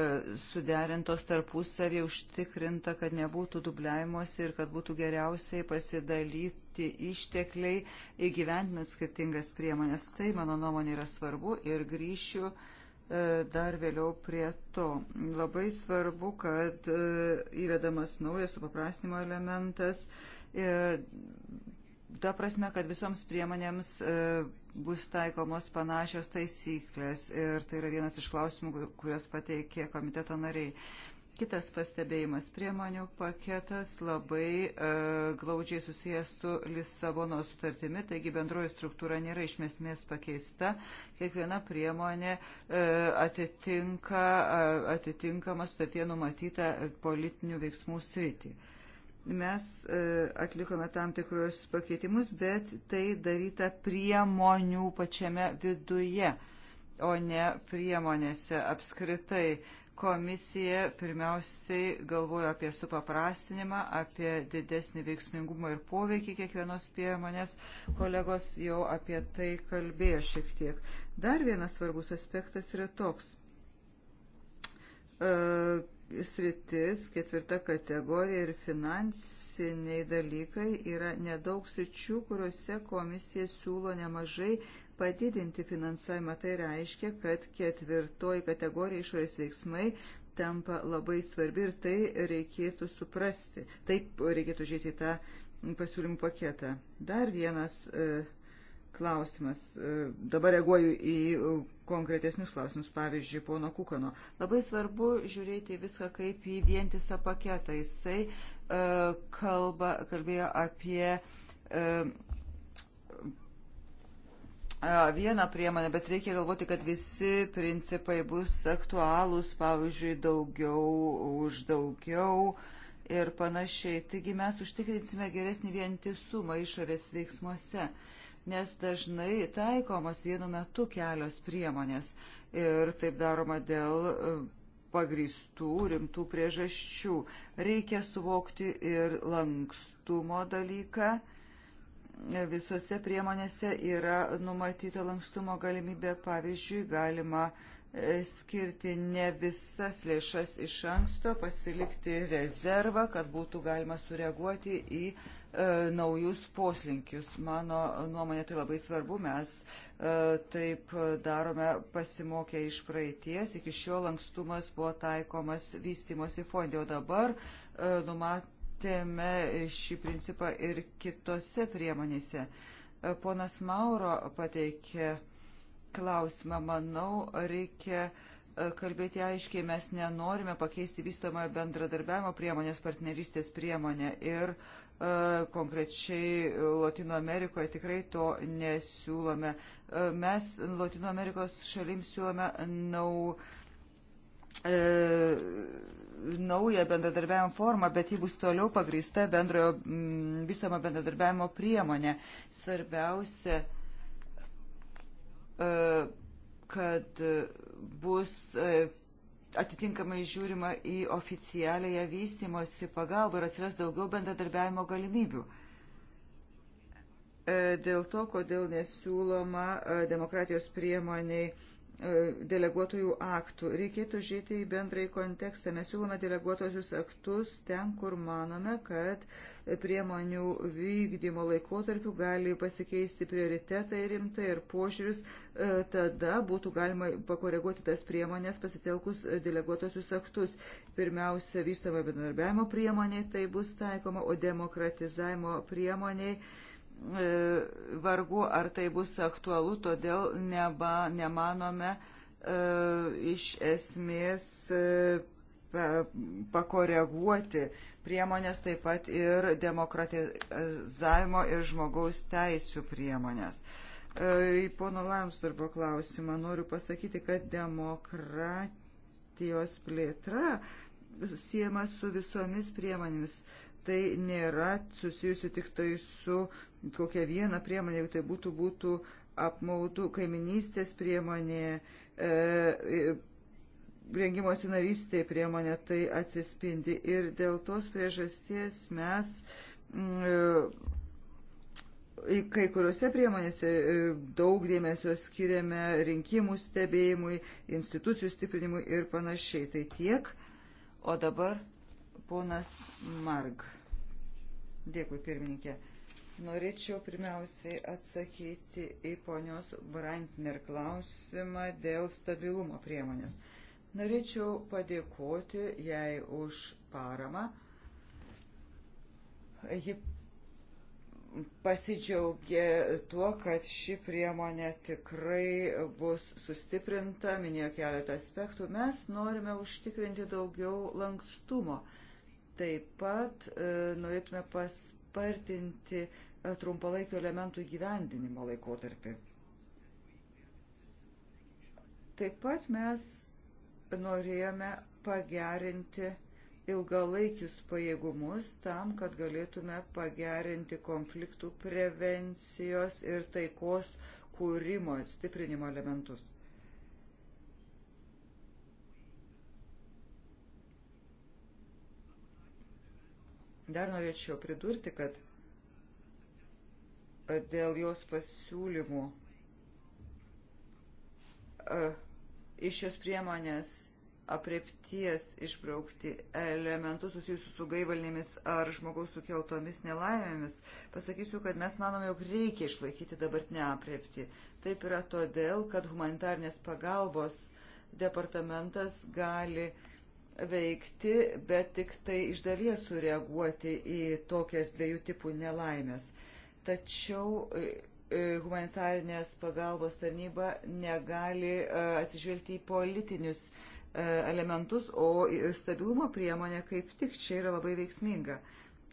suderintos tarpusavį, užtikrinta, kad nebūtų dubliavimuose ir kad būtų geriausiai pasidalyti ištekliai įgyvendinant skirtingas priemonės. Tai, mano nuomonė, yra svarbu ir grįšiu e, dar vėliau prie to. Labai svarbu, kad e, įvedamas naujas supaprastinimo elementas, ta prasme, kad visoms priemonėms bus taikomos panašios taisyklės ir tai yra vienas iš klausimų, kurias pateikė komiteto nariai. Kitas pastebėjimas priemonių paketas labai e, glaudžiai susijęs su Lisabono sutartimi, taigi bendroji struktūra nėra iš esmės pakeista. Kiekviena priemonė e, atitinka e, atitinkamą sutartie numatytą politinių veiksmų sritį. E, Mes e, atlikome tam tikrus pakeitimus, bet tai daryta priemonių pačiame viduje, o ne priemonėse apskritai. Komisija pirmiausiai galvojo apie supaprastinimą, apie didesnį veiksmingumą ir poveikį kiekvienos priemonės. Kolegos jau apie tai kalbėjo šiek tiek. Dar vienas svarbus aspektas yra toks. E, sritis, ketvirta kategorija ir finansiniai dalykai yra nedaug sričių, kuriuose komisija siūlo nemažai padidinti finansavimą. Tai reiškia, kad ketvirtoji kategorija išorės veiksmai tampa labai svarbi ir tai reikėtų suprasti. Taip reikėtų žiūrėti tą pasiūlymų paketą. Dar vienas e, klausimas. E, dabar reaguoju į konkretesnius klausimus, pavyzdžiui, pono Kukano. Labai svarbu žiūrėti viską kaip į vientisą paketą. Jisai uh, kalba, kalbėjo apie uh, vieną priemonę, bet reikia galvoti, kad visi principai bus aktualūs, pavyzdžiui, daugiau už daugiau ir panašiai. Taigi mes užtikrinsime geresnį vientisumą išorės veiksmuose. Uh, nes dažnai taikomos vienu metu kelios priemonės ir taip daroma dėl e, pagristų rimtų priežasčių. Reikia suvokti ir lankstumo dalyką. E, visose priemonėse yra numatyta lankstumo galimybė. Pavyzdžiui, galima e, skirti ne visas lėšas iš anksto, pasilikti rezervą, kad būtų galima sureaguoti į uh, E, naujus poslinkius. Mano nuomonė tai labai svarbu, mes e, taip darome pasimokę iš praeities, iki šiol lankstumas buvo taikomas vystimosi fondė, o dabar e, numatėme šį principą ir kitose priemonėse. Ponas Mauro pateikė klausimą, manau, reikia kalbėti aiškiai, mes nenorime pakeisti vystomojo bendradarbiavimo priemonės, partnerystės priemonę ir uh, E, konkrečiai Latino Amerikoje tikrai to nesiūlome. E, mes Latino Amerikos šalims siūlome nau, e, naują bendradarbiavimo formą, bet ji bus toliau pagrįsta bendrojo visamo bendradarbiavimo priemonė. Svarbiausia, e, kad bus e, atitinkamai žiūrima į oficialiąją vystimosi pagalbą ir atsiras daugiau bendradarbiavimo galimybių. E, dėl to, kodėl nesiūloma e, demokratijos priemoniai E, deleguotojų aktų. Reikėtų žiūrėti į bendrąjį kontekstą. Mes siūlome deleguotojus aktus ten, kur manome, kad priemonių vykdymo laikotarpiu gali pasikeisti prioritetai rimtai ir požiūris. E, tada būtų galima pakoreguoti tas priemonės pasitelkus deleguotosius aktus. Pirmiausia, vystoma bendarbiavimo priemonė tai bus taikoma, o demokratizavimo priemoniai E, vargu ar tai bus aktualu, todėl neba, nemanome e, iš esmės e, pakoreguoti priemonės taip pat ir demokratizavimo ir žmogaus teisų priemonės. Į pono Lamstarbo klausimą noriu pasakyti, kad demokratijos plėtra susijęma su visomis priemonėmis. Tai nėra susijusi tik tai su kokią vieną priemonę, jeigu tai būtų, būtų apmaudų kaiminystės priemonė, e, e rengimosi narystėje priemonė, tai atsispindi. Ir dėl tos priežasties mes mm, e, į kai kuriuose priemonėse e, daug dėmesio skiriame rinkimų stebėjimui, institucijų stiprinimui ir panašiai. Tai tiek. O dabar ponas Marg. Dėkui, pirmininkė. Norėčiau pirmiausiai atsakyti į ponios Brantner klausimą dėl stabilumo priemonės. Norėčiau padėkoti jai už paramą. Ji pasidžiaugė tuo, kad ši priemonė tikrai bus sustiprinta, minėjo keletą aspektų. Mes norime užtikrinti daugiau lankstumo. Taip pat e, norėtume paspartinti e, trumpalaikio elementų įgyvendinimo laikotarpį. Taip pat mes norėjome pagerinti ilgalaikius pajėgumus tam, kad galėtume pagerinti konfliktų prevencijos ir taikos kūrimo stiprinimo elementus. Dar norėčiau pridurti, kad dėl jos pasiūlymų. E, iš šios priemonės apriepties išbraukti elementus susijusius su gaivalnėmis ar žmogaus sukeltomis nelaimėmis, pasakysiu, kad mes manome, jog reikia išlaikyti dabartinę apriepti. Taip yra todėl, kad humanitarnės pagalbos departamentas gali veikti, bet tik tai iš dalies sureaguoti į tokias dviejų tipų nelaimės tačiau e, e, humanitarinės pagalbos tarnyba negali e, atsižvelgti į politinius elementus, o stabilumo priemonė kaip tik čia yra labai veiksminga.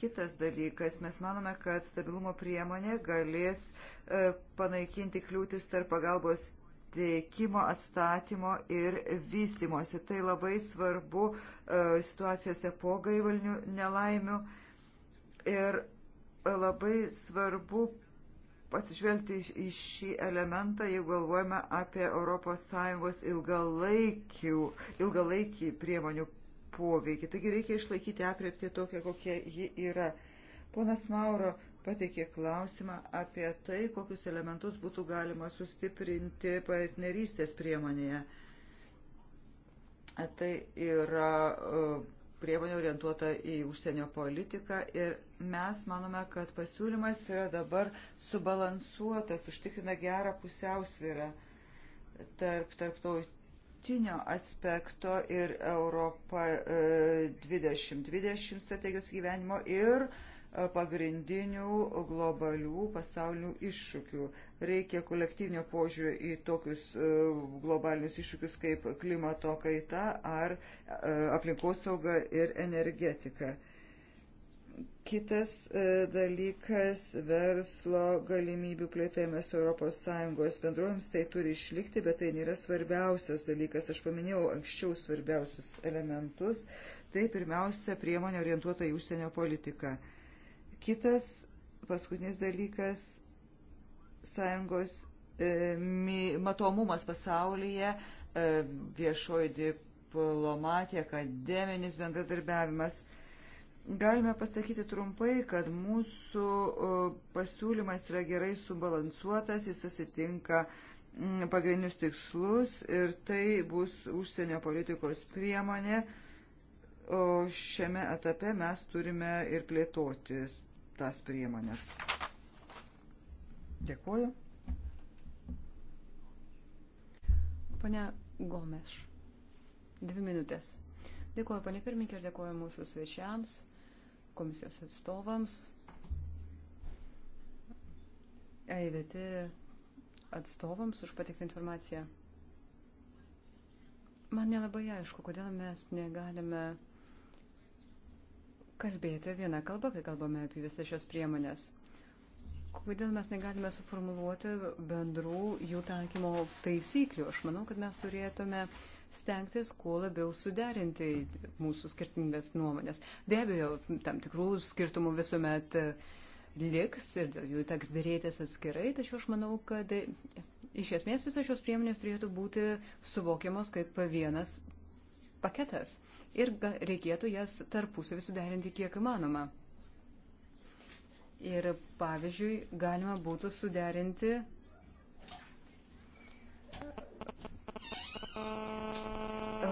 Kitas dalykas, mes manome, kad stabilumo priemonė galės panaikinti kliūtis tarp pagalbos teikimo, atstatymo ir vystimosi. Tai labai svarbu situacijose po gaivalinių nelaimių. Ir labai svarbu atsižvelgti į šį elementą, jeigu galvojame apie ES ilgalaikį priemonių poveikį. Taigi reikia išlaikyti apriepti tokią, kokia ji yra. Ponas Mauro pateikė klausimą apie tai, kokius elementus būtų galima sustiprinti partnerystės priemonėje. Tai yra e, priemonė orientuota į užsienio politiką ir mes manome, kad pasiūlymas yra dabar subalansuotas, užtikrina gerą pusiausvyrą tarp tarptautinio aspekto ir Europą 2020 e, strategijos gyvenimo ir e, pagrindinių globalių pasaulinių iššūkių. Reikia kolektyvinio požiūrio į tokius e, globalinius iššūkius kaip klimato kaita ar aplinkosauga ir energetika. Kitas e, dalykas - verslo galimybių plėtojimas ES bendrovėms, tai turi išlikti, bet tai nėra svarbiausias dalykas. Aš paminėjau anksčiau svarbiausius elementus. Tai pirmiausia priemonė orientuota į užsienio politiką. Kitas paskutinis dalykas - sąjungos e, matomumas pasaulyje, e, viešoji diplomatija, akademinis bendradarbiavimas – Galime pasakyti trumpai, kad mūsų pasiūlymas yra gerai subalansuotas, jis susitinka pagrindinius tikslus ir tai bus užsienio politikos priemonė, o šiame etape mes turime ir plėtoti tas priemonės. Dėkuoju. Pane Gomes, dvi minutės. Dėkuoju, pane pirmininkė, ir dėkuoju mūsų svečiams komisijos atstovams, EIVT atstovams už patiktą informaciją. Man nelabai aišku, kodėl mes negalime kalbėti vieną kalbą, kai kalbame apie visas šios priemonės. Kodėl mes negalime suformuluoti bendrų jų taikymo taisyklių? Aš manau, kad mes turėtume uh, stengtis kuo labiau suderinti mūsų skirtingas nuomonės. Be abejo, tam tikrų skirtumų visuomet e, liks ir jų teks dėrėtis atskirai, tačiau aš manau, kad e, iš esmės visos šios priemonės turėtų būti suvokiamos kaip vienas paketas ir reikėtų jas tarpusavį suderinti kiek įmanoma. Ir pavyzdžiui, galima būtų suderinti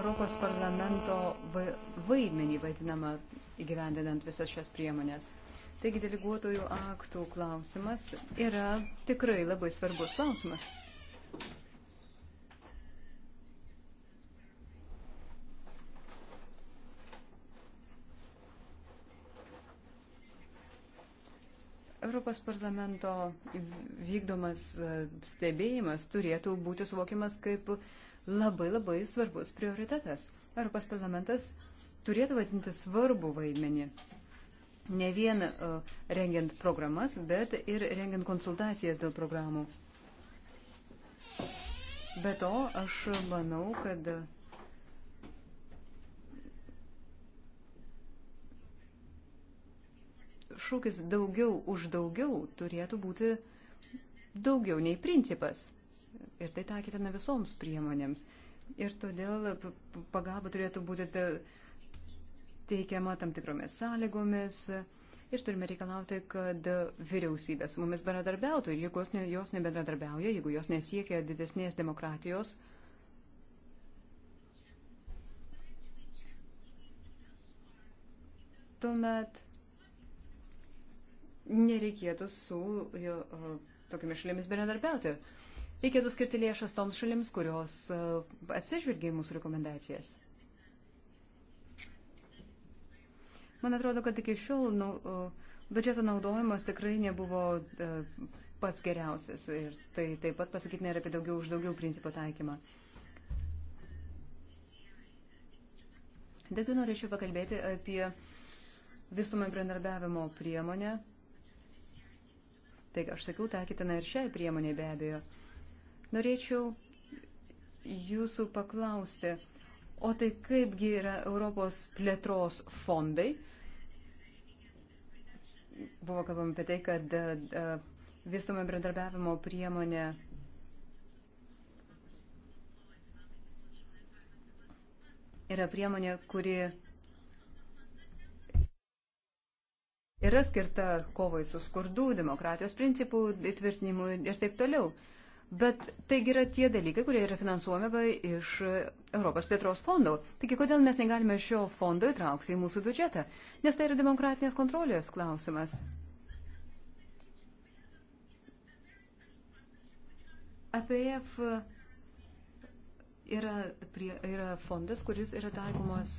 Europos parlamento vaidmenį vaidinamą įgyvendinant visas šias priemonės. Taigi deleguotojų aktų klausimas yra tikrai labai svarbus klausimas. Europos parlamento vykdomas e, stebėjimas turėtų būti suvokimas kaip uh, labai labai svarbus prioritetas. Europos parlamentas turėtų vadinti svarbų vaidmenį. Ne vien uh, rengiant programas, bet ir rengiant konsultacijas dėl programų. Be to, aš manau, kad šūkis daugiau už daugiau turėtų būti daugiau nei principas. Ir tai taikytina visoms priemonėms. Ir todėl pagalba turėtų būti teikiama tam tikromis sąlygomis. Ir turime reikalauti, kad vyriausybė su mumis bendradarbiautų. Ir jeigu jos nebendradarbiauja, jeigu jos nesiekia didesnės demokratijos, tuomet nereikėtų su jo, tokiamis šalimis bendradarbiauti reikėtų skirti lėšas toms šalims, kurios e, atsižvelgia į mūsų rekomendacijas. Man atrodo, kad iki šiol nu, e, biudžeto naudojimas tikrai nebuvo e, pats geriausias ir tai taip pat pasakyti nėra apie daugiau už daugiau principo taikymą. Daugiau norėčiau pakalbėti apie visumą bendradarbiavimo priemonę. Tai, aš sakiau, taikytina ir šiai priemonė be abejo. Norėčiau jūsų paklausti, o tai kaipgi yra Europos plėtros fondai? Buvo kalbama apie tai, kad e, e, vystomą bendradarbiavimo priemonę yra priemonė, kuri yra skirta kovai su skurdu, demokratijos principų įtvirtinimui ir taip toliau. Bet taigi yra tie dalykai, kurie yra finansuojami iš Europos plėtros fondo. Taigi kodėl mes negalime šio fondo įtraukti į mūsų biudžetą? Nes tai yra demokratinės kontrolės klausimas. APF yra, prie, yra fondas, kuris yra taikomas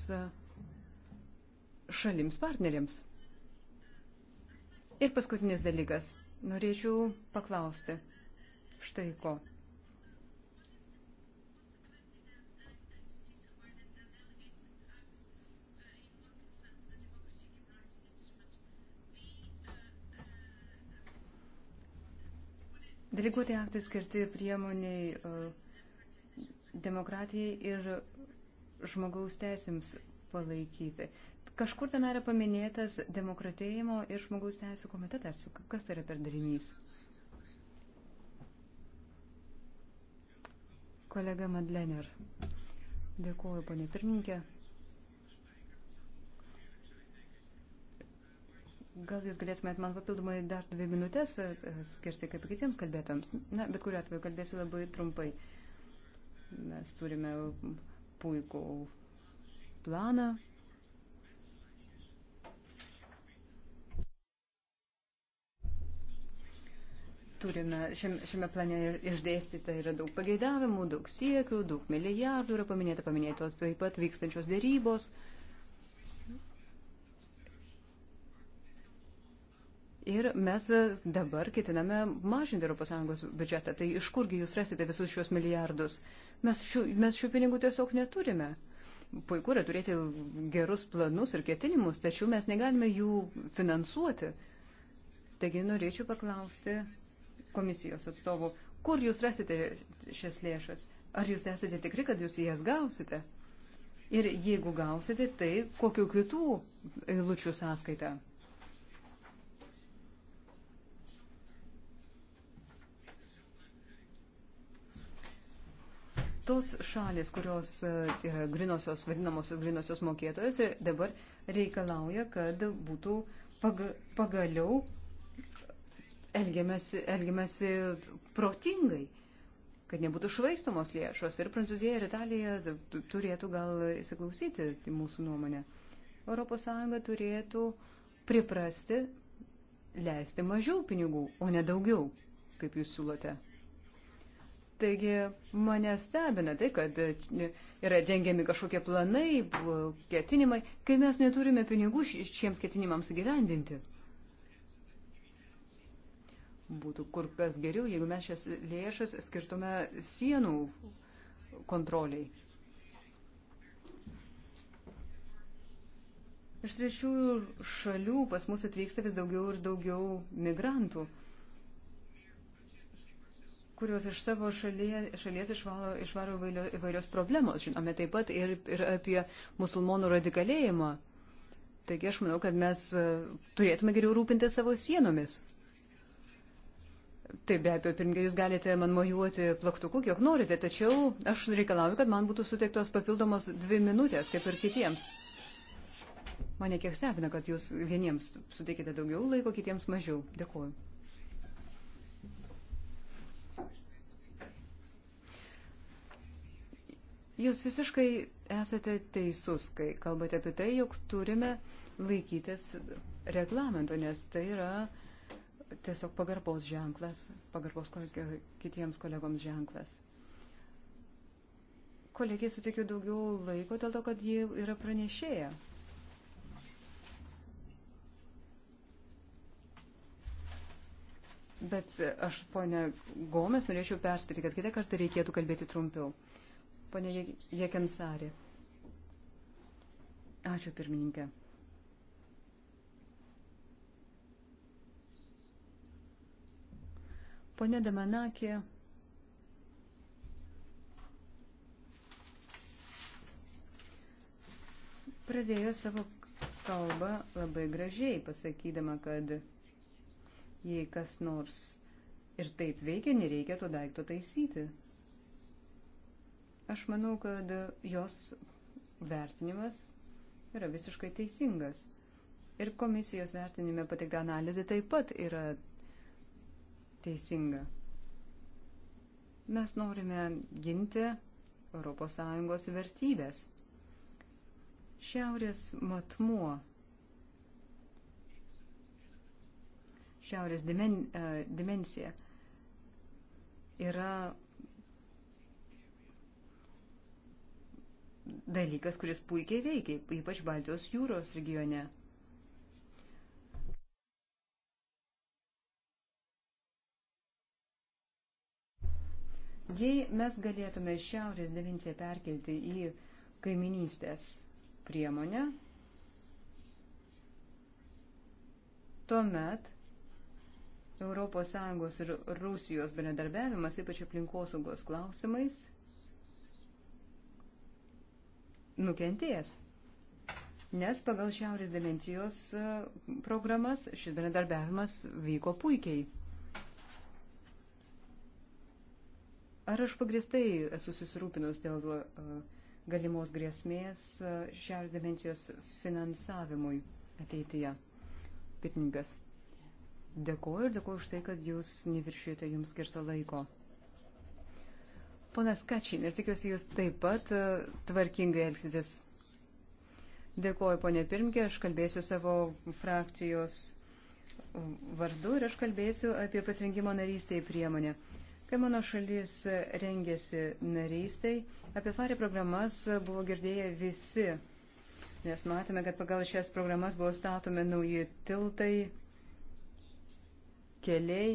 šalims partneriams. Ir paskutinis dalykas. Norėčiau paklausti štai ko. Deleguoti aktai skirti priemoniai e, demokratijai ir žmogaus teisėms palaikyti. Kažkur ten yra paminėtas demokratėjimo ir žmogaus teisų komitetas. Kas tai yra per darinys? Kolega Madlener. Dėkuoju, ponė pirmininkė. Gal jūs galėtumėt man papildomai dar dvi minutės e, skirti kaip kitiems kalbėtams? Na, bet kuriuo atveju kalbėsiu labai trumpai. Mes turime puikų planą, turime šiame, šiame plane išdėstyta yra daug pageidavimų, daug siekių, daug milijardų yra paminėta, paminėtos taip pat vykstančios dėrybos. Ir mes dabar ketiname mažinti ES biudžetą. Tai iš kurgi jūs rasite visus šios milijardus? Mes šių, mes šių pinigų tiesiog neturime. Puiku yra turėti gerus planus ir ketinimus, tačiau mes negalime jų finansuoti. Taigi norėčiau paklausti, komisijos atstovų, kur jūs rasite šias lėšas? Ar jūs esate tikri, kad jūs jas gausite? Ir jeigu gausite, tai kokiu kitų eilučių sąskaitą? Tos šalis, kurios e, yra grinosios, vadinamosios grinosios mokėtojas, e, dabar reikalauja, kad būtų pag pagaliau elgiamasi, elgiamasi protingai, kad nebūtų švaistomos lėšos. Ir Prancūzija ir Italija turėtų gal įsiklausyti mūsų nuomonę. ES turėtų priprasti leisti mažiau pinigų, o ne daugiau, kaip jūs siūlote. Taigi mane stebina tai, kad yra dengiami kažkokie planai, ketinimai, kai mes neturime pinigų šiems ketinimams įgyvendinti. Būtų kur kas geriau, jeigu mes šias lėšas skirtume sienų kontroliai. Iš trečiųjų šalių pas mus atvyksta vis daugiau ir daugiau migrantų, kurios iš savo šalyje, šalies išvalo, išvaro įvairios problemos. Žinome taip pat ir, ir apie musulmonų radikalėjimą. Taigi aš manau, kad mes e, turėtume geriau rūpinti savo sienomis. Taip, be abejo, pirmie, jūs galite man mojuoti plaktuku, kiek norite, tačiau aš reikalauju, kad man būtų suteiktos papildomos dvi minutės, kaip ir kitiems. Mane kiek stebina, kad jūs vieniems suteikite daugiau laiko, kitiems mažiau. Dėkuoju. Jūs visiškai esate teisus, kai kalbate apie tai, jog turime laikytis reglamento, nes tai yra uh, tiesiog pagarbos ženklas, pagarbos kitiems kolegoms ženklas. Kolegiai sutikiu daugiau laiko dėl to, kad ji yra pranešėja. Bet aš, ponia Gomes, norėčiau perspėti, kad kitą kartą reikėtų kalbėti trumpiau. Pone Jekensari. Ačiū, pirmininkė. Pone Damanakė pradėjo savo kalbą labai gražiai, pasakydama, kad jei kas nors ir taip veikia, nereikia to daikto taisyti. Aš manau, kad jos vertinimas yra visiškai teisingas. Ir komisijos vertinime pateikta analizė taip pat yra teisinga. Mes norime ginti ES vertybės. Šiaurės matmuo, šiaurės dimen, uh, dimensija yra dalykas, kuris puikiai veikia, ypač Baltijos jūros regione. Jei mes galėtume šiaurės dimenciją perkelti į kaiminystės priemonę, tuomet ES ir Rusijos bendradarbiavimas, ypač aplinkosaugos klausimais, nukentėjęs. Nes pagal Šiaurės dimensijos e, programas šis bendradarbiavimas vyko puikiai. Ar aš pagristai esu susirūpinus dėl e, galimos grėsmės e, šios dimensijos finansavimui ateityje? Pirmininkas. Dėkuoju ir dėkuoju už tai, kad jūs neviršijote jums skirto laiko. Ponas Kačin, ir tikiuosi, jūs taip pat e, tvarkingai elgsitės. Dėkuoju, ponė Pirmkė, aš kalbėsiu savo frakcijos vardu ir aš kalbėsiu apie pasirinkimo narystėje priemonę. Kai mano šalis rengėsi narystai, apie FARI programas buvo girdėję visi, nes matėme, kad pagal šias programas buvo statomi nauji tiltai, keliai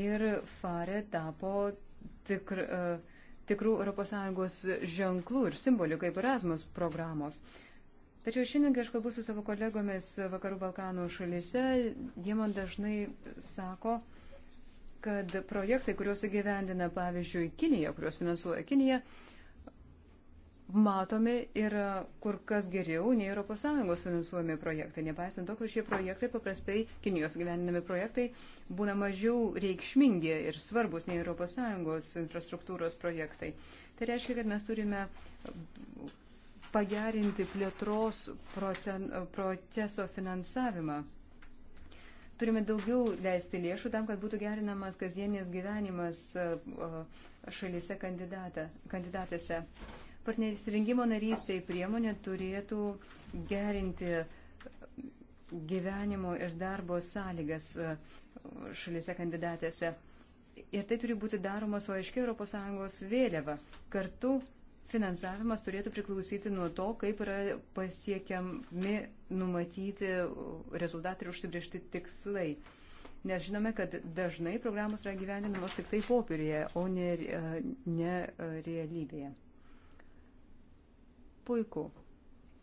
ir FARE tapo tikr, e, tikrų ES ženklų ir simbolių kaip Erasmus programos. Tačiau šiandien, kai aš kalbu su savo kolegomis Vakarų Balkanų šalyse, jie man dažnai sako, kad projektai, kuriuos įgyvendina, pavyzdžiui, Kinija, kuriuos finansuoja Kinija, matomi yra kur kas geriau nei ES finansuojami projektai. Nepaisant to, kad šie projektai paprastai, Kinijos gyveninami projektai, būna mažiau reikšmingi ir svarbus nei ES infrastruktūros projektai. Tai reiškia, kad mes turime pagerinti plėtros proceso finansavimą. Turime daugiau leisti lėšų tam, kad būtų gerinamas kasdienės gyvenimas e, e, šalyse kandidatėse. Partneris rengimo narystėj priemonė turėtų gerinti gyvenimo ir darbo sąlygas e, šalyse kandidatėse. Ir tai turi būti daroma su aiškia ES vėliava. Kartu finansavimas turėtų priklausyti nuo to, kaip yra pasiekiami numatyti rezultatai ir užsibriežti tikslai. Nes žinome, kad dažnai programos yra gyveninamos tik tai popierėje, o ne, ne realybėje. Puiku.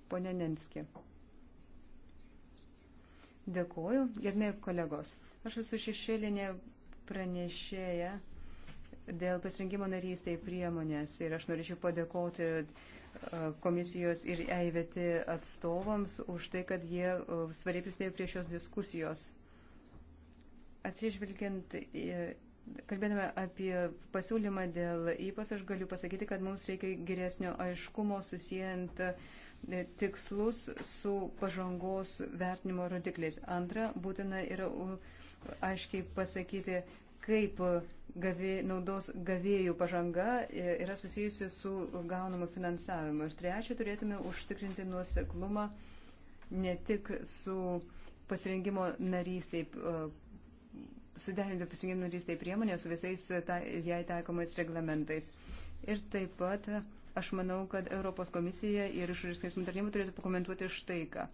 Pone Nenski. Dėkuoju, gerbėjai kolegos. Aš esu šešėlinė pranešėja dėl pasirinkimo narystėje priemonės. Ir aš norėčiau padėkoti e, komisijos ir EIVT atstovams už tai, kad jie e, svariai prisidėjo prie šios diskusijos. Atsižvelgiant, kalbėdame apie pasiūlymą dėl įpas, aš galiu pasakyti, kad mums reikia geresnio aiškumo susijęs e, tikslus su pažangos vertinimo rodikliais. Antra, būtina yra aiškiai pasakyti, kaip gavė, naudos gavėjų pažanga e, yra susijusi su gaunamu finansavimu. Ir trečia, turėtume užtikrinti nuoseklumą ne tik su pasirinkimo narystiai, e, suderinti pasirinkimo narystiai priemonė su visais ta, jai taikomais reglamentais. Ir taip pat aš manau, kad Europos komisija ir išorės teismų tarnyba turėtų pakomentuoti štai ką.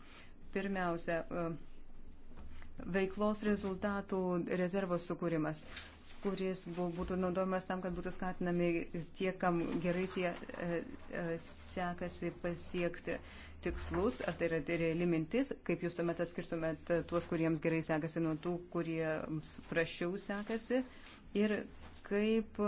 Pirmiausia, uh, veiklos rezultatų rezervos sukūrimas, kuris būtų naudojamas tam, kad būtų skatinami tie, kam gerai e, e, sekasi pasiekti tikslus, ar tai yra tai reali mintis, kaip jūs tuomet atskirtumėt tuos, kuriems gerai sekasi nuo tų, kuriems prašiau sekasi ir kaip,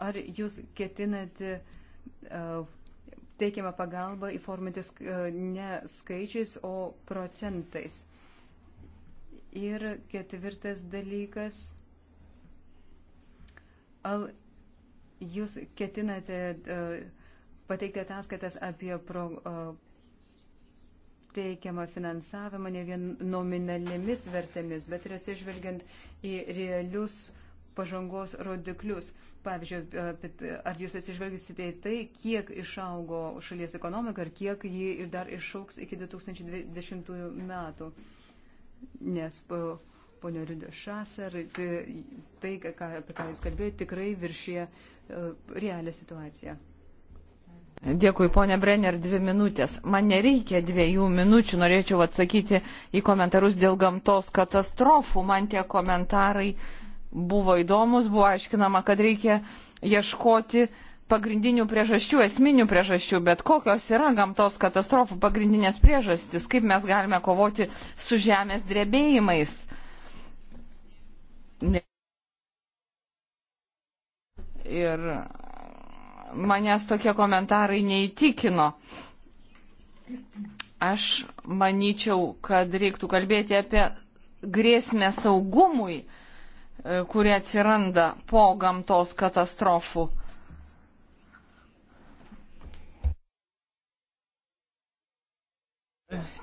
ar jūs ketinate e, teikiamą pagalbą įformintis ne skaičiais, o procentais. Ir ketvirtas dalykas, al, jūs ketinate uh, pateikti ataskaitas apie pro, uh, teikiamą finansavimą ne vien nominalėmis vertėmis, bet ir atsižvelgiant į realius pažangos rodiklius. Pavyzdžiui, e, ar jūs atsižvelgsite į tai, kiek išaugo šalies ekonomika ir kiek ji ir dar išauks iki 2020 metų. Uh, nes ponio Rido Šasar, tai, tai ką, apie ką jūs kalbėjote, tikrai viršė e, realią situaciją. Dėkui, ponė Brenner, dvi minutės. Man nereikia dviejų minučių, norėčiau atsakyti į komentarus dėl gamtos katastrofų. Man tie komentarai buvo įdomus, buvo aiškinama, kad reikia ieškoti uh, pagrindinių priežasčių, esminių priežasčių, bet kokios yra gamtos katastrofų pagrindinės priežastys, kaip mes galime kovoti su žemės drebėjimais. Ir manęs tokie komentarai neįtikino. Aš manyčiau, kad reiktų kalbėti apie grėsmę saugumui, e, kurie atsiranda po gamtos katastrofų.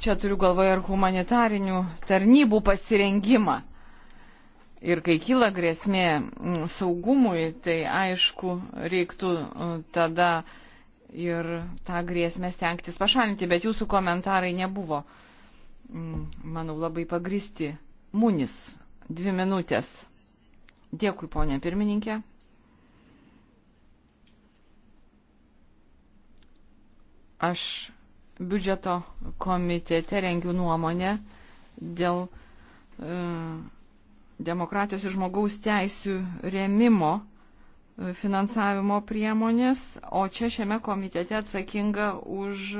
Čia turiu galvoje ir humanitarinių tarnybų pasirengimą. Ir kai kyla grėsmė mm, saugumui, tai aišku, reiktų e, tada ir tą grėsmę stengtis pašalinti, bet jūsų komentarai nebuvo, mm, manau, labai pagristi. Munis, dvi minutės. Dėkui, ponė pirmininkė. Aš biudžeto komitete rengiu nuomonę dėl e, demokratijos ir žmogaus teisų rėmimo e, finansavimo priemonės, o čia šiame komitete atsakinga už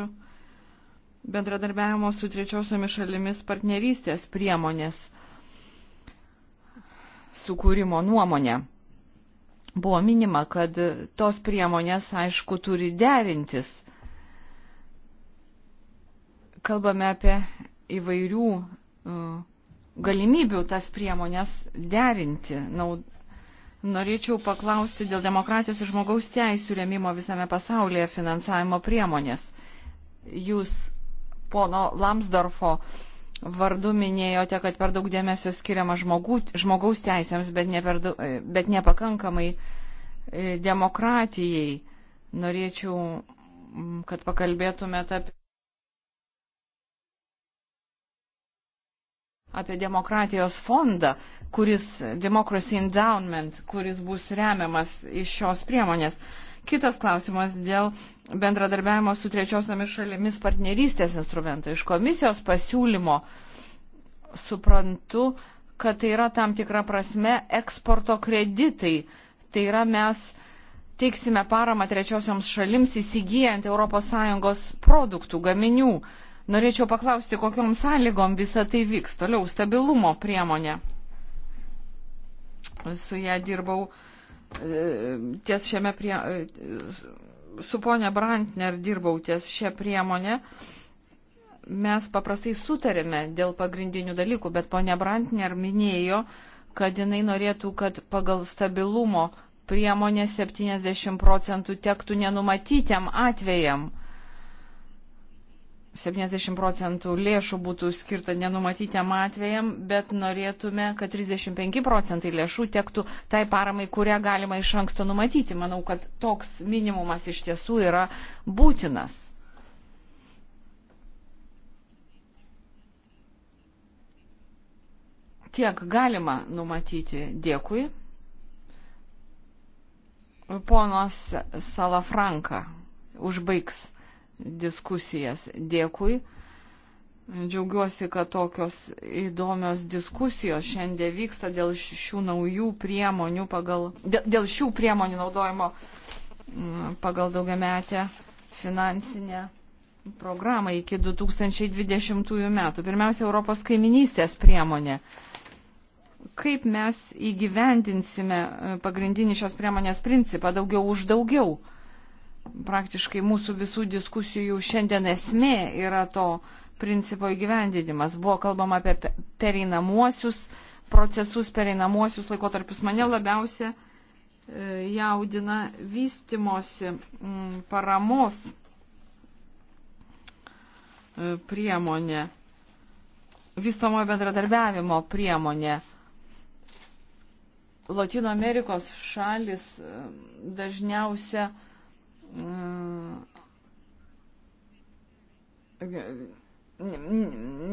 bendradarbiavimo su trečiosiomis šalimis partnerystės priemonės sukūrimo nuomonė. Buvo minima, kad tos priemonės, aišku, turi derintis – kalbame apie įvairių e, galimybių tas priemonės derinti. Naud... Norėčiau paklausti dėl demokratijos ir žmogaus teisų rėmimo visame pasaulyje finansavimo priemonės. Jūs pono Lamsdorfo vardu minėjote, kad per daug dėmesio skiriama žmogų, žmogaus teisėms, bet, ne per, bet nepakankamai e, demokratijai. Norėčiau, kad pakalbėtumėte apie apie demokratijos fondą, kuris Democracy Endowment, kuris bus remiamas iš šios priemonės. Kitas klausimas dėl bendradarbiavimo su trečiosiomis šalimis partnerystės instrumentai. Iš komisijos pasiūlymo suprantu, kad tai yra tam tikra prasme eksporto kreditai. Tai yra mes teiksime paramą trečiosioms šalims įsigijant ES produktų, gaminių. Norėčiau paklausti, kokiam sąlygom visa tai vyks. Toliau stabilumo priemonė. Su ją dirbau e, ties šiame prie... E, su ponia Brantner dirbau ties šią priemonę. Mes paprastai sutarėme dėl pagrindinių dalykų, bet ponia Brantner minėjo, kad jinai norėtų, kad pagal stabilumo priemonė 70 procentų tektų nenumatytėm atvejam. 70 procentų lėšų būtų skirta nenumatytėm atvejam, bet norėtume, kad 35 procentai lėšų tektų tai paramai, kurią galima iš anksto numatyti. Manau, kad toks minimumas iš tiesų yra būtinas. Tiek galima numatyti. Dėkui. Ponas Salafranka užbaigs diskusijas. Dėkui. Džiaugiuosi, kad tokios įdomios diskusijos šiandien vyksta dėl šių naujų priemonių, pagal, dėl šių priemonių naudojimo mm, pagal daugiametę finansinę programą iki 2020 metų. Pirmiausia, Europos kaiminystės priemonė. Kaip mes įgyvendinsime e, pagrindinį šios priemonės principą daugiau už daugiau? praktiškai mūsų visų diskusijų šiandien esmė yra to principo įgyvendinimas. Buvo kalbama apie pereinamuosius procesus, pereinamuosius laikotarpius. Mane labiausia e, jaudina vystimosi mm, paramos e, priemonė, vystomo bendradarbiavimo priemonė. Latino Amerikos šalis e, dažniausiai Mm.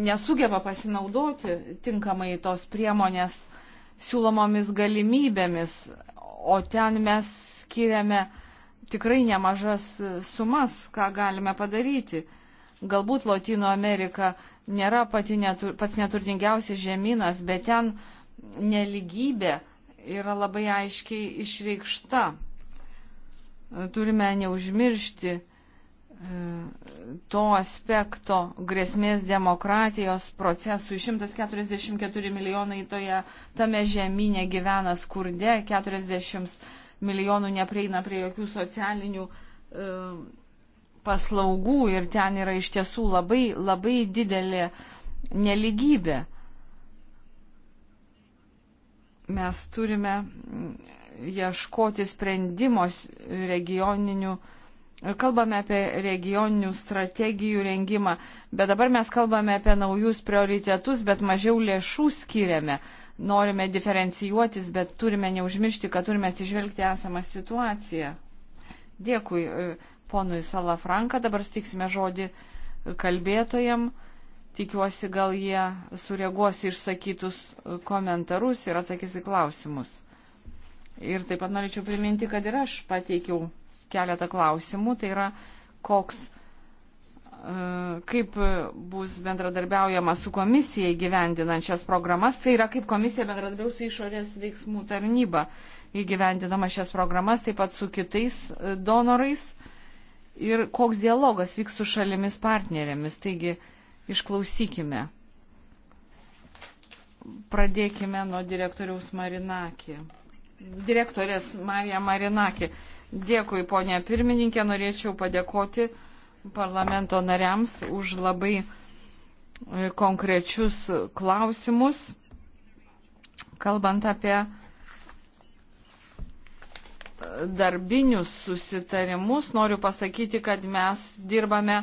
nesugeba pasinaudoti tinkamai tos priemonės siūlomomis galimybėmis, o ten mes skiriame tikrai nemažas sumas, ką galime padaryti. Galbūt Latino Amerika nėra netur, pats neturtingiausias žemynas, bet ten neligybė yra labai aiškiai išreikšta turime neužmiršti e, to aspekto grėsmės demokratijos procesui. 144 milijonai toje, tame žemynė gyvena skurde, 40 milijonų neprieina prie jokių socialinių e, paslaugų ir ten yra iš tiesų labai, labai didelė neligybė. Mes turime mm, ieškoti sprendimos regioninių kalbame apie regioninių strategijų rengimą, bet dabar mes kalbame apie naujus prioritetus, bet mažiau lėšų skiriame. Norime diferencijuotis, bet turime neužmiršti, kad turime atsižvelgti esamą situaciją. Dėkui e, ponui Salafranka, dabar stiksime žodį kalbėtojam. Tikiuosi, gal jie sureaguos išsakytus e, komentarus ir atsakys į klausimus. Ir taip pat norėčiau priminti, kad ir aš pateikiau keletą klausimų. Tai yra, koks, e, kaip bus bendradarbiaujama su komisija įgyvendinančias programas. Tai yra, kaip komisija bendradarbiaus su išorės veiksmų tarnyba įgyvendinama šias programas, taip pat su kitais e, donorais. Ir koks dialogas vyks su šalimis partnerėmis. Taigi, išklausykime. Pradėkime nuo direktoriaus Marinakį. Direktorės Marija Marinakį. Dėkui, ponė pirmininkė, norėčiau padėkoti parlamento nariams už labai e, konkrečius klausimus, kalbant apie e, darbinius susitarimus, noriu pasakyti, kad mes dirbame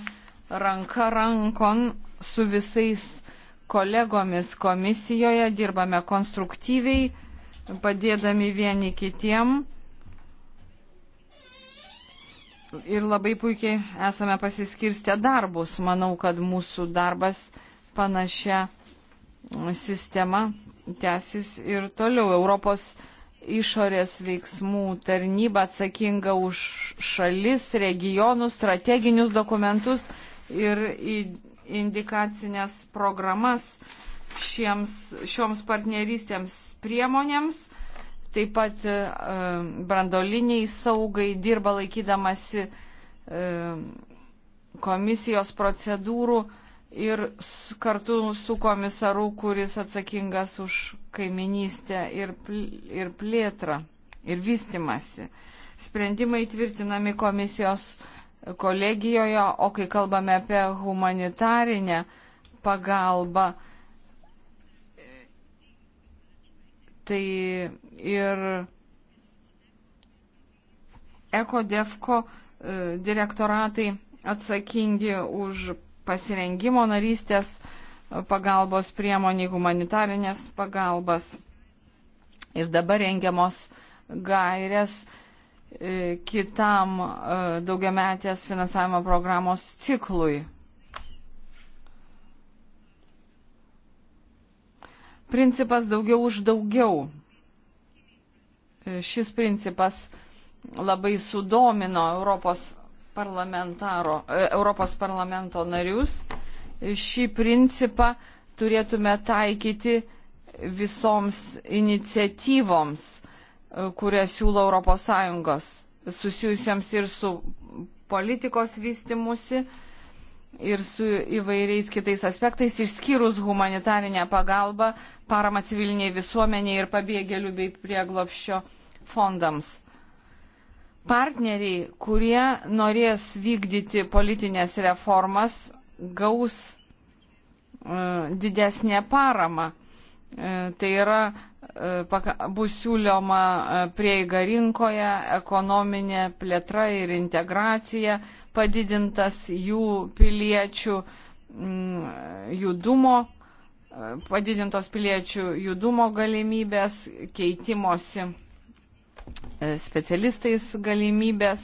ranka rankon su visais kolegomis komisijoje, dirbame konstruktyviai, padėdami vieni kitiem. Ir labai puikiai esame pasiskirstę darbus. Manau, kad mūsų darbas panašia sistema tęsis ir toliau. Europos išorės veiksmų tarnyba atsakinga už šalis, regionus, strateginius dokumentus ir indikacinės programas šiems, šioms partnerystėms priemonėms. Taip pat e, brandoliniai saugai dirba laikydamasi e, komisijos procedūrų ir kartu su komisaru, kuris atsakingas už kaiminystę ir, ir plėtrą ir vystimasi. Sprendimai tvirtinami komisijos kolegijoje, o kai kalbame apie humanitarinę pagalbą, tai ir ECODEFCO e, direktoratai atsakingi už pasirengimo narystės pagalbos priemonį, humanitarinės pagalbas. Ir dabar rengiamos gairės E, kitam e, daugiametės finansavimo programos ciklui. Principas daugiau už daugiau. E, šis principas labai sudomino Europos, Europos parlamento narius. Šį principą turėtume taikyti visoms iniciatyvoms kurią siūlo ES susijusiams ir su politikos vystimusi, ir su įvairiais kitais aspektais, išskyrus humanitarinę pagalbą, paramą civiliniai visuomeniai ir pabėgėlių bei prieglopščio fondams. Partneriai, kurie norės vykdyti politinės reformas, gaus e, didesnę paramą. E, tai yra E, bus siūlioma e, prieiga rinkoje, ekonominė plėtra ir integracija, padidintas jų piliečių mm, judumo, e, padidintos piliečių judumo galimybės, keitimosi specialistais galimybės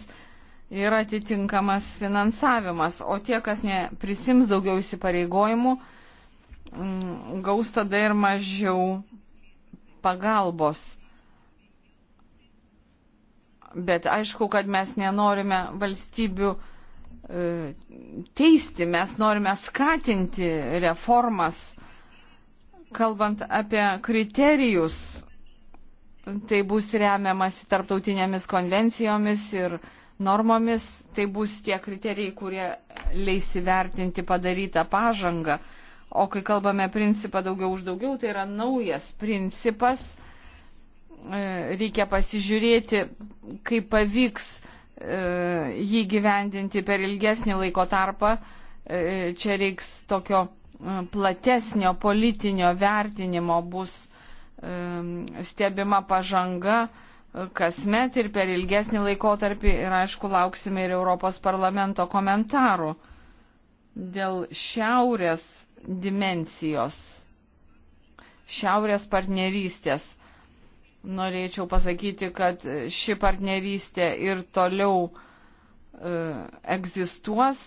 ir atitinkamas finansavimas. O tie, kas neprisims daugiau įsipareigojimų, mm, gaus tada ir mažiau pagalbos. Bet aišku, kad mes nenorime valstybių e, teisti, mes norime skatinti reformas. Kalbant apie kriterijus, tai bus remiamasi tarptautinėmis konvencijomis ir normomis, tai bus tie kriterijai, kurie leis įvertinti padarytą pažangą. O kai kalbame principą daugiau už daugiau, tai yra naujas principas. E, reikia pasižiūrėti, kaip pavyks e, jį gyvendinti per ilgesnį laiko tarpą. E, čia reiks tokio platesnio politinio vertinimo bus stebima pažanga kasmet ir per ilgesnį laikotarpį ir aišku lauksime ir Europos parlamento komentarų dėl šiaurės dimensijos, šiaurės partnerystės. Norėčiau pasakyti, kad ši partnerystė ir toliau e, egzistuos.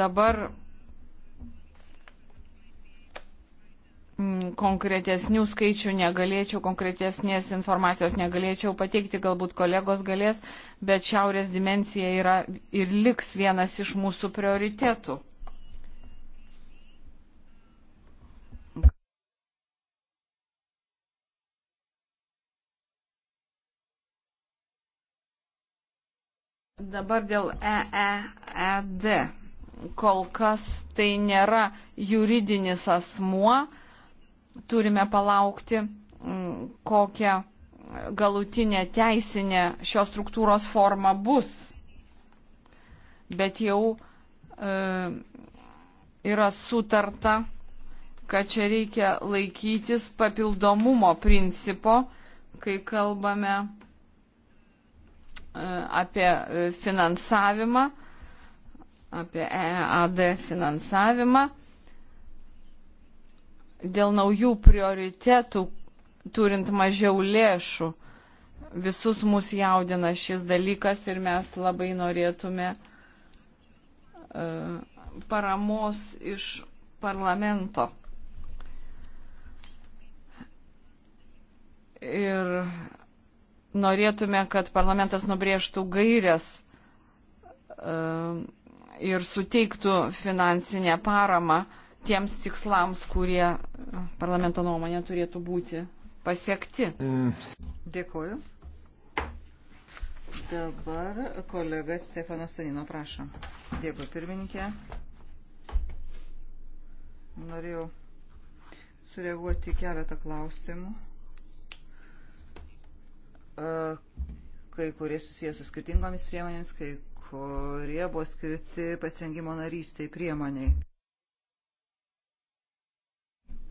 Dabar konkretesnių skaičių negalėčiau, konkretesnės informacijos negalėčiau pateikti, galbūt kolegos galės, bet šiaurės dimensija yra ir liks vienas iš mūsų prioritetų. Dabar dėl EEED. Kol kas tai nėra juridinis asmuo. Turime palaukti, mm, kokią galutinė teisinė šios struktūros forma bus. Bet jau e, yra sutarta, kad čia reikia laikytis papildomumo principo, kai kalbame apie e, finansavimą, apie EAD finansavimą. Dėl naujų prioritetų, turint mažiau lėšų, visus mus jaudina šis dalykas ir mes labai norėtume e, paramos iš parlamento. Ir norėtume, kad parlamentas nubrėžtų gairias e, ir suteiktų finansinę paramą tiems tikslams, kurie parlamento nuomonė turėtų būti pasiekti. Dėkuoju. Dabar kolega Stefanas Sanino, prašom. Dėkui, pirmininkė. Norėjau sureaguoti keletą klausimų. E, kai kurie susijęs su skirtingomis priemonėmis, kai kurie buvo skirti pasirengimo narystiai priemoniai.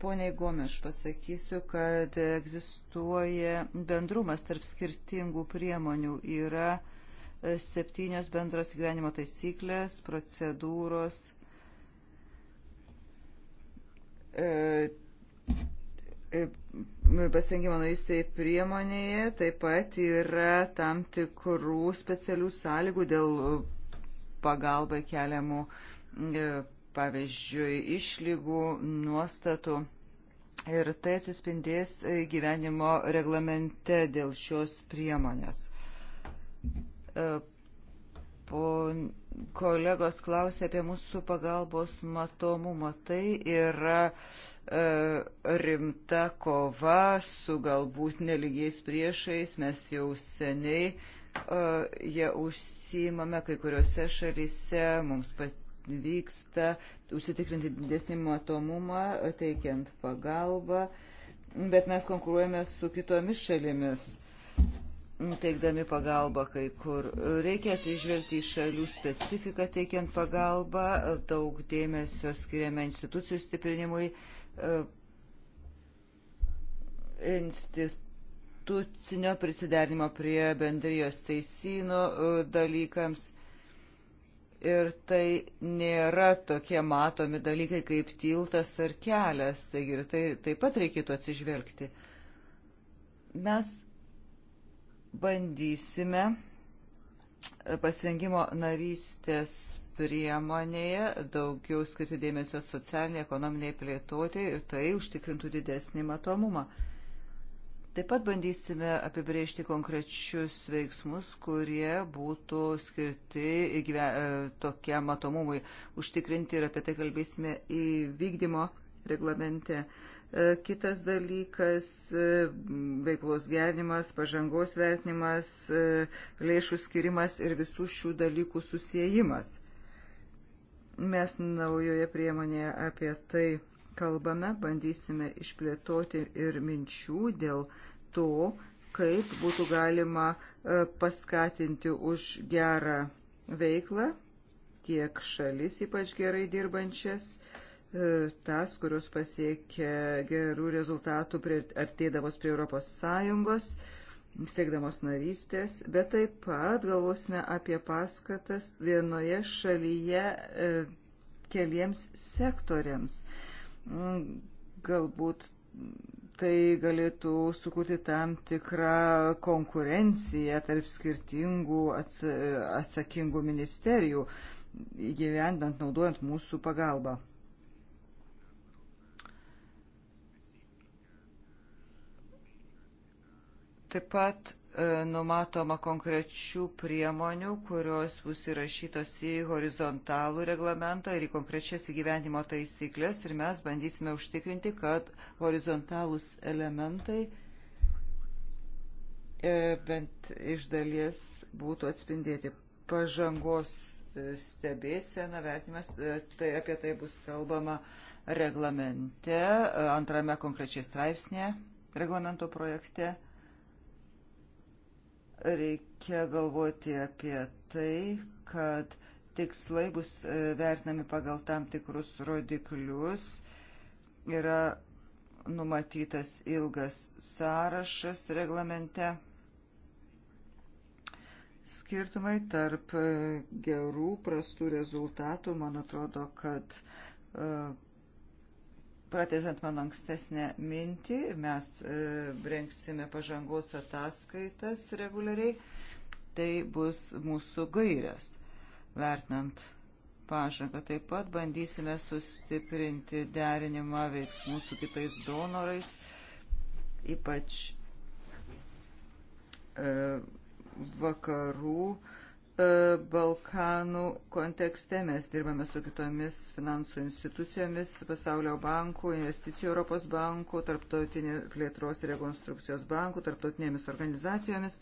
Pone Gomiš, pasakysiu, kad egzistuoja bendrumas tarp skirtingų priemonių. Yra e, septynios bendros gyvenimo taisyklės, procedūros, e, pasirinkimo narystėje priemonėje taip pat yra tam tikrų specialių sąlygų dėl pagalbai keliamų, e, pavyzdžiui, išlygų, nuostatų. Ir tai atsispindės e, gyvenimo reglamente dėl šios priemonės. E, po Kolegos klausė apie mūsų pagalbos matomumą. Tai yra e, rimta kova su galbūt neligiais priešais. Mes jau seniai e, ją užsimame kai kuriuose šalyse. Mums pat vyksta, užsitikrinti didesnį matomumą, teikiant pagalbą, bet mes konkuruojame su kitomis šalimis teikdami pagalbą kai kur. Reikia atsižvelgti į šalių specifiką teikiant pagalbą, daug dėmesio skiriame institucijų stiprinimui, e, institucinio prisidernimo prie bendrijos teisynų e, dalykams. Ir tai nėra tokie matomi dalykai kaip tiltas ar kelias, taigi ir tai taip pat reikėtų atsižvelgti. Mes bandysime pasirengimo narystės priemonėje daugiau skirti dėmesio socialiniai, ekonominiai plėtoti ir tai užtikrintų didesnį matomumą. Taip pat bandysime apibrėžti konkrečius veiksmus, kurie būtų skirti e, tokiam matomumui užtikrinti ir apie tai kalbėsime įvykdymo reglamente. E, kitas dalykas e, - veiklos gerinimas, pažangos vertinimas, e, lėšų skirimas ir visų šių dalykų susijimas. Mes naujoje priemonėje apie tai kalbame, bandysime išplėtoti ir minčių dėl to, kaip būtų galima paskatinti už gerą veiklą tiek šalis ypač gerai dirbančias E, tas, kurios pasiekė gerų rezultatų artėdamos prie Europos Sąjungos, siekdamos narystės, bet taip pat galvosime apie paskatas vienoje šalyje e, keliems sektoriams. Mm, galbūt tai galėtų sukurti tam tikrą konkurenciją tarp skirtingų atsakingų ministerijų, įgyvendant, naudojant mūsų pagalbą. Taip pat e, numatoma konkrečių priemonių, kurios bus įrašytos į horizontalų reglamentą ir į konkrečias įgyvenimo taisyklės ir mes bandysime užtikrinti, kad horizontalūs elementai e, bent iš dalies būtų atspindėti pažangos e, stebėsena, vertimas, tai apie tai bus kalbama reglamente, antrame konkrečiai straipsnėje, reglamento projekte Reikia galvoti apie tai, kad tikslai bus e, vertinami pagal tam tikrus rodiklius. Yra numatytas ilgas sąrašas reglamente skirtumai tarp e, gerų, prastų rezultatų, man atrodo, kad e, Pratesant mano ankstesnę mintį, mes e, brengsime pažangos ataskaitas reguliariai. Tai bus mūsų gairias. Vertinant pažangą taip pat bandysime sustiprinti derinimą veiksmų su kitais donorais, ypač e, vakarų E, Balkanų kontekste mes dirbame su kitomis finansų institucijomis, Pasaulio bankų, investicijų Europos bankų, tarptautinė plėtros ir rekonstrukcijos bankų, tarptautinėmis organizacijomis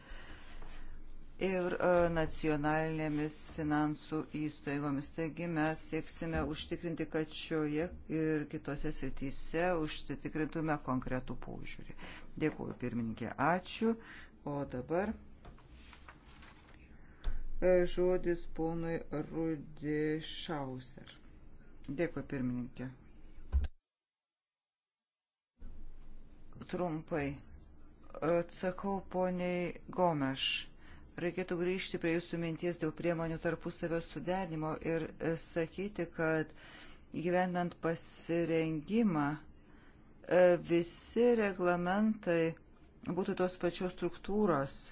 ir e, nacionalinėmis finansų įstaigomis. Taigi mes sieksime užtikrinti, kad šioje ir kitose srityse užsitikrintume konkretų požiūrį. Dėkuoju pirmininkė, ačiū. O dabar E, žodis ponui Rudi Šauser. Dėkui, pirmininkė. Trumpai. Atsakau poniai Gomeš. Reikėtų grįžti prie jūsų minties dėl priemonių tarpusavio suderinimo ir sakyti, kad gyvenant pasirengimą e, visi reglamentai būtų tos pačios struktūros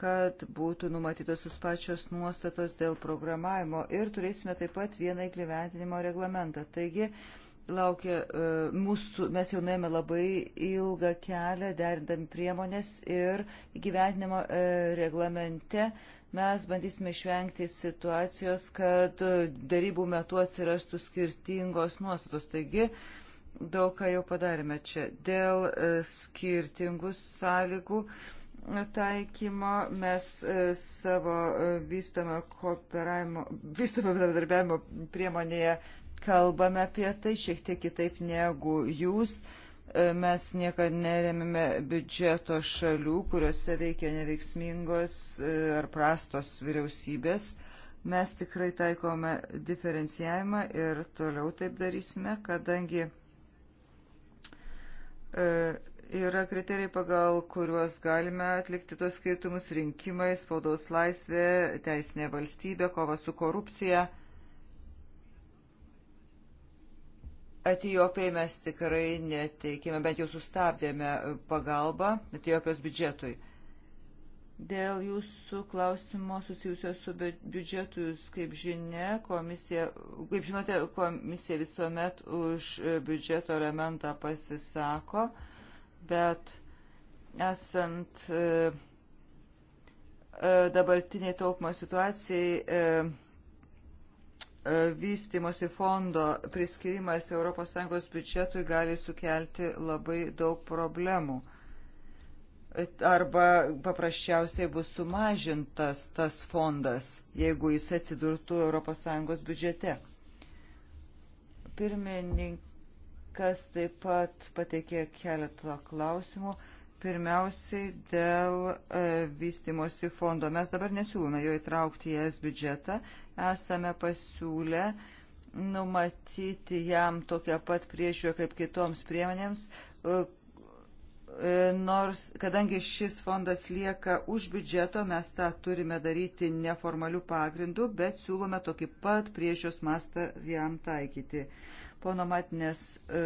kad būtų numatytos jūs pačios nuostatos dėl programavimo ir turėsime taip pat vieną įgyvendinimo reglamentą. Taigi, laukia e, mūsų, mes jau nuėjome labai ilgą kelią derindami priemonės ir įgyvendinimo e, reglamente mes bandysime išvengti situacijos, kad e, darybų metu atsirastų skirtingos nuostatos. Taigi, daug ką jau padarėme čia. Dėl skirtingų sąlygų taikymo mes e, savo e, vystomio bendradarbiavimo priemonėje kalbame apie tai šiek tiek kitaip negu jūs. E, mes niekada neremime biudžeto šalių, kuriuose veikia neveiksmingos ar prastos vyriausybės. Mes tikrai taikome diferencijavimą ir toliau taip darysime, kadangi yra kriterijai, pagal kuriuos galime atlikti tos skirtumus - rinkimai, spaudos laisvė, teisinė valstybė, kova su korupcija. Etijopijai mes tikrai neteikėme, bent jau sustabdėme pagalbą Etijopijos biudžetui. Dėl jūsų klausimo susijusio su biudžetu, jūs kaip žinia, komisija, kaip žinote, komisija visuomet už biudžeto elementą pasisako bet esant e, e, dabartiniai taupimo situacijai e, vystimosi fondo priskirimas ES biudžetui gali sukelti labai daug problemų. Arba paprasčiausiai bus sumažintas tas fondas, jeigu jis atsidurtų ES biudžete. Pirmininkė pirmininkas taip pat pateikė keletą klausimų. Pirmiausiai dėl e, vystimosi fondo. Mes dabar nesiūlome jo įtraukti į es biudžetą. Esame pasiūlę numatyti jam tokią pat priežiūrą kaip kitoms priemonėms, e, e nors, kadangi šis fondas lieka už biudžeto, mes tą turime daryti neformalių pagrindų, bet siūlome tokį pat priežiūros mastą jam taikyti. E, Pono Matinės e,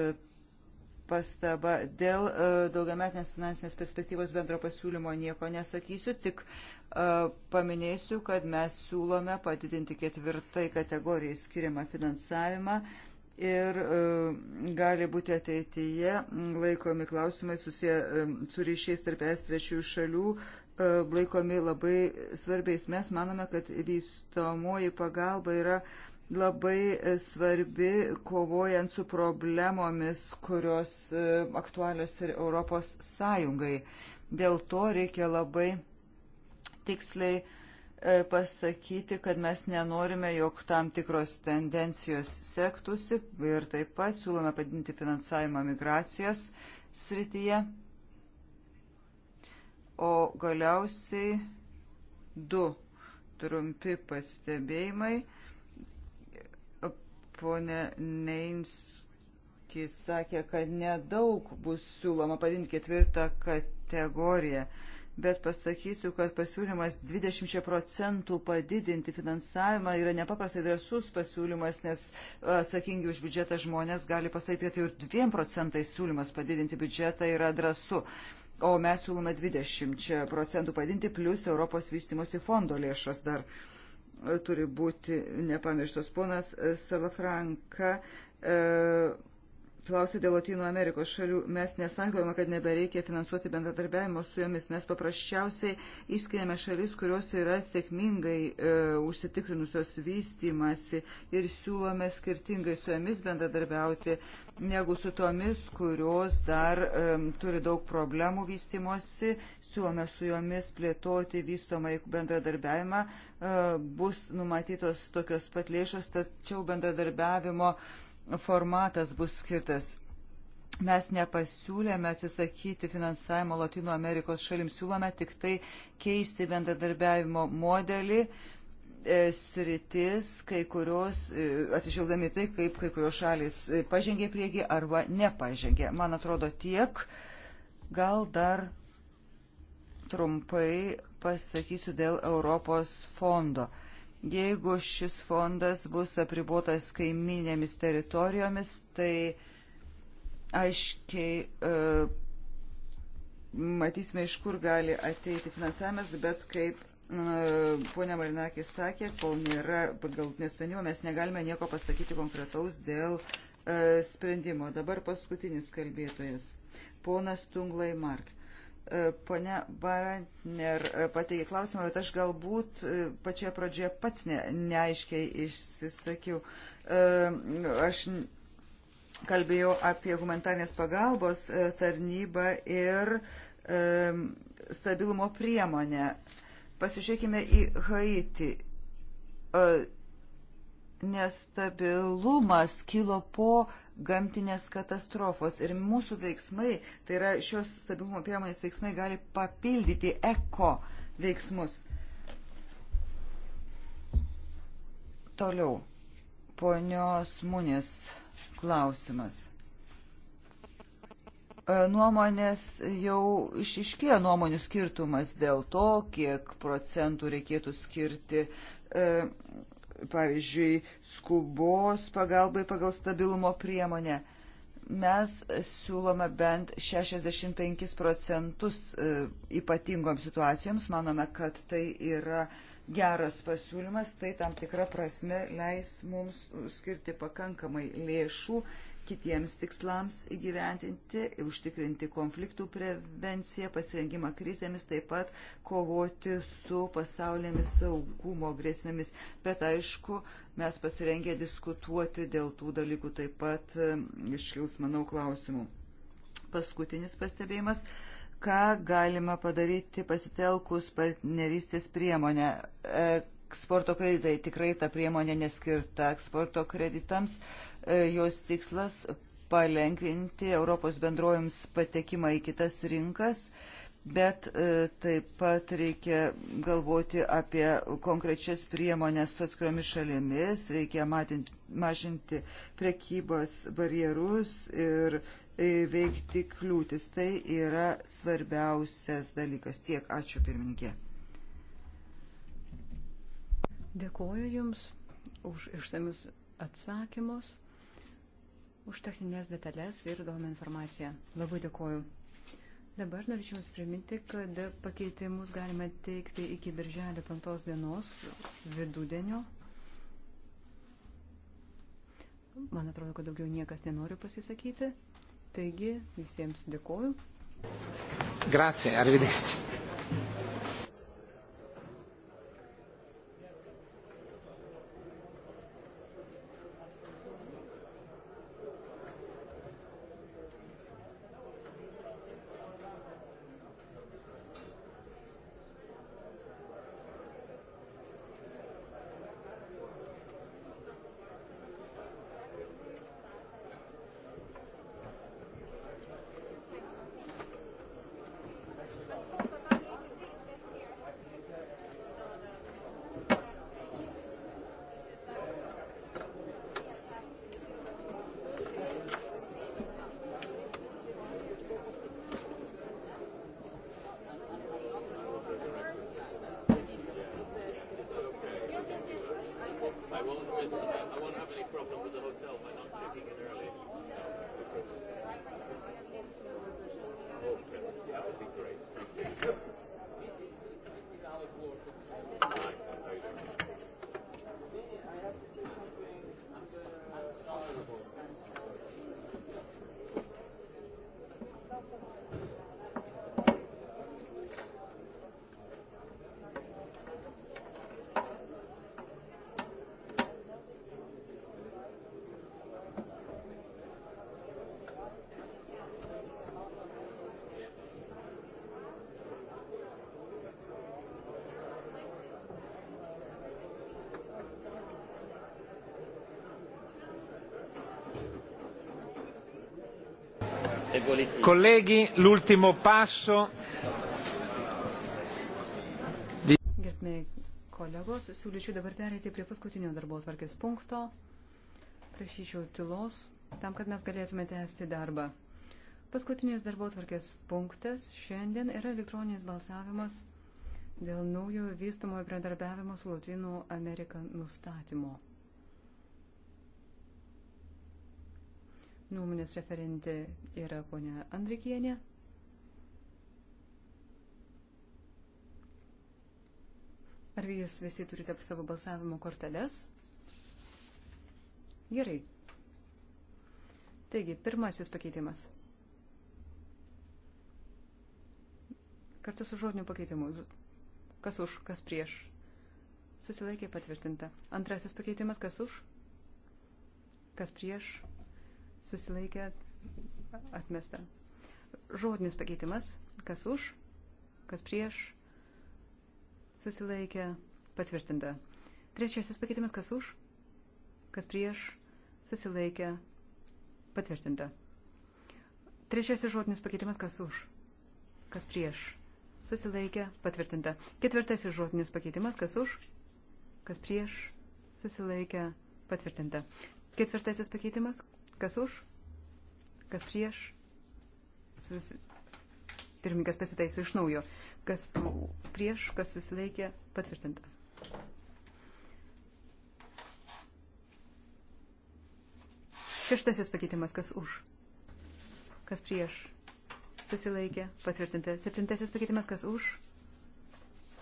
pastaba dėl e, daugiametinės finansinės perspektyvos bendro pasiūlymo nieko nesakysiu, tik e, paminėsiu, kad mes siūlome padidinti ketvirtai kategorijai skiriamą finansavimą ir gali būti ateityje laikomi klausimai susiję su ryšiais tarp es trečiųjų šalių laikomi labai svarbiais. Mes manome, kad vystomoji pagalba yra labai e, svarbi kovojant su problemomis, kurios e, aktualios ir Europos Sąjungai. Dėl to reikia labai tiksliai e, pasakyti, kad mes nenorime, jog tam tikros tendencijos sektųsi ir taip pat siūlome padinti finansavimą migracijos srityje. O galiausiai du trumpi pastebėjimai Pone Neinski sakė, kad nedaug bus siūloma padinti ketvirtą kategoriją, bet pasakysiu, kad pasiūlymas 20 procentų padidinti finansavimą yra nepaprastai drasus pasiūlymas, nes atsakingi už biudžetą žmonės gali pasakyti, kad jau ir 2 procentais siūlymas padidinti biudžetą yra drasu o mes siūlome 20 procentų padinti, plus Europos vystimosi fondo lėšas dar. Uh, turi būti nepamirštos. Ponas Salafranka e, klausė dėl Latino Amerikos šalių. Mes nesakome, kad nebereikia finansuoti bendradarbiavimo su jomis. Mes paprasčiausiai išskiriame šalis, kurios yra sėkmingai e, užsitikrinusios vystymasi ir siūlome skirtingai su jomis bendradarbiauti negu su tomis, kurios dar e, turi daug problemų vystymosi. Siūlome su jomis plėtoti vystomą bendradarbiavimą. E, bus numatytos tokios pat lėšos, tačiau bendradarbiavimo e, formatas bus skirtas. Mes nepasiūlėme atsisakyti finansavimo Latino Amerikos šalims, siūlome tik tai keisti bendradarbiavimo modelį e, sritis, kai kurios, e, atsižvelgdami tai, kaip kai kurios šalis e, pažengė prieki arba nepažengė. Man atrodo tiek, gal dar trumpai pasakysiu dėl Europos fondo. Jeigu šis fondas bus apribuotas kaiminėmis teritorijomis, tai aiškiai e, matysime, iš kur gali ateiti finansavimas, bet kaip e, ponia Marinakis sakė, kol nėra galutinio sprendimo, mes negalime nieko pasakyti konkretaus dėl e, sprendimo. Dabar paskutinis kalbėtojas, ponas Tunglai Mark. E, Pone Barantner e, pateikė klausimą, bet aš galbūt e, pačioje pradžioje pats ne, neaiškiai išsisakiau. Aš kalbėjau apie humanitarnės pagalbos tarnybą ir stabilumo priemonę. Pasižiūrėkime į Haiti. Nestabilumas kilo po gamtinės katastrofos. Ir mūsų veiksmai, tai yra šios stabilumo priemonės veiksmai, gali papildyti eko veiksmus. Toliau, ponios Munės klausimas. E, nuomonės jau išiškėjo nuomonių skirtumas dėl to, kiek procentų reikėtų skirti e, pavyzdžiui, skubos pagalbai pagal stabilumo priemonę. Mes siūlome bent 65 procentus e, ypatingoms situacijoms. Manome, kad tai yra geras pasiūlymas, tai tam tikra prasme leis mums skirti pakankamai lėšų kitiems tikslams įgyventinti, užtikrinti konfliktų prevenciją, pasirengimą krizėmis, taip pat kovoti su pasaulėmis saugumo grėsmėmis. Bet aišku, mes pasirengę diskutuoti dėl tų dalykų taip pat iškils, manau, klausimų. Paskutinis pastebėjimas ką galima padaryti pasitelkus partnerystės priemonę. Eksporto kreditai tikrai ta priemonė neskirta eksporto kreditams. E, E, jos tikslas palengvinti Europos bendrojams patekimą į kitas rinkas, bet e, taip pat reikia galvoti apie konkrečias priemonės su atskiromis šalimis, reikia matinti, mažinti prekybos barjerus ir veikti kliūtis. Tai yra svarbiausias dalykas. Tiek ačiū pirmininkė. Dėkuoju Jums už išsamius atsakymus už techninės detalės ir įdomią informaciją. Labai dėkoju. Dabar norėčiau Jums priminti, kad pakeitimus galima teikti iki birželio 5 dienos vidudienio. Man atrodo, kad daugiau niekas nenori pasisakyti. Taigi visiems dėkoju. Grazie, arrivederci. Colleghi, l'ultimo passo. Gerbėjai kolegos, siūlyčiau dabar perėti prie paskutinio darbo atvarkės punkto. Prašyčiau tylos, tam, kad mes galėtume tęsti darbą. Paskutinis darbo atvarkės punktas šiandien yra elektroninis balsavimas dėl naujo vystomojo bendradarbiavimo su Latinų Amerika nustatymo. Nuomonės referentė yra ponia Andrikienė. Ar jūs visi turite savo balsavimo korteles? Gerai. Taigi, pirmasis pakeitimas. Kartu su žodiniu pakeitimu. Kas už, kas prieš. Susilaikė patvirtinta. Antrasis pakeitimas, kas už, kas prieš, susilaikė atmesta. Žodinis pakeitimas, kas už, kas prieš, susilaikė patvirtinta. Trečiasis pakeitimas, kas už, kas prieš, susilaikė patvirtinta. Trečiasis žodinis pakeitimas, kas už, kas prieš, susilaikė patvirtinta. Ketvirtasis žodinis pakeitimas, kas už, kas prieš, susilaikė patvirtinta. Ketvirtasis pakeitimas, Kas už, kas prieš. Sus... Pirmininkas pasitaiso iš naujo. Kas prieš, kas susilaikė, patvirtinta. Šeštasis pakeitimas, kas už, kas prieš, susilaikė, patvirtinta. Septintasis pakeitimas, kas už,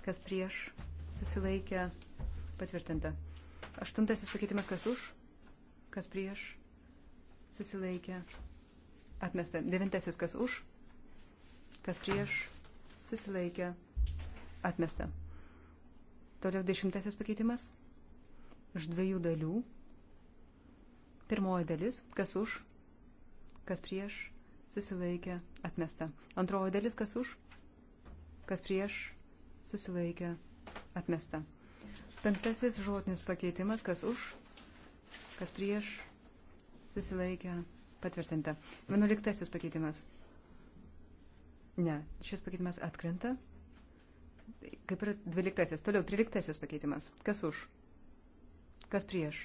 kas prieš, susilaikė, patvirtinta. Aštuntasis pakeitimas, kas už, kas prieš, susilaikė, atmesta. Devintasis, kas už, kas prieš, susilaikė, atmesta. Toliau dešimtasis pakeitimas iš dviejų dalių. Pirmoji dalis, kas už, kas prieš, susilaikė, atmesta. Antroji dalis, kas už, kas prieš, susilaikė, atmesta. Penktasis žodinis pakeitimas, kas už, kas prieš, susilaikė, patvirtinta. Vienuoliktasis pakeitimas. Ne, šis pakeitimas atkrenta. Kaip ir dvyliktasis. Toliau, tryliktasis pakeitimas. Kas už? Kas prieš?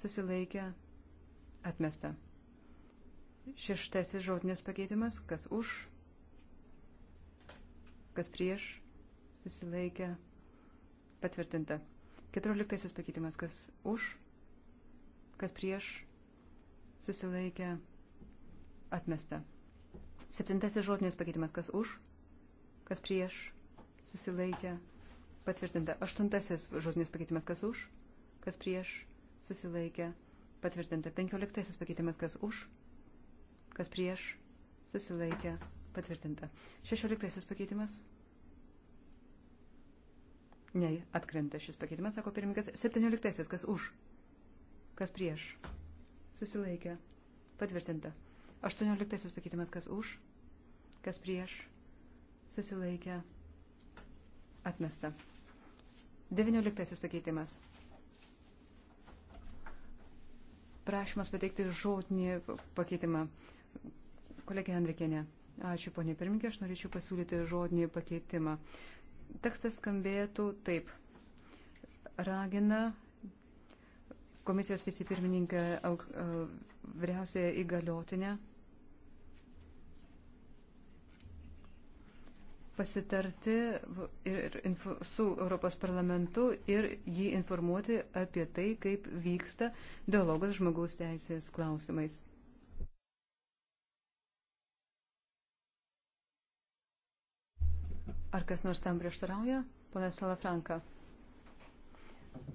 Susilaikė, atmesta. Šeštasis žodinis pakeitimas. Kas už? Kas prieš? Susilaikė, patvirtinta. Keturioliktasis pakeitimas. Kas už? Kas prieš? susilaikė, atmesta. Septintasis žodinis pakeitimas, kas už, kas prieš, susilaikė, patvirtinta. Aštuntasis žodinis pakeitimas, kas už, kas prieš, susilaikė, patvirtinta. Penkioliktasis pakeitimas, kas už, kas prieš, susilaikė, patvirtinta. Šešioliktasis pakeitimas. Ne, atkrenta šis pakeitimas, sako pirmininkas. Septynioliktasis, kas už, kas prieš, susilaikė, patvirtinta. 18 pakeitimas, kas už, kas prieš, susilaikė, atmesta. 19 pakeitimas. Prašymas pateikti žodinį pakeitimą. Kolegė Andrikienė, ačiū ponė pirmininkė, aš norėčiau pasiūlyti žodinį pakeitimą. Tekstas skambėtų taip. Ragina komisijos vicepirmininkę, vyriausiąją įgaliotinę pasitarti ir, ir su Europos parlamentu ir jį informuoti apie tai, kaip vyksta dialogas žmogaus teisės klausimais. Ar kas nors tam prieštarauja? Pone Salafranka.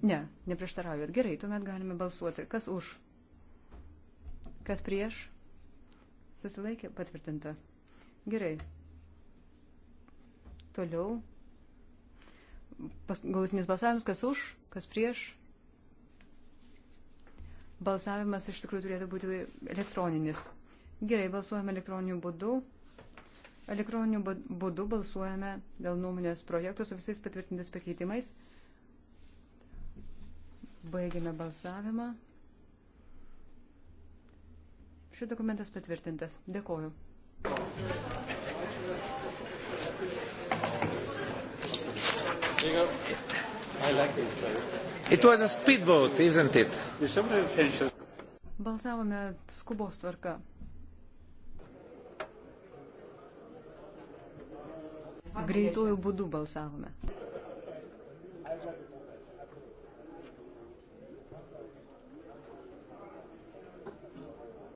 Ne, neprieštaraujat. Gerai, tuomet galime balsuoti. Kas už? Kas prieš? Susilaikė? Patvirtinta. Gerai. Toliau. Pas, galutinis balsavimas. Kas už? Kas prieš? Balsavimas iš tikrųjų turėtų būti elektroninis. Gerai, balsuojame elektroniniu būdu. Elektroniniu būdu balsuojame dėl nuomonės projektų su visais patvirtintais pakeitimais. Baigėme balsavimą. Šis dokumentas patvirtintas. Dėkoju. Vote, Balsavome skubos tvarka. Greituoju būdu balsavome.